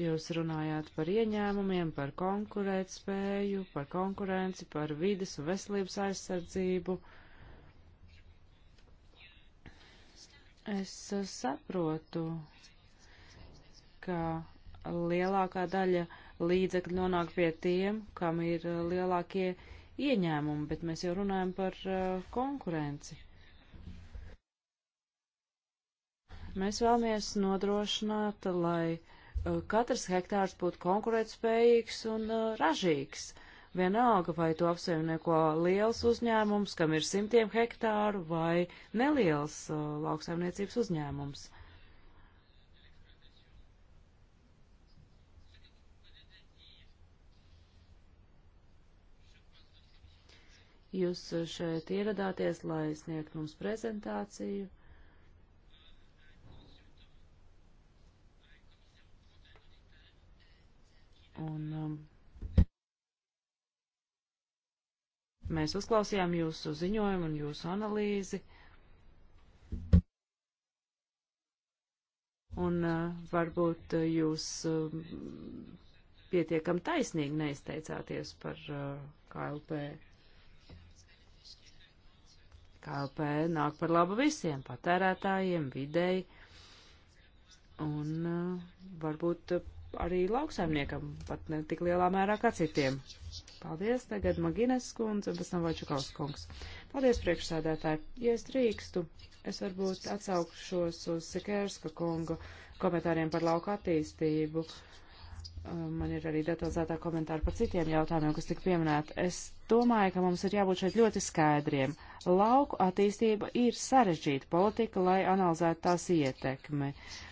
Jūs runājāt par ieņēmumiem, par konkurētspēju, par konkurenci, par vides un veselības aizsardzību. Es eh, saprotu, ka lielākā daļa līdzekļu nonāk pie tiem, kam ir eh, lielākie ieņēmumi, bet mēs jau runājam par eh, konkurenci. Uh, Mēs vēlamies nodrošināt, lai uh, katrs hektārs būtu konkurētspējīgs un uh, ražīgs. Vienalga, vai to apsaimnieko liels uzņēmums, kam ir simtiem hektāru, vai neliels uh, lauksaimniecības uzņēmums. Jūs šeit ieradāties, lai sniegtu mums prezentāciju. Un um, mēs uzklausījām jūsu ziņojumu un jūsu analīzi. Un uh, varbūt uh, jūs uh, pietiekam taisnīgi neizteicāties par uh, KLP. KLP nāk par labu visiem patērētājiem, videi, un uh, varbūt arī lauksaimniekam, pat ne tik lielā mērā kā citiem. Paldies, tagad Magines skundze un pēc tam Vojčukaus kungs. Paldies, priekšsēdētāji. Ja es drīkstu, es varbūt atsaukšos uz Sikērska kungu komentāriem par lauku attīstību. Uh, man ir arī detalizētā komentāra par citiem jautājumiem, kas tika pieminēti. Es domāju, ka mums ir jābūt šeit ļoti skaidriem. Lauku attīstība ir sarežģīta politika, lai analizētu tās ietekmi. Uh,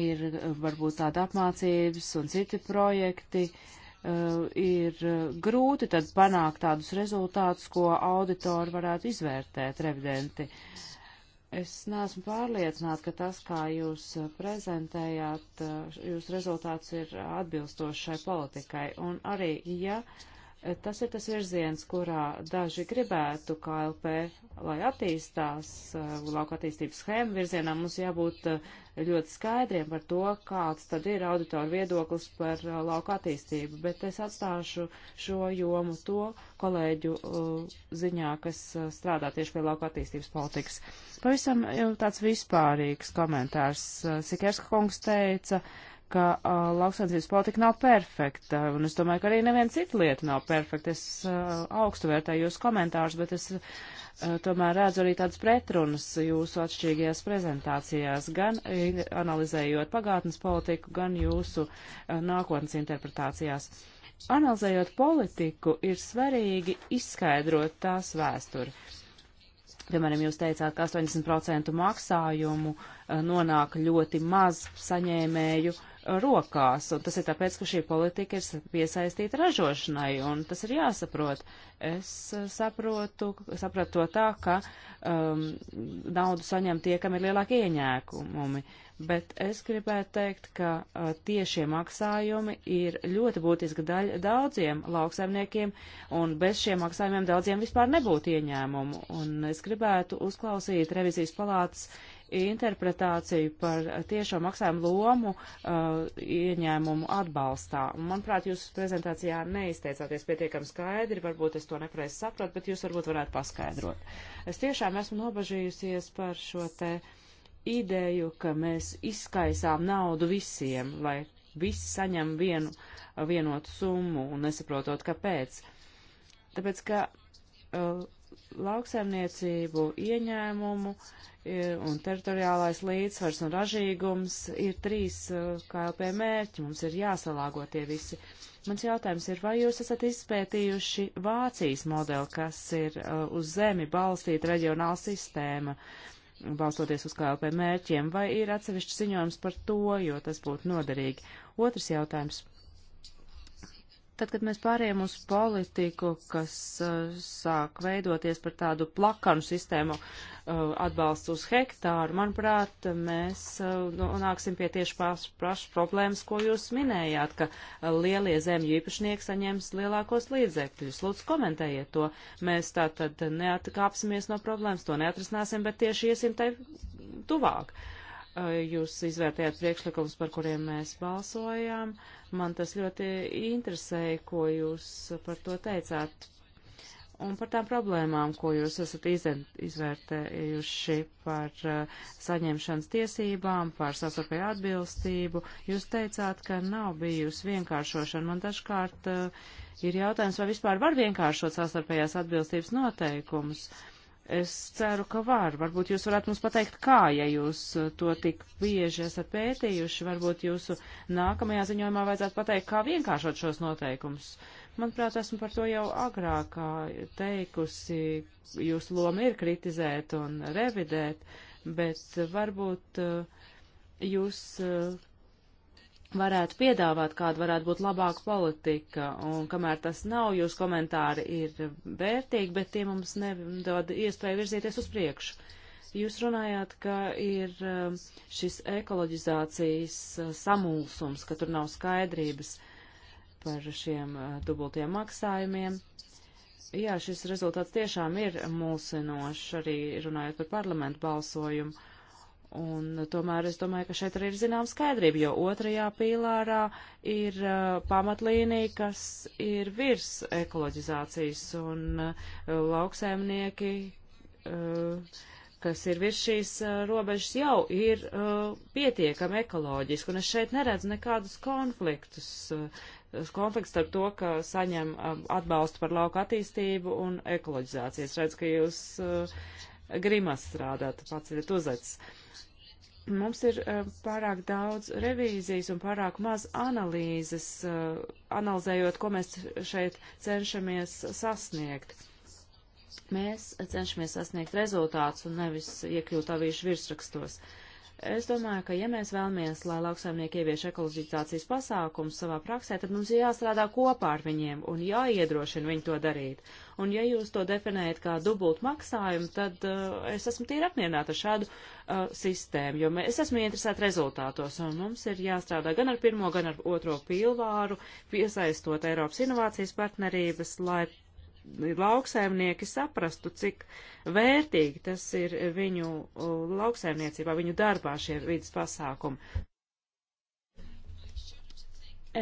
ir varbūt tāda apmācības un citi projekti, uh, ir eh, grūti tad panākt tādus rezultātus, ko auditori varētu izvērtēt, revidenti. Es neesmu pārliecināta, ka tas, kā jūs prezentējāt, eh, jūs rezultāts ir atbilstošs šai politikai. Un arī, ja uh, Tas ir tas virziens, kurā daži gribētu KLP, lai attīstās eh, lauka attīstības schēma virzienā. Mums jābūt eh, ļoti skaidriem par to, kāds tad ir auditoru viedoklis par eh, lauka attīstību. Bet es atstāšu šo jomu to kolēģu ziņā, kas strādā tieši pie lauka attīstības politikas. Pavisam tāds vispārīgs komentārs. Sikerska kungs teica, uh, ka uh, lauksaimniecības politika nav perfekta, un es domāju, ka arī neviena cita lieta nav perfekta. Es uh, augstu vērtēju jūsu komentārus, bet es uh, tomēr redzu arī tādas pretrunas jūsu atšķirīgajās prezentācijās, gan uh, analizējot pagātnes politiku, gan jūsu uh, nākotnes interpretācijās. Analizējot politiku, ir svarīgi izskaidrot tās vēsturi. Piemēram, jūs teicāt, ka 80% maksājumu uh, nonāk ļoti maz saņēmēju uh, rokās, un tas ir tāpēc, ka šī politika ir piesaistīta ražošanai, un tas ir jāsaprot. Es saprotu, saprotu to tā, ka um, naudu saņem tie, kam ir lielāki ieņēkumi, bet es gribētu teikt, ka uh, tiešie maksājumi ir ļoti būtiska daļa daudziem lauksaimniekiem, un bez šiem maksājumiem daudziem vispār nebūtu ieņēmumu, un es gribētu uzklausīt revizijas palātas uh, interpretāciju par tiešo maksājumu lomu uh, ieņēmumu atbalstā. Un, manuprāt, jūs prezentācijā neizteicāties pietiekami skaidri, varbūt es to nepareizi saprotu, bet jūs varbūt varētu paskaidrot. Es tiešām esmu nobažījusies par šo te ideju, ka mēs izskaisām naudu visiem, lai visi saņem vienu vienotu summu un nesaprotot, kāpēc. Tāpēc, ka uh, lauksaimniecību ieņēmumu uh, E, un teritoriālais līdzsvars un ražīgums ir trīs e, KLP mērķi. Mums ir jāsalāgo tie visi. Mans jautājums ir, vai jūs esat izpētījuši Vācijas modeli, kas ir e, uz zemi balstīta reģionāla sistēma, balstoties uz KLP mērķiem, vai ir atsevišķi ziņojums par to, jo tas būtu noderīgi? Otrs jautājums. Tad, kad mēs pārējām uz politiku, kas uh, sāk veidoties par tādu plakanu sistēmu uh, eh, atbalstu uz hektāru, manuprāt, mēs uh, nonāksim pie tieši pašas problēmas, ko jūs minējāt, ka lielie zemju īpašnieki saņems lielākos līdzekļus. Lūdzu, komentējiet to. Mēs tā tad neatkāpsimies no problēmas, to neatrisināsim, bet tieši iesim tai tuvāk. Uh, Jūs izvērtējāt priekšlikums, par kuriem mēs balsojām. Man tas ļoti interesēja, ko jūs par to teicāt un par tām problēmām, ko jūs esat izvērtējuši par uh, saņemšanas tiesībām, par sastarpēju atbilstību. Jūs teicāt, ka nav bijusi vienkāršošana. Man dažkārt uh, ir jautājums, vai vispār var vienkāršot sastarpējās atbilstības noteikumus. Uh, Es ceru, ka var. Varbūt jūs varētu mums pateikt, kā, ja jūs uh, to tik bieži esat pētījuši. Varbūt jūsu nākamajā ziņojumā vajadzētu pateikt, kā vienkāršot šos noteikumus. Manuprāt, esmu par to jau agrāk teikusi. Jūsu loma ir kritizēt un revidēt, bet varbūt uh, jūs uh, varētu piedāvāt, kāda varētu būt labāka politika, un kamēr tas nav, jūs komentāri ir vērtīgi, bet tie mums nedod iespēju virzīties uz priekšu. Jūs runājāt, ka ir um, šis ekoloģizācijas uh, samulsums, ka tur nav skaidrības par šiem uh, dubultiem maksājumiem. Jā, šis rezultāts tiešām ir mulsinošs, arī runājot par parlamentu balsojumu Un tomēr es domāju, ka šeit arī ir zinām skaidrība, jo otrajā pīlārā ir uh, pamatlīnija, kas ir virs ekoloģizācijas un uh, lauksēmnieki, uh, kas ir virs šīs uh, robežas, jau ir uh, pietiekami ekoloģiski. Un es šeit neredzu nekādus konfliktus. Uh, konflikts starp to, ka saņem uh, atbalstu par lauka attīstību un ekoloģizācijas. Redz, ka jūs uh, grimas strādāt, pats ir uzvecis. Uh, Mums ir eh, pārāk daudz revīzijas un pārāk maz analīzes, eh, analizējot, ko mēs šeit cenšamies sasniegt. Mēs cenšamies sasniegt rezultātus un nevis iekļūt avīšu virsrakstos. Es domāju, ka ja mēs vēlamies, lai lauksaimnieki ievieš ekoloģizācijas pasākumus savā praksē, tad mums ir jāstrādā kopā ar viņiem un jāiedrošina viņu to darīt. Un ja jūs to definējat kā dubult maksājumu, tad uh, es esmu tīri apmierināta ar šādu uh, sistēmu, jo mēs, es esmu interesēta rezultātos, un mums ir jāstrādā gan ar pirmo, gan ar otro pilvāru, piesaistot Eiropas inovācijas partnerības, lai lauksaimnieki saprastu, cik vērtīgi tas ir viņu uh, lauksaimniecībā, viņu darbā šie vidas pasākumi.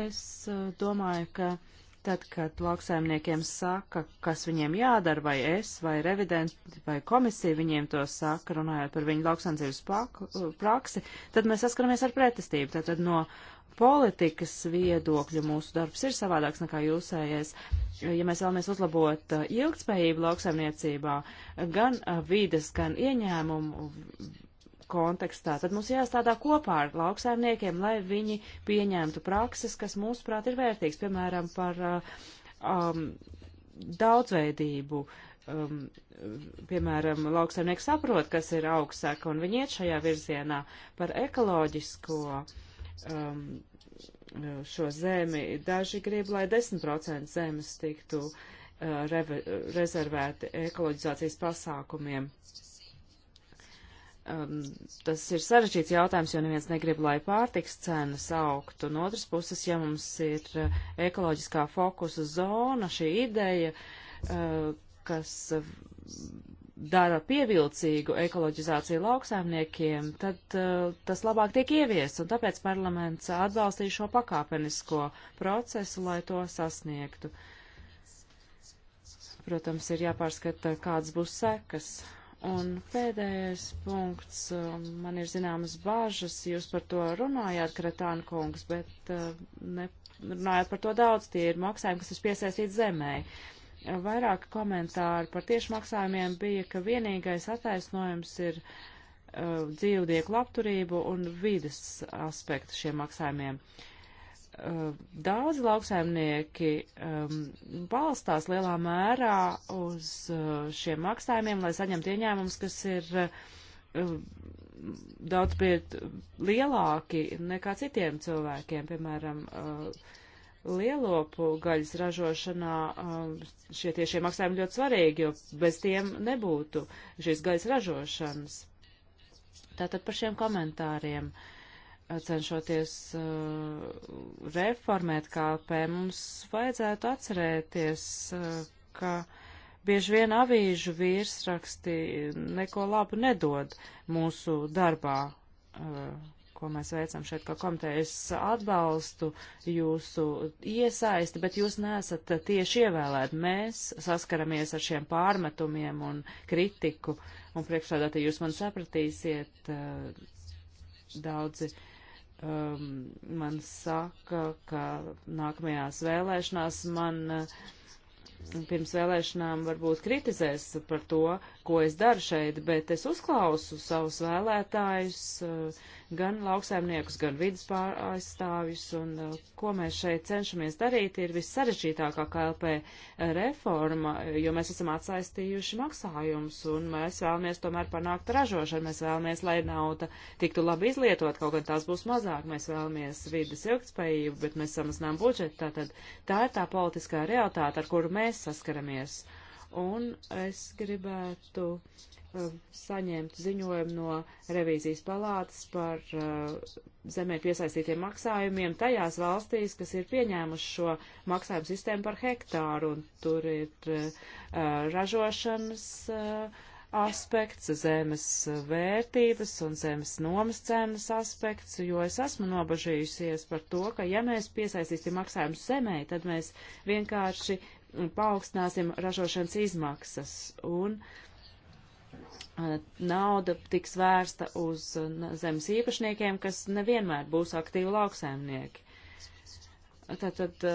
Es uh, domāju, ka uh, Tad, kad lauksaimniekiem saka, kas viņiem jādara, vai es, vai revidenti, vai komisija viņiem to saka, runājot par viņu lauksaimniecības praksi, tad mēs saskaramies ar pretestību. Tātad no politikas viedokļa mūsu darbs ir savādāks nekā jūsējais. Ja mēs vēlamies uzlabot uh, ilgtspējību lauksaimniecībā, gan uh, vides, gan ieņēmumu kontekstā. Tad mums jāstādā kopā ar lauksaimniekiem, lai viņi pieņemtu prakses, kas mūsuprāt ir vērtīgs, piemēram, par uh, um, daudzveidību. Um, piemēram, lauksaimnieks saprot, kas ir augstsaka, un viņi iet šajā virzienā par ekoloģisko um, šo zemi. Daži grib, lai 10% zemes tiktu uh, re rezervēti ekoloģizācijas pasākumiem. Uh, um, tas ir sarežģīts jautājums, jo neviens negrib, lai pārtiks cenas augtu. No otras puses, ja mums ir uh, ekoloģiskā fokusa zona, šī ideja, uh, kas uh, dara pievilcīgu ekoloģizāciju lauksaimniekiem, tad uh, tas labāk tiek ieviests, un tāpēc parlaments atbalstīja šo pakāpenisko procesu, lai to sasniegtu. Protams, ir jāpārskata, kādas būs sekas Un pēdējais punkts, um, man ir zināmas bāžas, jūs par to runājāt, Kretāna kungs, bet uh, ne, runājāt par to daudz, tie ir maksājumi, kas ir piesaistīti zemē. Uh, Vairāk komentāri par tiešmaksājumiem bija, ka vienīgais attaisnojums ir uh, dzīvnieku labturību un vides aspektu šiem maksājumiem. Uh, Uh, daudzi lauksaimnieki um, balstās lielā mērā uz uh, šiem maksājumiem, lai saņemtu ieņēmumus, kas ir uh, daudz biet lielāki nekā citiem cilvēkiem, piemēram, uh, lielopu gaļas ražošanā uh, šie tiešie maksājumi ļoti svarīgi, jo bez tiem nebūtu šīs gaļas ražošanas. Tātad par šiem komentāriem. Uh, cenšoties uh, reformēt KLP, mums vajadzētu atcerēties, uh, ka bieži vien avīžu virsraksti neko labu nedod mūsu darbā, uh, ko mēs veicam šeit, ka komiteja es atbalstu jūsu iesaisti, bet jūs nesat tieši ievēlēti. Mēs saskaramies ar šiem pārmetumiem un kritiku, un priekšādā, ja jūs man sapratīsiet, uh, daudzi uh, um, man saka, ka nākamajās vēlēšanās man uh, pirms vēlēšanām varbūt kritizēs par to, ko es daru šeit, bet es uzklausu savus vēlētājus, eh, gan lauksaimniekus, gan vidas pārstāvjus, un eh, ko mēs šeit cenšamies darīt, ir vissarežģītākā KLP eh, reforma, jo mēs esam atsaistījuši maksājumus, un mēs vēlamies tomēr panākt ražošanu, mēs vēlamies, lai nauda tiktu labi izlietot, kaut gan tās būs mazāk, mēs vēlamies vidas ilgtspējību, bet mēs samazinām budžetu, tātad tā ir tā politiskā realitāte, ar kuru mēs mēs saskaramies. Un es gribētu uh, saņemt ziņojumu no revīzijas palātas par uh, zemē piesaistītiem maksājumiem tajās valstīs, kas ir pieņēmuši šo maksājumu sistēmu par hektāru. Un tur ir uh, ražošanas uh, aspekts, zemes vērtības un zemes nomas cenas aspekts, jo es esmu nobažījusies par to, ka ja mēs piesaistīsim maksājumus zemē, tad mēs vienkārši paaugstināsim ražošanas izmaksas un nauda tiks vērsta uz zemes īpašniekiem, kas nevienmēr būs aktīvi lauksēmnieki. Tātad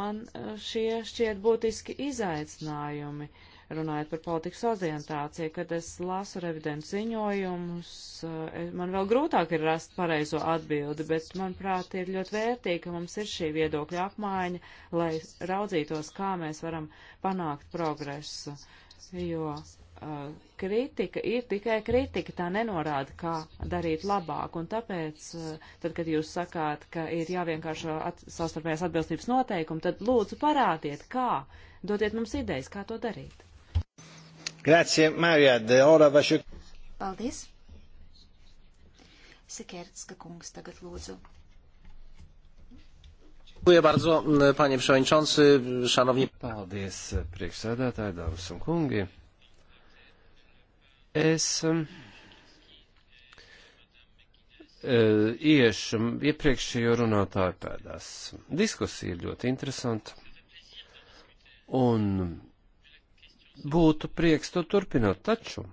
man šie šķiet būtiski izaicinājumi. Uh, runājot par politikas orientāciju, kad es lasu revidentu ziņojumus, eh, man vēl grūtāk ir rast pareizo atbildi, bet, manuprāt, ir ļoti vērtīgi, ka mums ir šī viedokļa apmaiņa, lai raudzītos, kā mēs varam panākt progresu, jo eh, kritika ir tikai kritika, tā nenorāda, kā darīt labāk, un tāpēc, eh, tad, kad jūs sakāt, ka ir jāvienkāršo at savstarpējās atbilstības noteikumi, tad lūdzu parādiet, kā, dotiet mums idejas, kā to darīt. Grazie, Marija, de ora vašu. Paldies. Sikertska kungs tagad lūdzu. Dziękuję bardzo, panie przewodniczący, szanowni... Paldies, priekšsēdētāji, dāmas un kungi. Es mm, e, iešu iepriekšējo runātāju pēdās. Diskusija ir ļoti interesanta. Un būtu prieks to turpināt, taču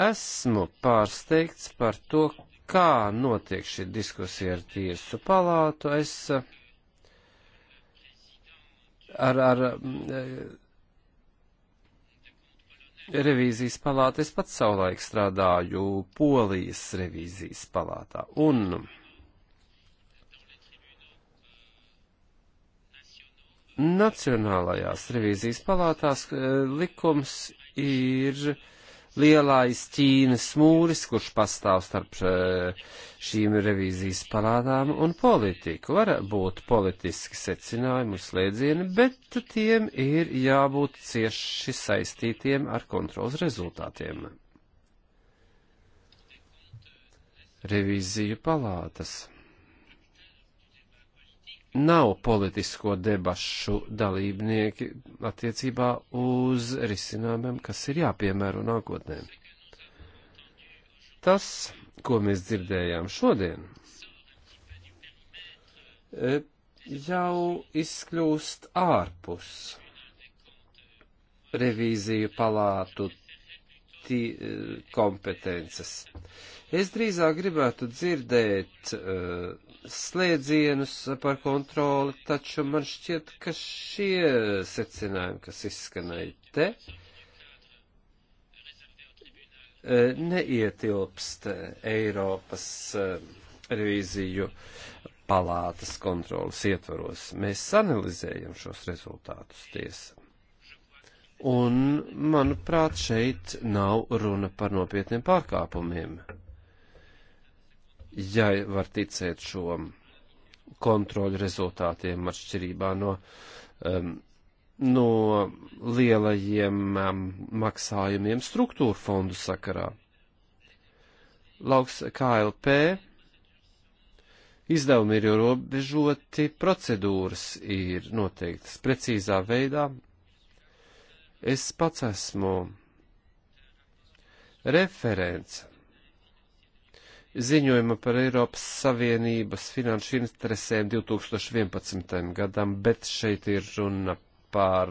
esmu pārsteigts par to, kā notiek šī diskusija ar tiesu palātu. Es eh, ar, ar eh, revīzijas palātu, es pats savulaik strādāju Polijas revīzijas palātā. Un Nacionālajās revīzijas palātās eh, likums ir lielais Ķīnas mūris, kurš pastāv starp eh, šīm revīzijas palādām un politiku. Var būt politiski secinājumi un slēdzieni, bet tiem ir jābūt cieši saistītiem ar kontrols rezultātiem. Revīziju palātas nav politisko debašu dalībnieki attiecībā uz risinājumiem, kas ir jāpiemēro nākotnē. Tas, ko mēs dzirdējām šodien, e, jau izkļūst ārpus revīziju palātu tī, eh, kompetences. Es drīzāk gribētu dzirdēt uh, slēdzienus par kontroli, taču man šķiet, ka šie secinājumi, kas izskanēja te, uh, neietilpst Eiropas uh, revīziju palātas kontrolas ietvaros. Mēs analizējam šos rezultātus tiesa. Un, manuprāt, šeit nav runa par nopietniem pārkāpumiem. Ja var ticēt šo kontroļu rezultātiem atšķirībā no, um, no lielajiem um, maksājumiem struktūra fondu sakarā. Lauks KLP Izdevumi ir ierobežoti, procedūras ir noteiktas precīzā veidā, Es pats esmu referents ziņojuma par Eiropas Savienības finanšu interesēm 2011. gadam, bet šeit ir runa par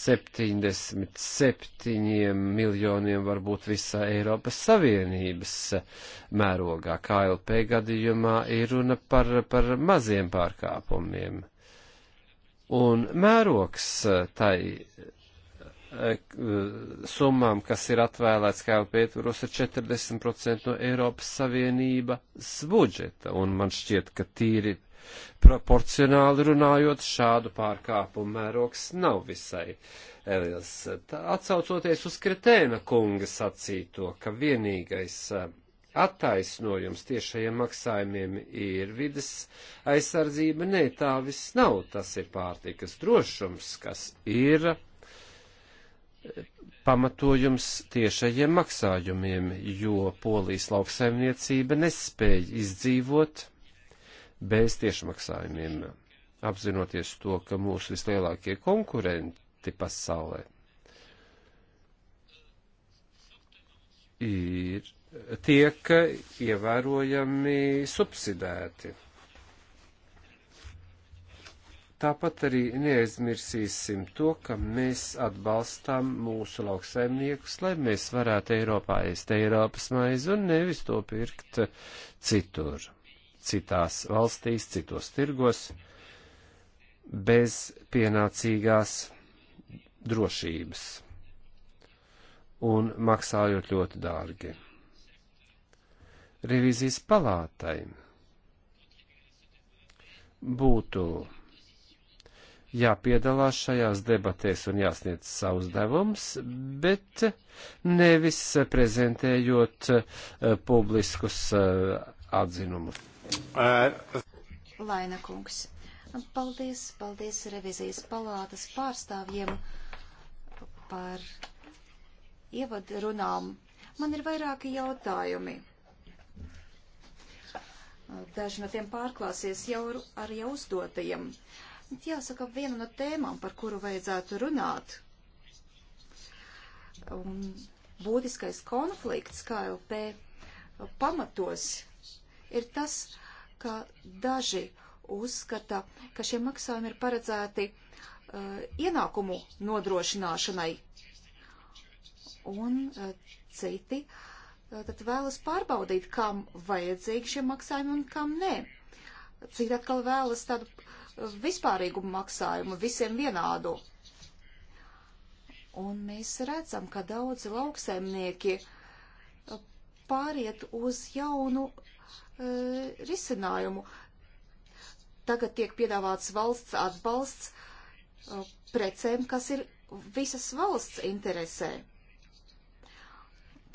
77 miljoniem varbūt visā Eiropas Savienības mērogā. KLP gadījumā ir runa par, par maziem pārkāpumiem. Un mērogs eh, tai eh, eh, summām, kas ir atvēlēts KLP ietvaros, ir 40% no Eiropas Savienības budžeta, un man šķiet, ka tīri proporcionāli runājot, šādu pārkāpumu mērogs nav visai liels. Atcaucoties uz Kretēna kunga sacīto, ka vienīgais uh, attaisnojums tiešajiem maksājumiem ir vidas aizsardzība. Nē, tā viss nav. Tas ir pārtikas drošums, kas ir pamatojums tiešajiem maksājumiem, jo polijas lauksaimniecība nespēja izdzīvot bez tiešmaksājumiem, apzinoties to, ka mūsu vislielākie konkurenti pasaulē ir tiek ievērojami subsidēti. Tāpat arī neaizmirsīsim to, ka mēs atbalstām mūsu lauksaimniekus, lai mēs varētu Eiropā ēst Eiropas maizi un nevis to pirkt citur, citās valstīs, citos tirgos, bez pienācīgās drošības un maksājot ļoti dārgi revizijas palātai būtu jāpiedalās šajās debatēs un jāsniedz savus devums, bet nevis prezentējot eh, publiskus eh, atzinumus. Eh. Laina kungs, paldies, paldies revizijas palātas pārstāvjiem par ievadrunām. Man ir vairāki jautājumi. Daži no tiem pārklāsies jau ar jau uzdotajiem. Jāsaka, viena no tēmām, par kuru vajadzētu runāt, un būtiskais konflikts KLP pamatos ir tas, ka daži uzskata, ka šie maksājumi ir paredzēti uh, ienākumu nodrošināšanai, un uh, citi uh, tad vēlas pārbaudīt, kam vajadzīgi šie maksājumi un kam nē. Citi atkal vēlas tādu vispārīgu maksājumu, visiem vienādu. Un mēs redzam, ka daudzi lauksaimnieki pāriet uz jaunu e, risinājumu. Tagad tiek piedāvāts valsts atbalsts e, precēm, kas ir visas valsts interesē.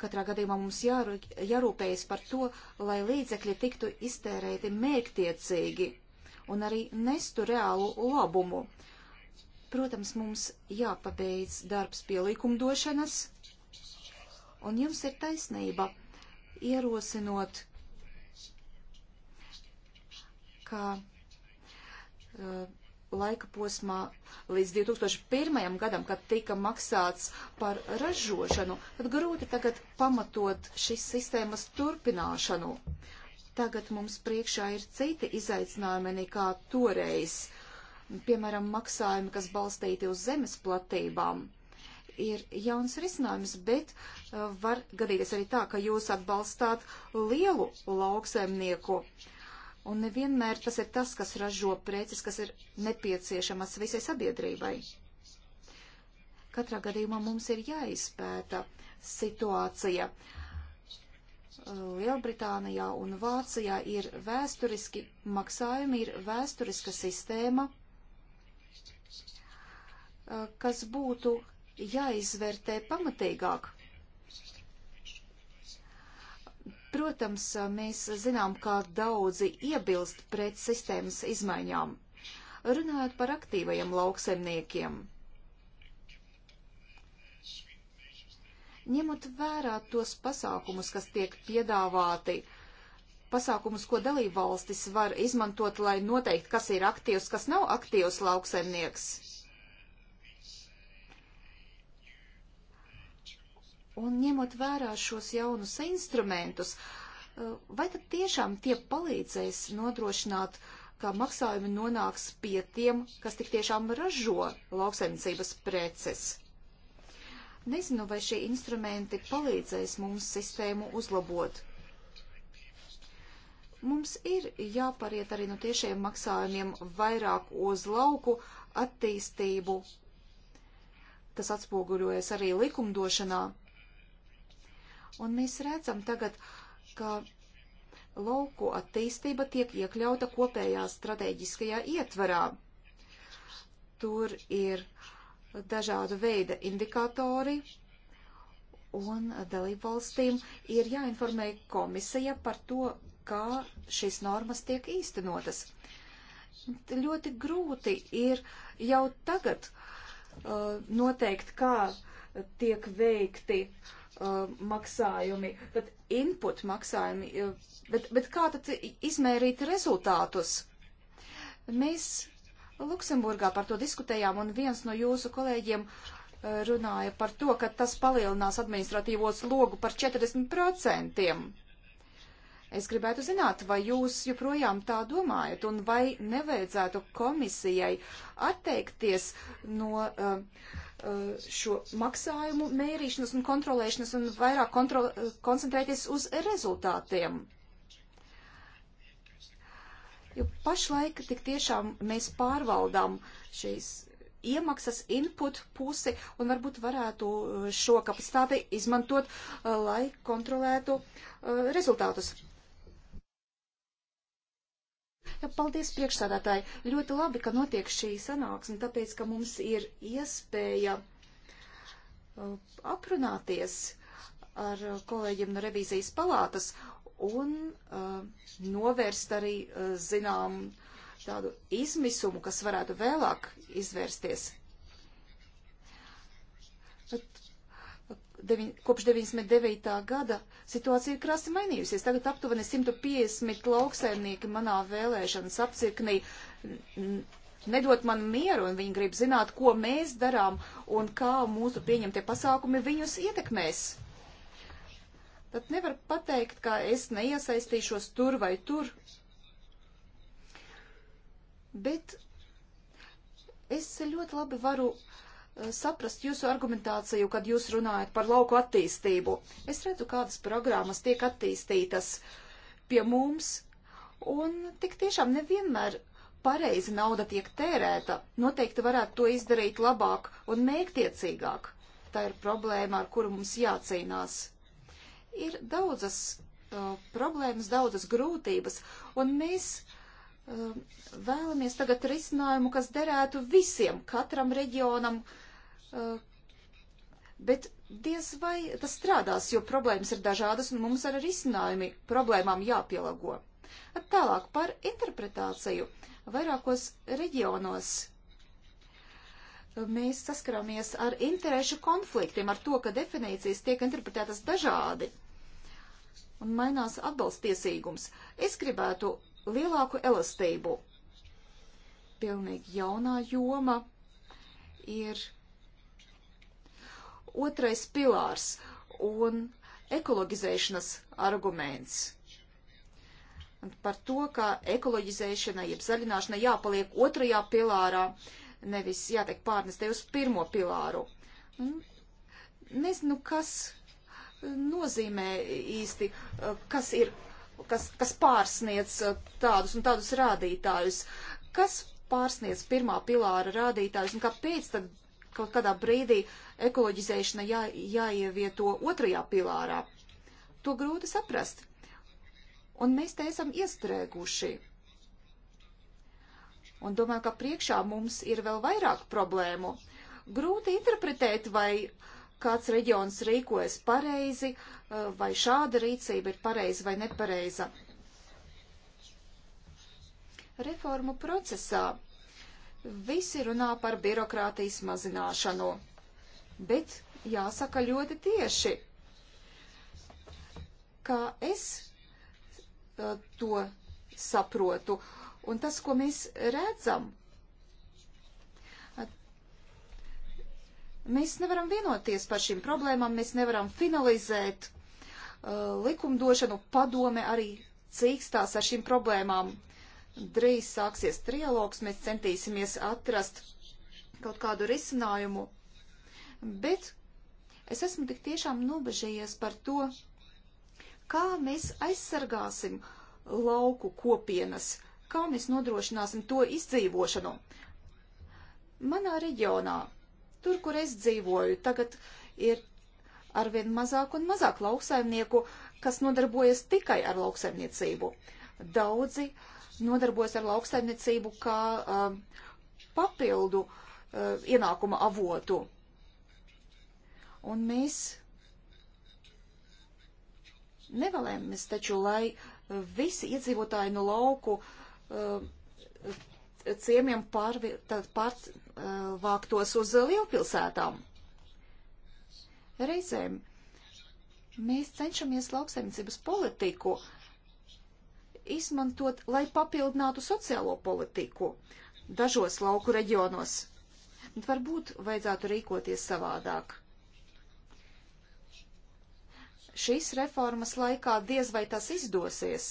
Katrā gadījumā mums jāru, jārūpējas par to, lai līdzekļi tiktu iztērēti mērķtiecīgi un arī nestu reālu labumu. Protams, mums jāpabeidz darbs pie likumdošanas, un jums ir taisnība ierosinot, ka uh, laika posmā līdz 2001. gadam, kad tika maksāts par ražošanu, tad grūti tagad pamatot šīs sistēmas turpināšanu. Tagad mums priekšā ir citi izaicinājumi nekā toreiz. Piemēram, maksājumi, kas balstīti uz zemes platībām, ir jauns risinājums, bet eh, var gadīties arī tā, ka jūs atbalstāt lielu lauksaimnieku. Uh, Un nevienmēr tas ir tas, kas ražo preces, kas ir nepieciešamas visai sabiedrībai. Katrā gadījumā mums ir jāizpēta situācija. Lielbritānijā un Vācijā ir vēsturiski maksājumi, ir vēsturiska sistēma, kas būtu jāizvērtē pamatīgāk. Protams, mēs zinām, ka daudzi iebilst pret sistēmas izmaiņām. Runājot par aktīvajiem lauksemniekiem. Ņemot vērā tos pasākumus, kas tiek piedāvāti, pasākumus, ko dalībvalstis var izmantot, lai noteikt, kas ir aktīvs, kas nav aktīvs lauksemnieks. Un ņemot vērā šos jaunus instrumentus, eh, vai tad tiešām tie palīdzēs nodrošināt, ka maksājumi nonāks pie tiem, kas tik tiešām ražo lauksaimniecības preces? Nezinu, vai šie instrumenti palīdzēs mums sistēmu uzlabot. Mums ir jāpariet arī no tiešiem maksājumiem vairāk uz lauku attīstību. Tas atspoguļojas arī likumdošanā, Un mēs redzam tagad, ka lauku attīstība tiek iekļauta kopējā strateģiskajā ietvarā. Tur ir dažādu veidu indikatori, un dalību valstīm ir jāinformē komisija par to, kā šīs normas tiek īstenotas. Ļoti grūti ir jau tagad uh, noteikt, kā tiek veikti uh, uh, maksājumi, tad input maksājumi, uh, bet, bet kā tad izmērīt rezultātus? Mēs Luksemburgā par to diskutējām, un viens no jūsu kolēģiem uh, runāja par to, ka tas palielinās administratīvo slogu par 40%. Es gribētu zināt, vai jūs joprojām tā domājat, un vai nevajadzētu komisijai atteikties no uh, Uh, šo maksājumu mērīšanas un kontrolēšanas un vairāk kontro, uh, koncentrēties uz rezultātiem. Jo pašlaik tik tiešām mēs pārvaldām šīs iemaksas input pusi un varbūt varētu šo kapacitāti izmantot, uh, lai kontrolētu rezultātus. Ja, paldies priekšsādātāji. Ļoti labi, ka notiek šī sanāksme, tāpēc, ka mums ir iespēja uh, aprunāties ar uh, kolēģiem no revīzijas palātas un uh, novērst arī, uh, zinām, tādu izmisumu, kas varētu vēlāk izvērsties deviņ, kopš 99. gada situācija ir krasi mainījusies. Tagad aptuveni 150 lauksaimnieki manā vēlēšanas apcirknī nedot man mieru, un viņi grib zināt, ko mēs darām un kā mūsu pieņemtie pasākumi viņus ietekmēs. Tad nevar pateikt, ka es neiesaistīšos tur vai tur. Bet es ļoti labi varu saprast jūsu argumentāciju, kad jūs runājat par lauku attīstību. Es redzu, kādas programmas tiek attīstītas pie mums, un tik tiešām nevienmēr pareizi nauda tiek tērēta. Noteikti varētu to izdarīt labāk un mērķtiecīgāk. Tā ir problēma, ar kuru mums jācīnās. Ir daudzas uh, problēmas, daudzas grūtības, un mēs uh, Um, vēlamies tagad risinājumu, kas derētu visiem, katram reģionam, uh, bet diez vai tas strādās, jo problēmas ir dažādas un mums ar risinājumi problēmām jāpielāgo. Tālāk par interpretāciju. Vairākos reģionos uh, mēs saskaramies ar interešu konfliktiem, ar to, ka definīcijas tiek interpretētas dažādi un mainās atbalstiesīgums. Es gribētu lielāku elastību. Pilnīgi jaunā joma ir otrais pilārs un ekoloģizēšanas arguments. Un par to, ka ekoloģizēšana, jeb zaļināšana jāpaliek otrajā pilārā, nevis jātiek pārnestē uz pirmo pilāru. Un nezinu, kas nozīmē īsti, kas ir kas, kas pārsniedz uh, tādus un tādus rādītājus. Kas pārsniedz pirmā pilāra rādītājus un kāpēc tad kaut kādā brīdī ekoloģizēšana jā, jāievieto otrajā pilārā? To grūti saprast. Un mēs te esam iestrēguši. Un domāju, ka priekšā mums ir vēl vairāk problēmu. Grūti interpretēt, vai uh, kāds reģions rīkojas pareizi, eh, vai šāda rīcība ir pareiza vai nepareiza. Reformu procesā visi runā par birokrātijas mazināšanu, bet jāsaka ļoti tieši, kā es eh, to saprotu. Un tas, ko mēs redzam, Mēs nevaram vienoties par šīm problēmām, mēs nevaram finalizēt uh, likumdošanu, padome arī cīkstās ar šīm problēmām. Drīz sāksies trialogs, mēs centīsimies atrast kaut kādu risinājumu, bet es esmu tik tiešām nobežījies par to, kā mēs aizsargāsim lauku kopienas, kā mēs nodrošināsim to izdzīvošanu. Manā reģionā Tur, kur es dzīvoju, tagad ir arvien mazāk un mazāk lauksaimnieku, kas nodarbojas tikai ar lauksaimniecību. Daudzi nodarbojas ar lauksaimniecību kā um, papildu uh, ienākuma avotu. Un mēs nevēlēmies taču, lai visi iedzīvotāji no lauku uh, ciemiem pārvi, pār, Uh, vāktos uz lielpilsētām. Reizēm mēs cenšamies lauksaimniecības politiku izmantot, lai papildinātu sociālo politiku dažos lauku reģionos. Bet varbūt vajadzētu rīkoties savādāk. Šīs reformas laikā diez vai tas izdosies,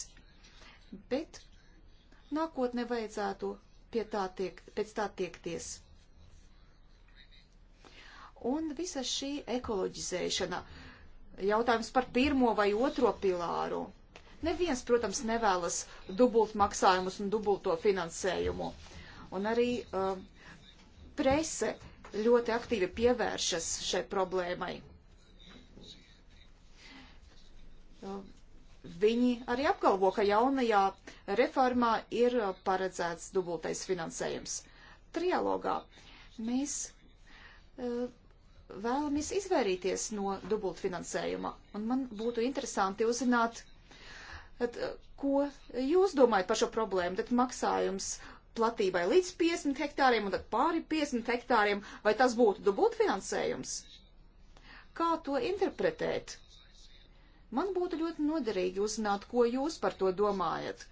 bet nākotnē vajadzētu pie tā tiek, pēc tā tiekties. Un visa šī ekoloģizēšana, jautājums par pirmo vai otro pilāru. Neviens, protams, nevēlas dubult maksājumus un dubulto finansējumu. Un arī uh, prese ļoti aktīvi pievēršas šai problēmai. Um, viņi arī apgalvo, ka jaunajā reformā ir uh, paredzēts dubultais finansējums. Trialogā mēs uh, vēlamies izvairīties no dubultfinansējuma. Un man būtu interesanti uzzināt, tad, ko jūs domājat par šo problēmu. Tad maksājums platībai līdz 50 hektāriem un tad pāri 50 hektāriem, vai tas būtu dubultfinansējums? Kā to interpretēt? Man būtu ļoti noderīgi uzzināt, ko jūs par to domājat,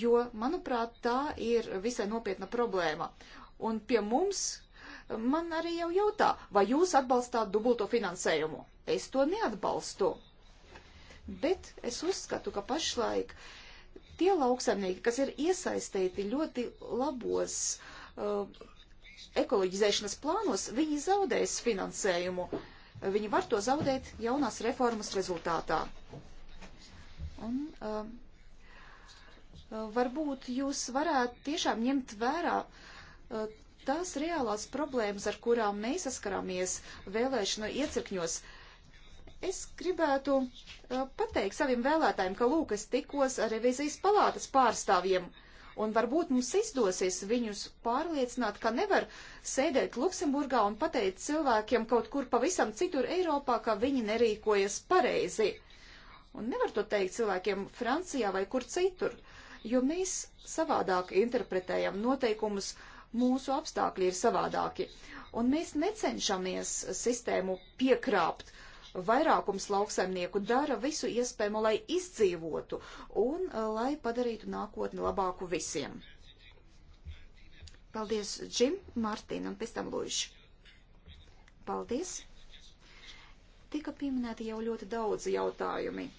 jo, manuprāt, tā ir visai nopietna problēma. Un pie mums man arī jau jautā, vai jūs atbalstāt dubulto finansējumu. Es to neatbalstu. Bet es uzskatu, ka pašlaik tie lauksaimnieki, kas ir iesaistīti ļoti labos uh, ekoloģizēšanas plānos, viņi zaudēs finansējumu. Viņi var to zaudēt jaunās reformas rezultātā. Un, uh, uh varbūt jūs varētu tiešām ņemt vērā uh, Tās reālās problēmas, ar kurām mēs saskarāmies vēlēšanu iecirkņos, es gribētu uh, pateikt saviem vēlētājiem, ka lūk, es tikos ar revizijas palātas pārstāvjiem, un varbūt mums izdosies viņus pārliecināt, ka nevar sēdēt Luksemburgā un pateikt cilvēkiem kaut kur pavisam citur Eiropā, ka viņi nerīkojas pareizi. Un nevar to teikt cilvēkiem Francijā vai kur citur, jo mēs savādāk interpretējam noteikumus, uh, mūsu apstākļi ir savādāki. Un mēs necenšamies sistēmu piekrāpt. Vairākums lauksaimnieku dara visu iespējamo, lai izdzīvotu un uh, lai padarītu nākotni labāku visiem. Paldies, Džim, Mārtiņ un pēc tam Lūži. Paldies! Tika pieminēti jau ļoti daudzi jautājumi.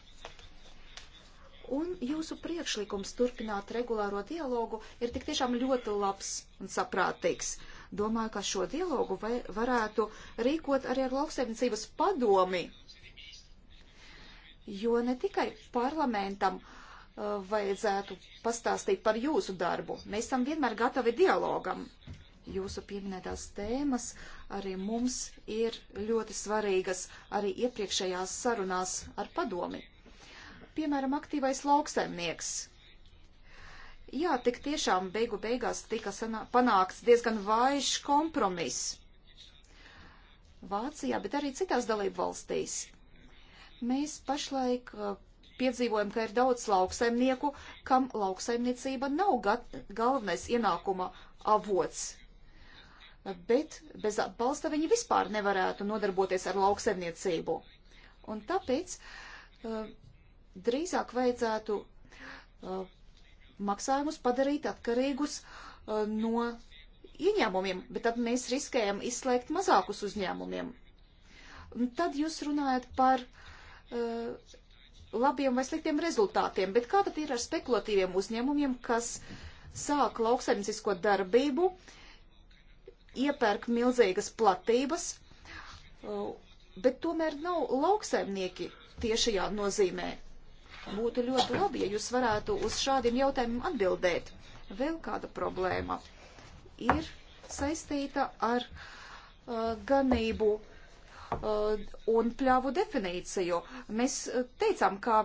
Un jūsu priekšlikums turpināt regulāro dialogu ir tik tiešām ļoti labs un saprātīgs. Domāju, ka šo dialogu vai, varētu rīkot arī ar lauksaimniecības padomi, jo ne tikai parlamentam uh, vajadzētu pastāstīt par jūsu darbu. Mēs esam vienmēr gatavi dialogam. Jūsu pieminētās tēmas arī mums ir ļoti svarīgas arī iepriekšējās sarunās ar padomi. Piemēram, aktīvais lauksaimnieks. Jā, tik tiešām beigu beigās tika sanā, panākts diezgan vājš kompromiss. Vācijā, bet arī citās dalību valstīs. Mēs pašlaik uh, piedzīvojam, ka ir daudz lauksaimnieku, kam lauksaimniecība nav gat, galvenais ienākuma avots. Bet bez atbalsta viņi vispār nevarētu nodarboties ar lauksaimniecību. Un tāpēc uh, drīzāk vajadzētu uh, maksājumus padarīt atkarīgus uh, no ieņēmumiem, bet tad mēs riskējam izslēgt mazākus uzņēmumiem. Un tad jūs runājat par uh, labiem vai sliktiem rezultātiem, bet kā tad ir ar spekulatīviem uzņēmumiem, kas sāk lauksaimniecisko darbību, iepērk milzīgas platības, uh, bet tomēr nav lauksaimnieki tiešajā nozīmē. Būtu ļoti labi, ja jūs varētu uz šādiem jautājumiem atbildēt. Vēl kāda problēma ir saistīta ar uh, ganību uh, un pļāvu definīciju. Mēs uh, teicām, ka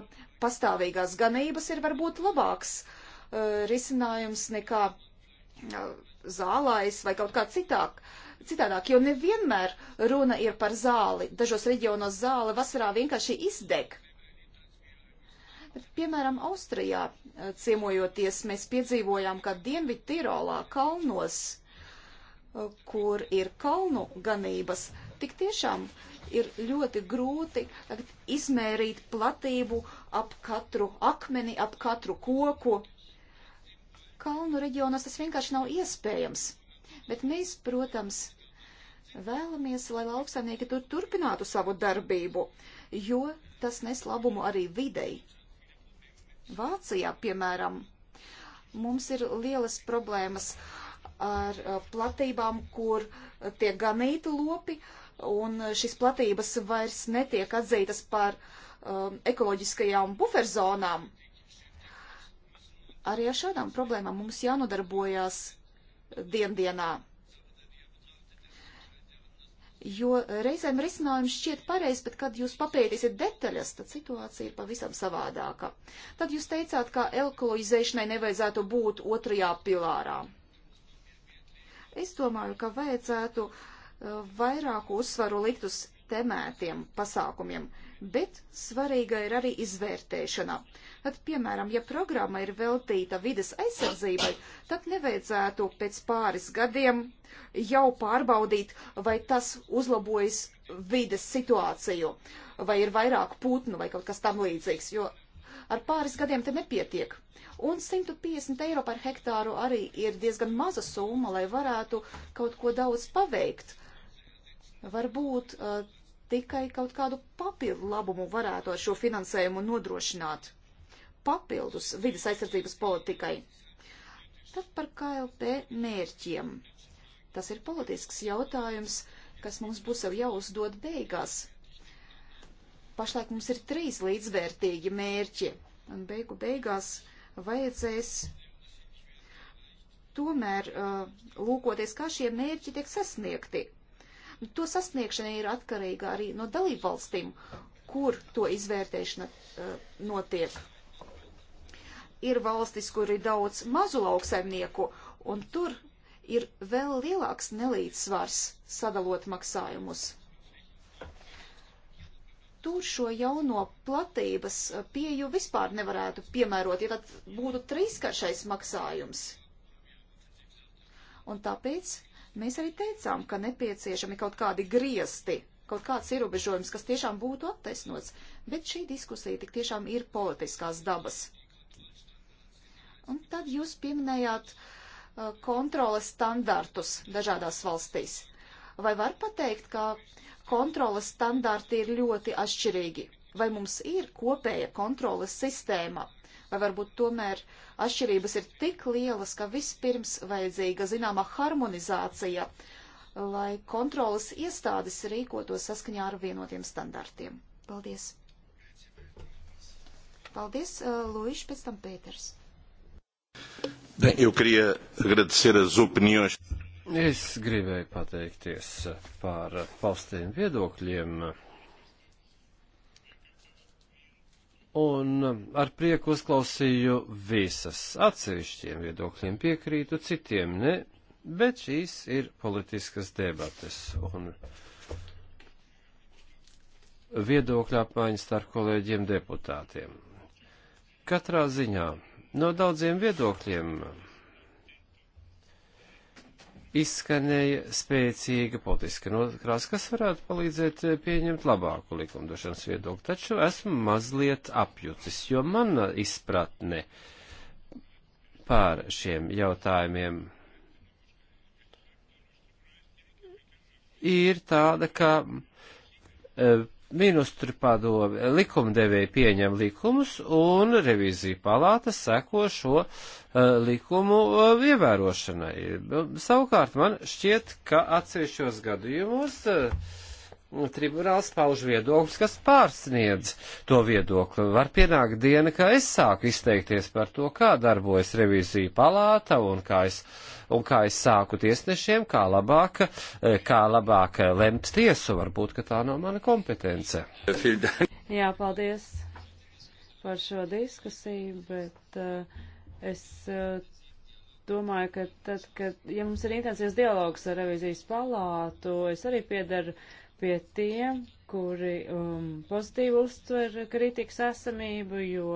pastāvīgās ganības ir varbūt labāks uh, risinājums nekā uh, zālājs vai kaut kā citāk. Citādāk, jo nevienmēr runa ir par zāli. Dažos reģionos zāle vasarā vienkārši izdeg. Piemēram, Austrijā eh, ciemojoties, mēs piedzīvojām, ka Dienvidu Tirolā kalnos, eh, kur ir kalnu ganības, tik tiešām ir ļoti grūti izmērīt platību ap katru akmeni, ap katru koku. Kalnu reģionos tas vienkārši nav iespējams. Bet mēs, protams, vēlamies, lai lauksaimnieki tur turpinātu savu darbību, jo tas nes labumu arī videi. Vācijā, piemēram, mums ir lielas problēmas ar uh, platībām, kur tiek ganīti lopi, un šīs platības vairs netiek atzītas par um, ekoloģiskajām buferzonām. Arī ar šādām problēmām mums jānodarbojās diendienā jo reizēm risinājums šķiet pareizs, bet kad jūs papētīsiet detaļas, tad situācija ir pavisam savādāka. Tad jūs teicāt, ka alkoholizēšanai nevajadzētu būt otrajā pilārā. Es domāju, ka vajadzētu uh, vairāku uzsvaru likt uz temētiem pasākumiem, bet svarīga ir arī izvērtēšana. Tad, piemēram, ja programma ir veltīta vides aizsardzībai, tad nevajadzētu pēc pāris gadiem jau pārbaudīt, vai tas uzlabojas vides situāciju, vai ir vairāk putnu vai kaut kas tam līdzīgs, jo ar pāris gadiem te nepietiek. Un 150 eiro par hektāru arī ir diezgan maza summa, lai varētu kaut ko daudz paveikt. Varbūt uh, tikai kaut kādu papildu labumu varētu ar šo finansējumu nodrošināt. Papildus vidas aizsardzības politikai. Tad par KLP mērķiem. Tas ir politisks jautājums, kas mums būs jau jāuzdod beigās. Pašlaik mums ir trīs līdzvērtīgi mērķi, un beigu beigās vajadzēs tomēr uh, lūkoties, kā šie mērķi tiek sasniegti. To sasniegšana ir atkarīga arī no dalību valstīm, kur to izvērtēšana uh, notiek. Ir valstis, kur ir daudz mazu lauksaimnieku, un tur ir vēl lielāks nelīdzsvars sadalot maksājumus. Tur šo jauno platības pieju vispār nevarētu piemērot, ja tad būtu trīskaršais maksājums. Un tāpēc mēs arī teicām, ka nepieciešami kaut kādi griesti, kaut kāds ierobežojums, kas tiešām būtu attaisnots, bet šī diskusija tik tiešām ir politiskās dabas. Un tad jūs pieminējāt uh, kontroles standartus dažādās valstīs. Vai var pateikt, ka kontroles standarti ir ļoti atšķirīgi? Vai mums ir kopēja kontroles sistēma? Vai varbūt tomēr atšķirības ir tik lielas, ka vispirms vajadzīga zināma harmonizācija, lai kontrolas iestādes rīkotos saskaņā ar vienotiem standartiem? Paldies! Paldies, Lūīši, pēc tam Pēters. Bem, eu queria agradecer as opiniões. Es gribēju pateikties par paustiem viedokļiem. Un ar prieku uzklausīju visas atsevišķiem viedokļiem piekrītu, citiem ne, bet šīs ir politiskas debates. Un viedokļa apmaiņas starp kolēģiem deputātiem. Katrā ziņā No daudziem viedokļiem izskanēja spēcīga politiska nokrās, kas varētu palīdzēt eh, pieņemt labāku likumdošanas viedokli, taču esmu mazliet apjucis, jo mana izpratne pār šiem jautājumiem ir tāda, ka eh, ministru padome, likumdevēji pieņem likumus un revīzija palāta seko šo uh, likumu uh, ievērošanai. Savukārt man šķiet, ka atsevišķos gadījumos uh, tribunāls pauž viedokļus, kas pārsniedz to viedokli. Var pienākt diena, ka es sāku izteikties par to, kā darbojas revīzija palāta un kā es. Uh, un kā es sāku tiesnešiem, kā labāk, eh, kā labāk eh, lemt tiesu, varbūt, ka tā nav mana kompetence. Jā, paldies par šo diskusiju, bet uh, es uh, domāju, ka tad, kad, ja mums ir intensīvs dialogs ar revizijas palātu, es arī piedaru pie tiem, kuri um, pozitīvi uztver kritikas esamību, jo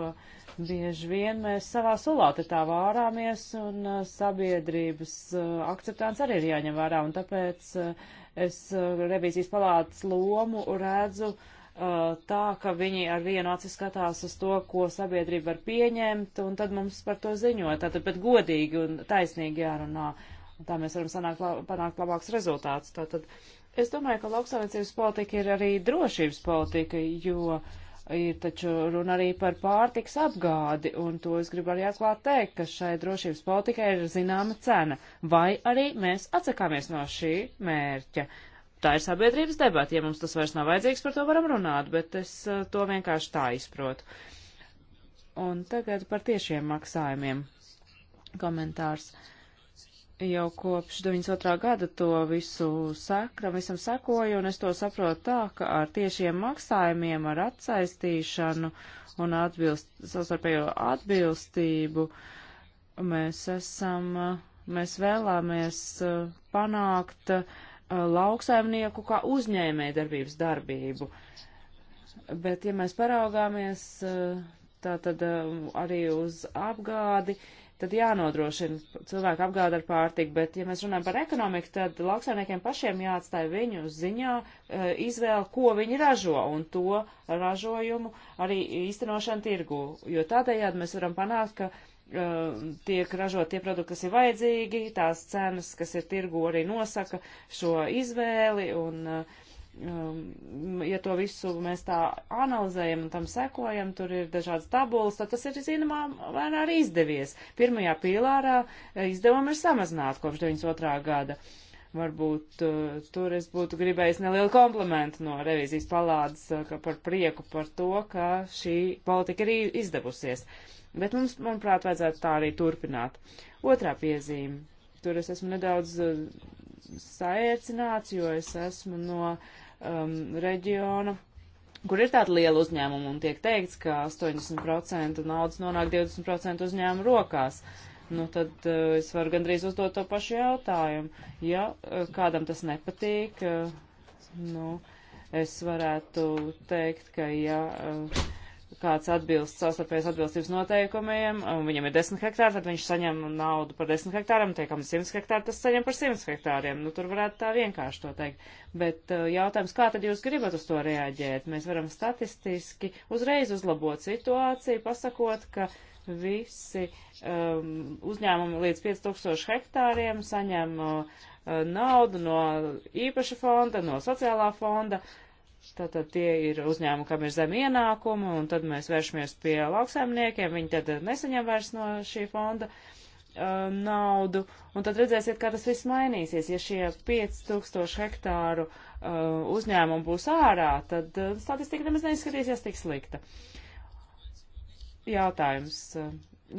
bieži vien mēs savā sulāte tā vārāmies un uh, sabiedrības uh, akceptants arī ir jāņem vērā. Un tāpēc uh, es uh, revīzijas palātas lomu redzu uh, tā, ka viņi ar vienu aci skatās uz to, ko sabiedrība var pieņemt, un tad mums par to ziņo. Tātad, bet godīgi un taisnīgi jārunā. Un tā mēs varam sanākt, panākt labāks rezultāts. Tātad Es domāju, ka lauksaimniecības politika ir arī drošības politika, jo ir taču runa arī par pārtiks apgādi, un to es gribu arī atklāt teikt, ka šai drošības politikai ir zināma cena, vai arī mēs atsakāmies no šī mērķa. Tā ir sabiedrības debata, ja mums tas vairs nav vajadzīgs, par to varam runāt, bet es eh, to vienkārši tā izprotu. Un tagad par tiešiem maksājumiem komentārs. Uh, jau kopš 92. gada to visu sekram, visam sekoju, un es to saprotu tā, ka ar tiešiem maksājumiem, ar atsaistīšanu un atbilst, savstarpējo atbilstību mēs esam, mēs vēlamies eh, panākt eh, lauksaimnieku kā uzņēmē darbības darbību. Bet, ja mēs paraugāmies eh, tātad arī uz apgādi, uh, tad jānodrošina cilvēku apgāda ar pārtiku, bet ja mēs runājam par ekonomiku, tad lauksaimniekiem pašiem jāatstāja viņu ziņā e, izvēle, ko viņi ražo un to ražojumu arī īstenošanu tirgu, jo tādējādi mēs varam panākt, ka uh, tiek ražot tie produkti, kas ir vajadzīgi, tās cenas, kas ir tirgu, arī nosaka šo izvēli un uh, um, ja to visu mēs tā analizējam un tam sekojam, tur ir dažādas tabulas, tad tas ir, zināmā, mērā arī izdevies. Pirmajā pīlārā eh, izdevumi ir samazināti kopš 92. gada. Varbūt uh, tur es būtu gribējis nelielu komplimentu no revizijas palādes uh, par prieku par to, ka šī politika ir izdevusies. Bet mums, manuprāt, vajadzētu tā arī turpināt. Otrā piezīme. Tur es esmu nedaudz uh, saērcināts, jo es esmu no uh, um, reģiona, kur ir tāda liela uzņēmuma un tiek teikts, ka 80% naudas nonāk 20% uzņēmuma rokās. Nu, tad uh, es varu gandrīz uzdot to pašu jautājumu. Ja uh, kādam tas nepatīk, uh, nu, es varētu teikt, ka ja. Uh, kāds atbilst savstarpējas atbilstības noteikumiem, un viņam ir 10 hektāri, tad viņš saņem naudu par 10 hektāriem, tiekam 100 hektāri, tas saņem par 100 hektāriem. Nu, tur varētu tā vienkārši to teikt. Bet uh, jautājums, kā tad jūs gribat uz to reaģēt? Mēs varam statistiski uzreiz uzlabot situāciju, pasakot, ka visi um, uzņēmumi līdz 5000 hektāriem saņem uh, naudu no īpaša fonda, no sociālā fonda. Uh, Tātad tie ir uzņēmumi, kam ir zem ienākumu, un tad mēs vēršamies pie lauksaimniekiem, viņi tad nesaņem vairs no šī fonda uh, naudu, un tad redzēsiet, kā tas viss mainīsies. Ja šie 5000 hektāru uh, uzņēmumi būs ārā, tad uh, statistika nemaz neizskatīsies tik slikta. Jautājums. Uh,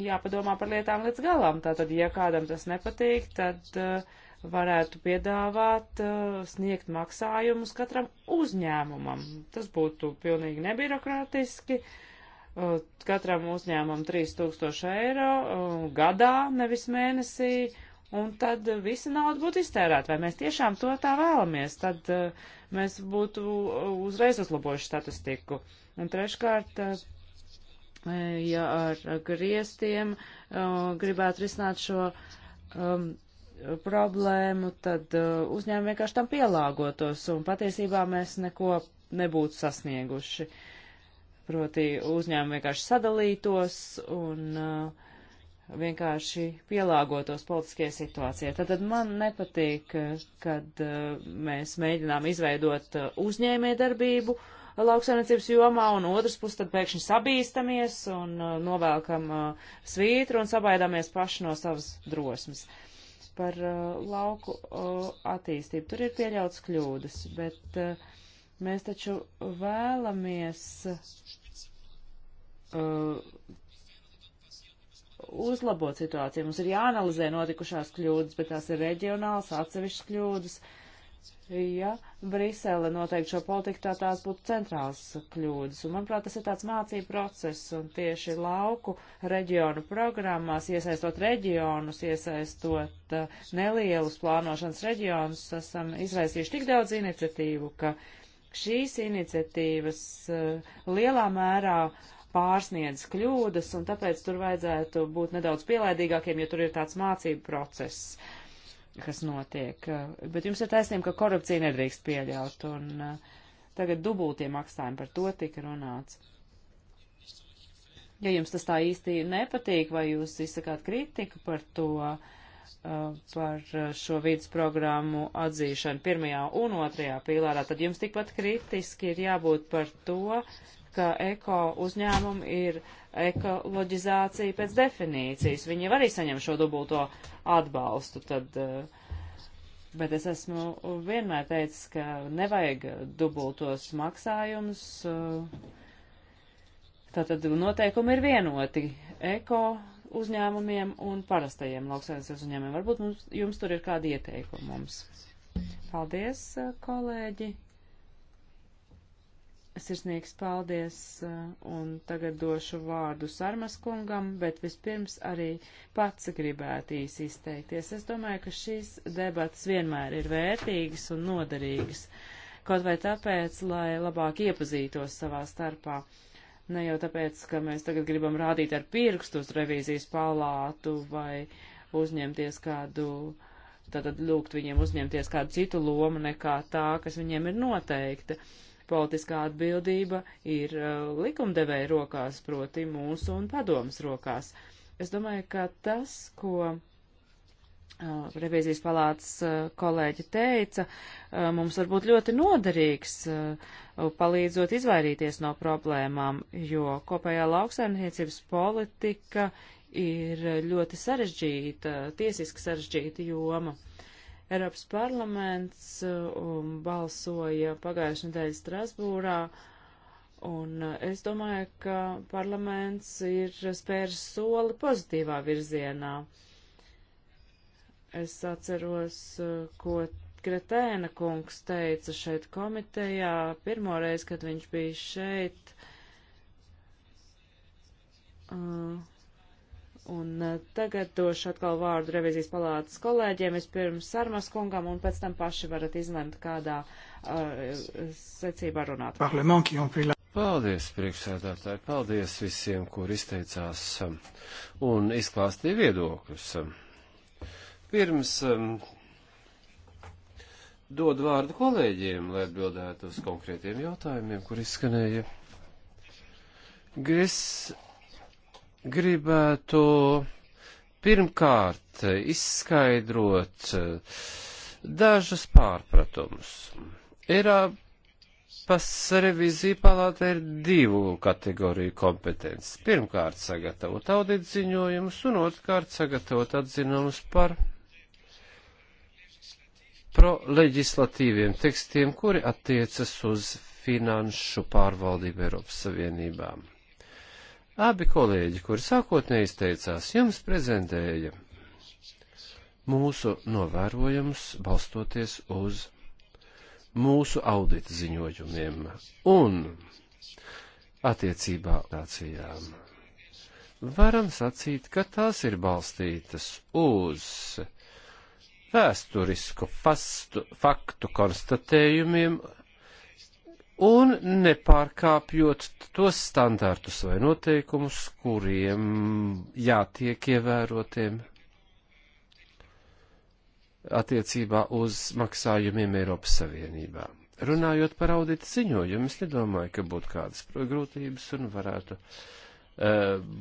jāpadomā par lietām līdz galam. Tātad, ja kādam tas nepatīk, tad uh, varētu piedāvāt uh, sniegt maksājumus katram uzņēmumam. Tas būtu pilnīgi nebirokrātiski. Uh, katram uzņēmumam 3000 eiro uh, gadā, nevis mēnesī, un tad visa nauda būtu iztērēta. Vai mēs tiešām to tā vēlamies? Tad uh, mēs būtu uzreiz uzlabojuši statistiku. Un treškārt, uh, ja ar griestiem uh, gribētu risināt šo um, problēmu, tad uh, uzņēmumi vienkārši tam pielāgotos, un patiesībā mēs neko nebūtu sasnieguši. Proti uzņēmumi vienkārši sadalītos un uh, vienkārši pielāgotos politiskajai situācijai. Tad, tad man nepatīk, kad uh, mēs mēģinām izveidot uh, uzņēmē darbību lauksaimniecības jomā, un otrs puses tad pēkšņi sabīstamies un uh, novēlkam uh, svītru un sabaidāmies paši no savas drosmes. Uh, par uh, lauku uh, attīstību. Tur ir pieļauts kļūdas, bet uh, mēs taču vēlamies uzlabot situāciju. Mums ir jāanalizē notikušās kļūdas, bet tās ir reģionāls atsevišķas kļūdas. Uh, ja Brisele noteikti šo politiku, tā tās būtu centrāls kļūdas. Un, manuprāt, tas ir tāds mācību process, un tieši lauku reģionu programmās, iesaistot reģionus, iesaistot uh, nelielus plānošanas reģionus, esam izraisījuši tik daudz iniciatīvu, ka šīs iniciatīvas uh, lielā mērā pārsniedz kļūdas, un tāpēc tur vajadzētu būt nedaudz pielaidīgākiem, jo tur ir tāds mācību process. Uh, kas notiek. Eh, bet jums ir taisnība, ka korupcija nedrīkst pieļaut, un eh, tagad dubultie maksājumi par to tika runāts. Ja jums tas tā īsti nepatīk, vai jūs izsakāt kritiku par to, eh, par šo vidas programmu atzīšanu pirmajā un otrajā pīlārā, tad jums tikpat kritiski ir jābūt par to, ka eko uzņēmumi ir ekoloģizācija pēc definīcijas. Viņi jau arī saņem šo dubulto atbalstu. Tad, eh, bet es esmu vienmēr teicis, ka nevajag dubultos maksājumus. Eh, tātad noteikumi ir vienoti eko uzņēmumiem un parastajiem lauksaimniecības uzņēmumiem. Varbūt mums, jums tur ir kādi ieteikumi mums. Paldies, eh, kolēģi! Sirsnīgs paldies, eh, un tagad došu vārdu Sarmas kungam, bet vispirms arī pats gribētu īsi izteikties. Es domāju, ka šīs debatas vienmēr ir vērtīgas un noderīgas, kaut vai tāpēc, lai labāk iepazītos savā starpā. Ne jau tāpēc, ka mēs tagad gribam rādīt ar pirkstu uz revīzijas palātu vai uzņemties kādu, tātad lūgt viņiem uzņemties kādu citu lomu nekā tā, kas viņiem ir noteikta. Uh, Politiskā atbildība ir uh, likumdevēja rokās, proti mūsu un padomas rokās. Es domāju, ka tas, ko Uh, revīzijas palātas uh, kolēģi teica, uh, mums var būt ļoti noderīgs, uh, palīdzot izvairīties no problēmām, jo kopējā lauksaimniecības politika ir ļoti sarežģīta, tiesiski sarežģīta joma. Eiropas parlaments uh, um, balsoja pagājušajā nedēļā Strasbūrā, un uh, es domāju, ka parlaments ir spēris soli pozitīvā virzienā. Es atceros, uh, ko Kretēna kungs teica šeit komitejā pirmoreiz, kad viņš bija šeit. Uh, Un uh, tagad došu atkal vārdu revizijas palātas kolēģiem, vispirms Sarmas kungam, un pēc tam paši varat izlemt, kādā uh, secībā runāt. Paldies, priekšsēdētāji, paldies visiem, kur izteicās um, un izklāstīja viedokļus. Um, pirms um, dod vārdu kolēģiem, lai atbildētu uz konkrētiem jautājumiem, kur izskanēja. Gris gribētu pirmkārt izskaidrot eh, dažas pārpratumus. Eiropas revizija palāta ir divu kategoriju kompetences. Pirmkārt sagatavot audit ziņojumus un otrkārt sagatavot atzinumus par proleģislatīviem tekstiem, kuri attiecas uz finanšu pārvaldību Eiropas Savienībām. Abi kolēģi, kuri sākotnēji izteicās, jums prezentēja mūsu novērojums balstoties uz mūsu audita ziņojumiem un attiecībā tācijām. Varam sacīt, ka tās ir balstītas uz vēsturisku fastu, faktu konstatējumiem un nepārkāpjot tos standartus vai noteikumus, kuriem jātiek ievērotiem attiecībā uz maksājumiem Eiropas Savienībā. Runājot par audita ziņojumu, es nedomāju, ka būtu kādas grūtības un varētu uh,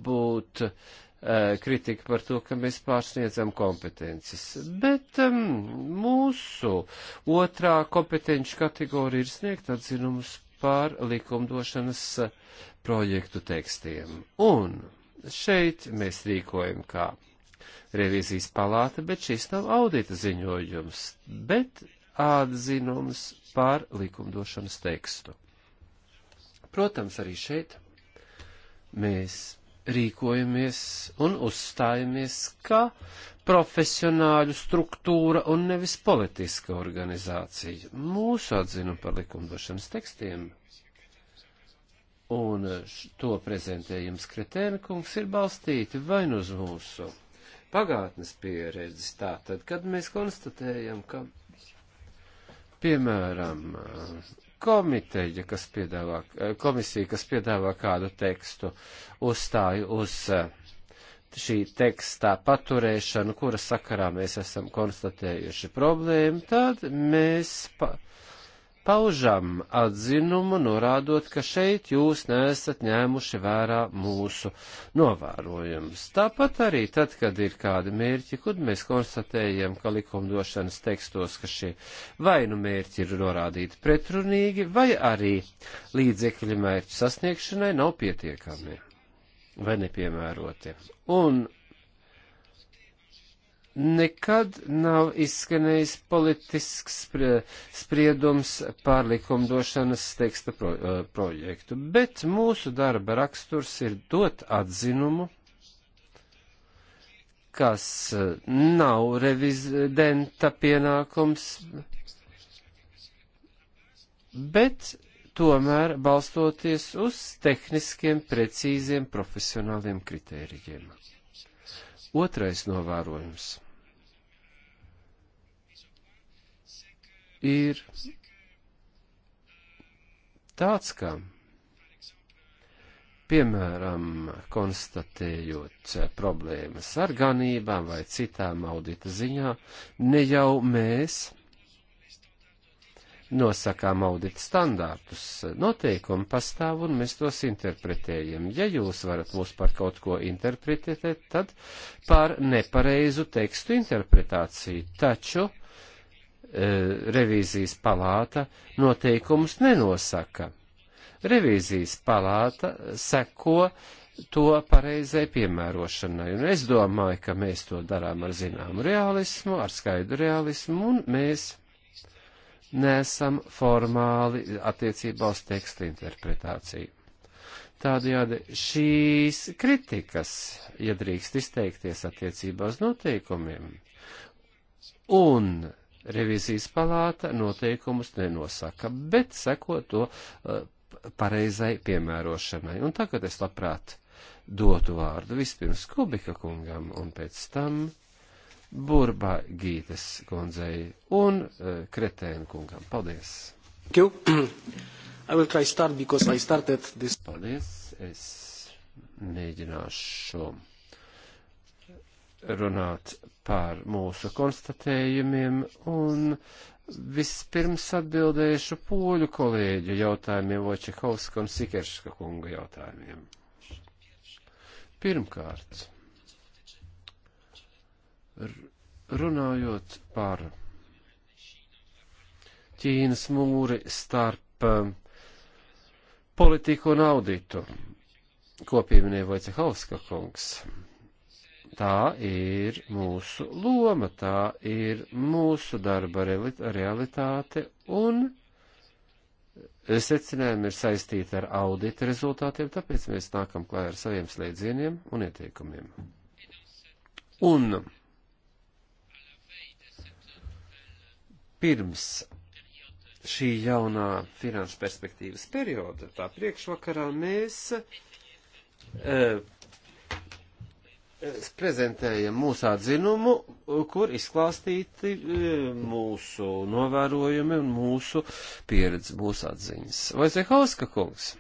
būt uh, Eh, kritika par to, ka mēs pārsniedzam kompetences. Bet um, mūsu otrā kompetenci kategorija ir sniegt atzinumus par likumdošanas eh, projektu tekstiem. Un šeit mēs rīkojam kā revīzijas palāta, bet šis nav audita ziņojums, bet atzinums par likumdošanas tekstu. Protams, arī šeit mēs rīkojamies un uzstājamies kā profesionāļu struktūra un nevis politiska organizācija. Mūsu atzinu par likumdošanas tekstiem un to prezentējums Kretēnkungs ir balstīti vai nu uz mūsu pagātnes pieredzi, tātad, kad mēs konstatējam, ka, piemēram, komiteja, kas piedāvā, eh, komisija, kas piedāvā kādu tekstu, uzstāju uz eh, šī tekstā paturēšanu, kura sakarā mēs esam konstatējuši problēmu, tad mēs pa, uh, paužam atzinumu, norādot, ka šeit jūs nesat ņēmuši vērā mūsu novērojumus. Tāpat arī tad, kad ir kādi mērķi, kur mēs konstatējam, ka likumdošanas tekstos, ka šie vai nu mērķi ir norādīti pretrunīgi, vai arī līdzekļi mērķu sasniegšanai nav pietiekami vai nepiemēroti. Un nekad nav izskanējis politisks spriedums pār likumdošanas teksta pro, projektu, bet mūsu darba raksturs ir dot atzinumu, kas nav revizidenta pienākums, bet tomēr balstoties uz tehniskiem, precīziem, profesionāliem kritērijiem. Otrais novērojums ir tāds, ka, piemēram, konstatējot problēmas ar ganībām vai citām audita ziņā, ne jau mēs nosakām audita standārtus. Noteikumi pastāv un mēs tos interpretējam. Ja jūs varat mūs par kaut ko interpretēt, tad par nepareizu tekstu interpretāciju. Taču e, revīzijas palāta noteikumus nenosaka. Revīzijas palāta seko to pareizai piemērošanai. Un es domāju, ka mēs to darām ar zināmu realismu, ar skaidru realismu, un mēs nesam formāli attiecībā uz teksta interpretāciju. Tādējādi šīs kritikas, ja drīkst izteikties attiecībā uz noteikumiem, un revizijas palāta noteikumus nenosaka, bet seko to uh, pareizai piemērošanai. Un tagad es labprāt dotu vārdu vispirms Kubika kungam un pēc tam Burba Gītes kundzei un uh, Kretēna kungam. Paldies! This... Paldies! Es mēģināšu runāt par mūsu konstatējumiem un vispirms atbildēšu poļu kolēģu jautājumiem Vočehovska un Sikerska kunga jautājumiem. Pirmkārt, Runājot par Ķīnas mūri starp um, politiku un auditu, ko pieminēja Vojcehovska kungs, tā ir mūsu loma, tā ir mūsu darba realitāte un secinājumi ir saistīti ar audita rezultātiem, tāpēc mēs nākam klāj ar saviem slēdzieniem un ieteikumiem. Un pirms šī jaunā finanšu perspektīvas perioda, tā priekšvakarā mēs eh, prezentējam mūsu atzinumu, kur izklāstīti eh, mūsu novērojumi un mūsu pieredze, mūsu atziņas. Vai Zehauska kungs?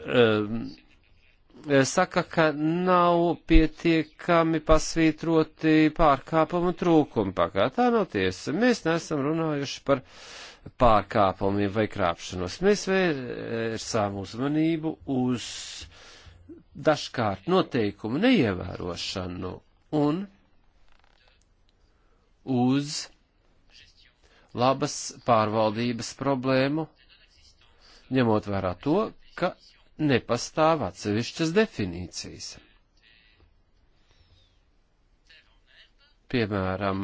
Um, eh, saka, ka nav pietiekami pasvītroti pārkāpumu trūkumi pakā. Tā nav tiesa. Mēs neesam runājuši par pārkāpumiem vai krāpšanos. Mēs vērsām uzmanību uz dažkārt noteikumu neievērošanu un uz labas pārvaldības problēmu, ņemot vērā to, ka nepastāv atsevišķas definīcijas. Piemēram,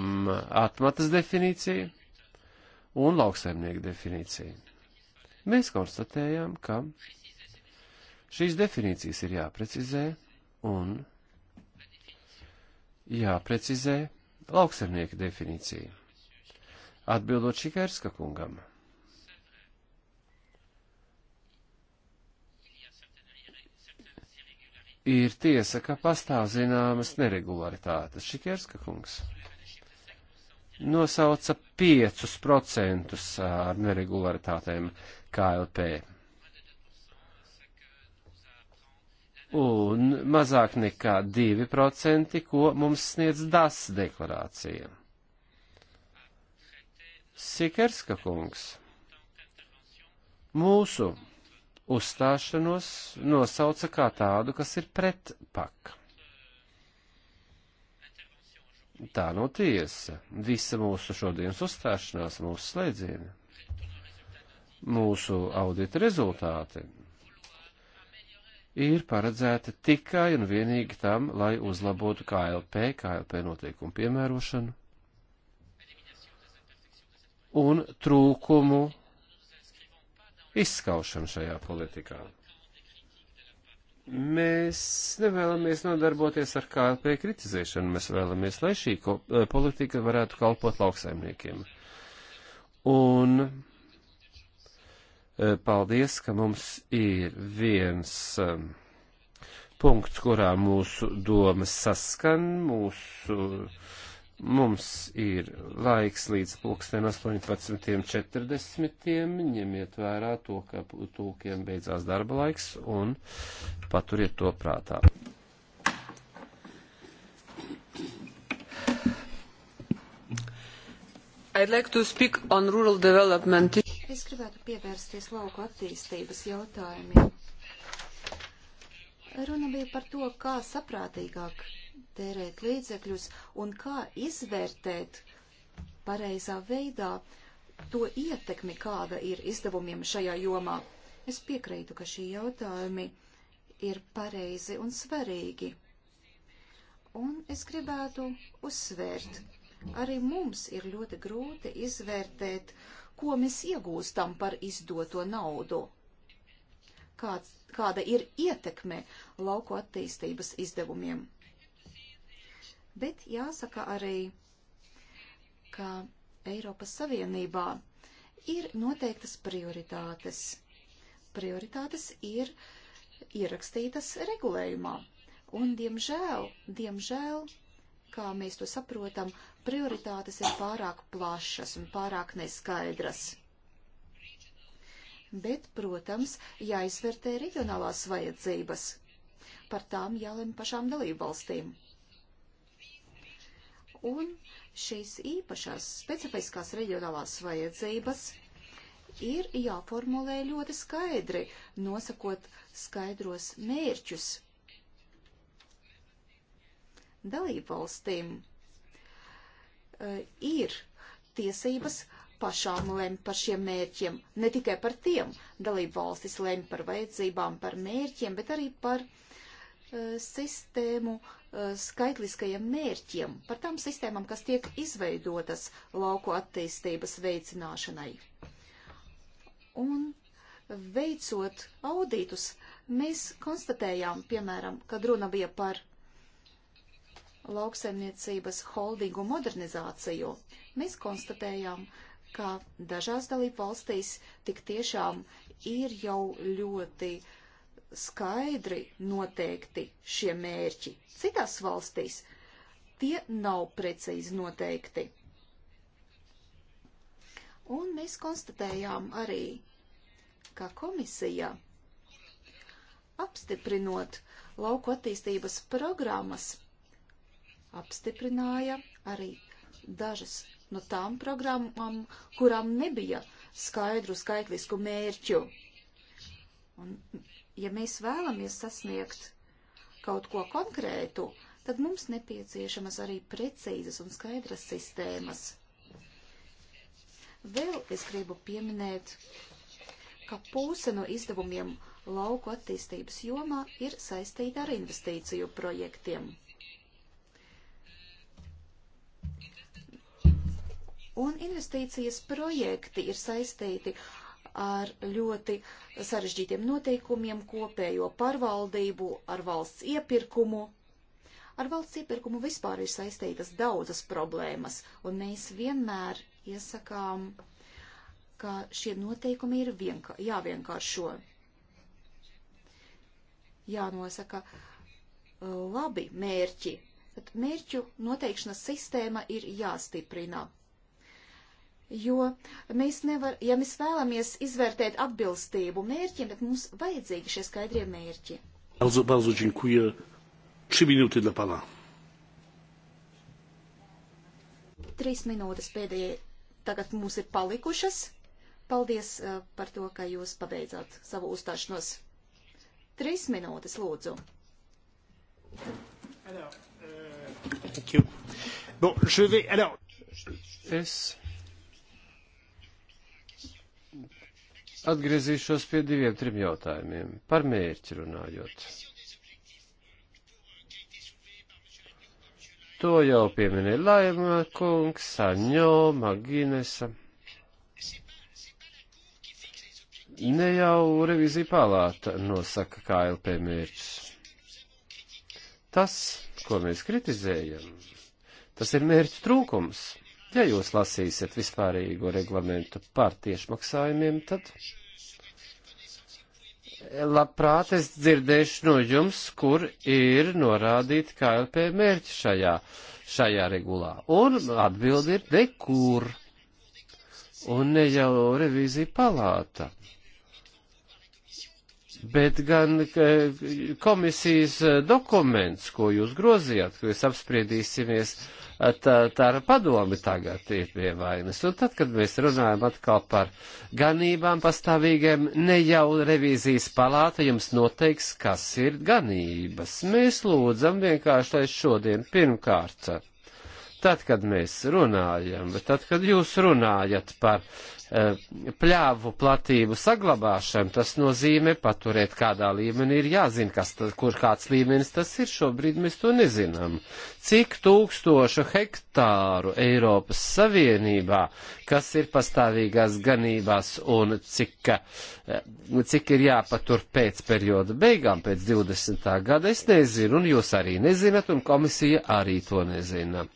atmatas definīcija un lauksaimnieku definīcija. Mēs konstatējām, ka šīs definīcijas ir jāprecizē un jāprecizē lauksaimnieka definīcija. Atbildot Šikerska kungam. ir tiesa, ka pastāv zināmas neregularitātes. Šikierska kungs nosauca 5% ar neregularitātēm KLP. Un mazāk nekā 2%, ko mums sniedz DAS deklarācija. Sikerska kungs. Mūsu uzstāšanos nosauca kā tādu, kas ir pret pak. Tā nav tiesa. Visa mūsu šodienas uzstāšanās, mūsu slēdzieni, mūsu audita rezultāti ir paredzēti tikai un vienīgi tam, lai uzlabotu KLP, KLP noteikumu piemērošanu un trūkumu izskaušam šajā politikā. Mēs nevēlamies nodarboties ar KLP kritizēšanu, mēs vēlamies, lai šī eh, politika varētu kalpot lauksaimniekiem. Un eh, paldies, ka mums ir viens eh, punkts, kurā mūsu domas saskan, mūsu uh, Mums ir laiks līdz pulksten 18.40. Ņemiet vērā to, ka tūkiem beidzās darba laiks un paturiet to prātā. I'd like to speak on rural development. Es gribētu pievērsties lauku attīstības jautājumiem. Runa bija par to, kā saprātīgāk tērēt līdzekļus un kā izvērtēt pareizā veidā to ietekmi, kāda ir izdevumiem šajā jomā. Es piekrītu, ka šie jautājumi ir pareizi un svarīgi. Un es gribētu uzsvērt, arī mums ir ļoti grūti izvērtēt, ko mēs iegūstam par izdoto naudu kāds, kāda ir ietekme lauku attīstības izdevumiem. Bet jāsaka arī, ka Eiropas Savienībā ir noteiktas prioritātes. Prioritātes ir ierakstītas regulējumā. Un, diemžēl, diemžēl, kā mēs to saprotam, prioritātes ir pārāk plašas un pārāk neskaidras bet, protams, jāizvērtē reģionālās vajadzības. Par tām jālem pašām dalību valstīm. Un šīs īpašās specifiskās reģionālās vajadzības ir jāformulē ļoti skaidri, nosakot skaidros mērķus dalībvalstīm uh, ir tiesības pašām lem par šiem mērķiem, ne tikai par tiem. Dalība valstis lem par vajadzībām, par mērķiem, bet arī par uh, sistēmu uh, skaitliskajiem mērķiem, par tām sistēmām, kas tiek izveidotas lauku attīstības veicināšanai. Un veicot auditus, mēs konstatējām, piemēram, kad runa bija par lauksaimniecības holdingu modernizāciju, mēs konstatējām, ka dažās dalību valstīs tik tiešām ir jau ļoti skaidri noteikti šie mērķi. Citās valstīs tie nav precīzi noteikti. Un mēs konstatējām arī, ka komisija apstiprinot lauku attīstības programmas apstiprināja arī dažas no tām programmām, kurām nebija skaidru skaitlisku mērķu. Un, ja mēs vēlamies sasniegt kaut ko konkrētu, tad mums nepieciešamas arī precīzas un skaidras sistēmas. Vēl es gribu pieminēt, ka puse no izdevumiem lauku attīstības jomā ir saistīta ar investīciju projektiem. Un investīcijas projekti ir saistīti ar ļoti sarežģītiem noteikumiem, kopējo pārvaldību, ar valsts iepirkumu. Ar valsts iepirkumu vispār ir saistītas daudzas problēmas, un mēs vienmēr iesakām, ka šie noteikumi ir vienka, jāvienkāršo. Jānosaka uh, labi mērķi, tad mērķu noteikšanas sistēma ir jāstiprina jo mēs nevar, ja mēs vēlamies izvērtēt atbilstību mērķiem, tad mums vajadzīgi šie skaidrie mērķi. Bardzo, bardzo dziękuję. Trzy minuty dla pana. Trīs minūtes pēdējie tagad mums ir palikušas. Paldies uh, par to, ka jūs pabeidzāt savu uzstāšanos. Trīs minūtes, lūdzu. Hello. Uh, thank you. Bon, je vais, alors... Es Atgriezīšos pie diviem, trim jautājumiem. Par mērķi runājot. To jau pieminēja Laima kungs, Saņo, Maginesa. Ne jau revizija palāta nosaka KLP mērķus. Tas, ko mēs kritizējam, tas ir mērķu trūkums. Ja jūs lasīsiet vispārīgo reglamentu par tiešmaksājumiem, tad labprāt es dzirdēšu no jums, kur ir norādīti KLP mērķi šajā, šajā regulā. Un atbildi ir nekur. Un ne jau revīzija palāta. Bet gan eh, komisijas eh, dokuments, ko jūs grozījāt, ko jūs apspriedīsimies. Uh, tā, tā padomi tagad ir pie vainas. Un tad, kad mēs runājam atkal par ganībām pastāvīgiem, ne jau revīzijas palāta jums noteiks, kas ir ganības. Mēs lūdzam vienkārši, lai šodien pirmkārt tad, kad mēs runājam, bet tad, kad jūs runājat par e, pļāvu platību saglabāšanu, tas nozīmē paturēt kādā līmenī ir jāzina, kas, tad, kur kāds līmenis tas ir, šobrīd mēs to nezinām. Cik tūkstošu hektāru Eiropas Savienībā, kas ir pastāvīgās ganībās un cik, e, cik ir jāpatur pēc perioda beigām, pēc 20. gada, es nezinu, un jūs arī nezinat, un komisija arī to nezina.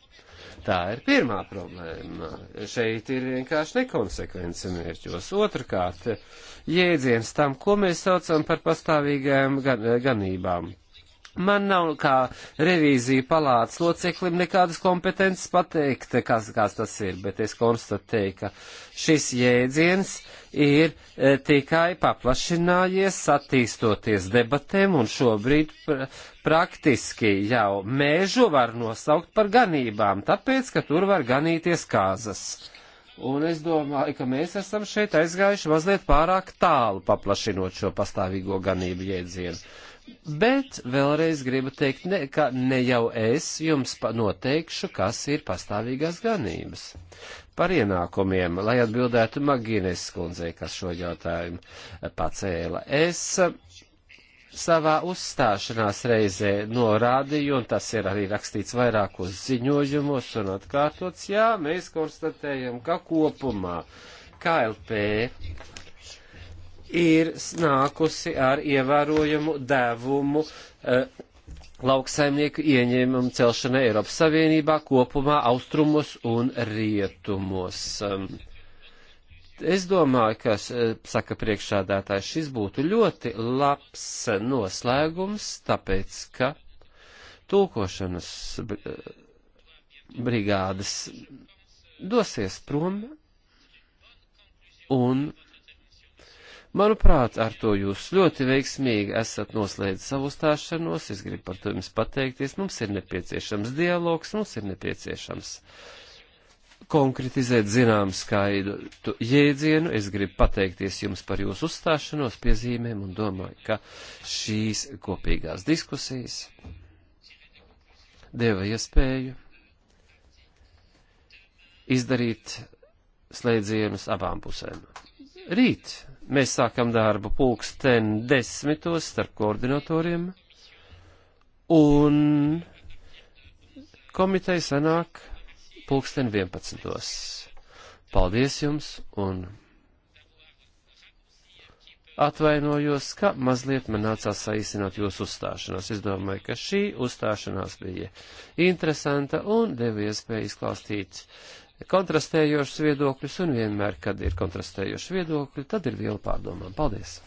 Tā ir pirmā problēma. Šeit ir vienkārši nekonsekvence mērķos. Otrkārt, jēdziens tam, ko mēs saucam par pastāvīgajām gan, ganībām. Man nav kā revīzija palātas loceklim nekādas kompetences pateikt, kas, kas tas ir, bet es konstatēju, ka šis jēdziens uh, ir e, tikai paplašinājies, attīstoties debatēm, un šobrīd pr praktiski jau mēžu var nosaukt par ganībām, tāpēc, ka tur var ganīties kāzas. Un es domāju, ka mēs esam šeit aizgājuši mazliet pārāk tālu paplašinot šo pastāvīgo ganību jēdzienu. Bet vēlreiz gribu teikt, ne, ka ne jau es jums noteikšu, kas ir pastāvīgās ganības par ienākumiem, lai atbildētu Magīnes skundzei, kas šo jautājumu eh, pacēla. Es eh, savā uzstāšanās reizē norādīju, un tas ir arī rakstīts vairākos ziņojumos un atkārtots, jā, mēs konstatējam, ka kopumā KLP ir nākusi ar ievērojumu devumu uh, lauksaimnieku ieņēmumu celšana Eiropas Savienībā kopumā austrumos un rietumos. Es domāju, ka, eh, saka priekšādātājs, šis būtu ļoti labs noslēgums, tāpēc, ka tulkošanas eh, brigādes dosies prom un Manuprāt, ar to jūs ļoti veiksmīgi esat noslēdzis savu stāšanos, es gribu par to jums pateikties, mums ir nepieciešams dialogs, mums ir nepieciešams konkretizēt zinām skaidru jēdzienu, es gribu pateikties jums par jūsu uzstāšanos piezīmēm un domāju, ka šīs kopīgās diskusijas deva iespēju izdarīt slēdzienus abām pusēm. Rīt Mēs sākam darbu pulksten desmitos starp koordinatoriem, un komiteja sanāk pulksten vienpadsmitos. Paldies jums, un atvainojos, ka mazliet man nācās saīsināt jūsu uzstāšanās. Es domāju, ka šī uzstāšanās bija interesanta un deva iespēju izklāstīt uh, kontrastējošus viedokļus, un vienmēr, kad ir kontrastējoši viedokļi, tad ir viela pārdomām. Paldies!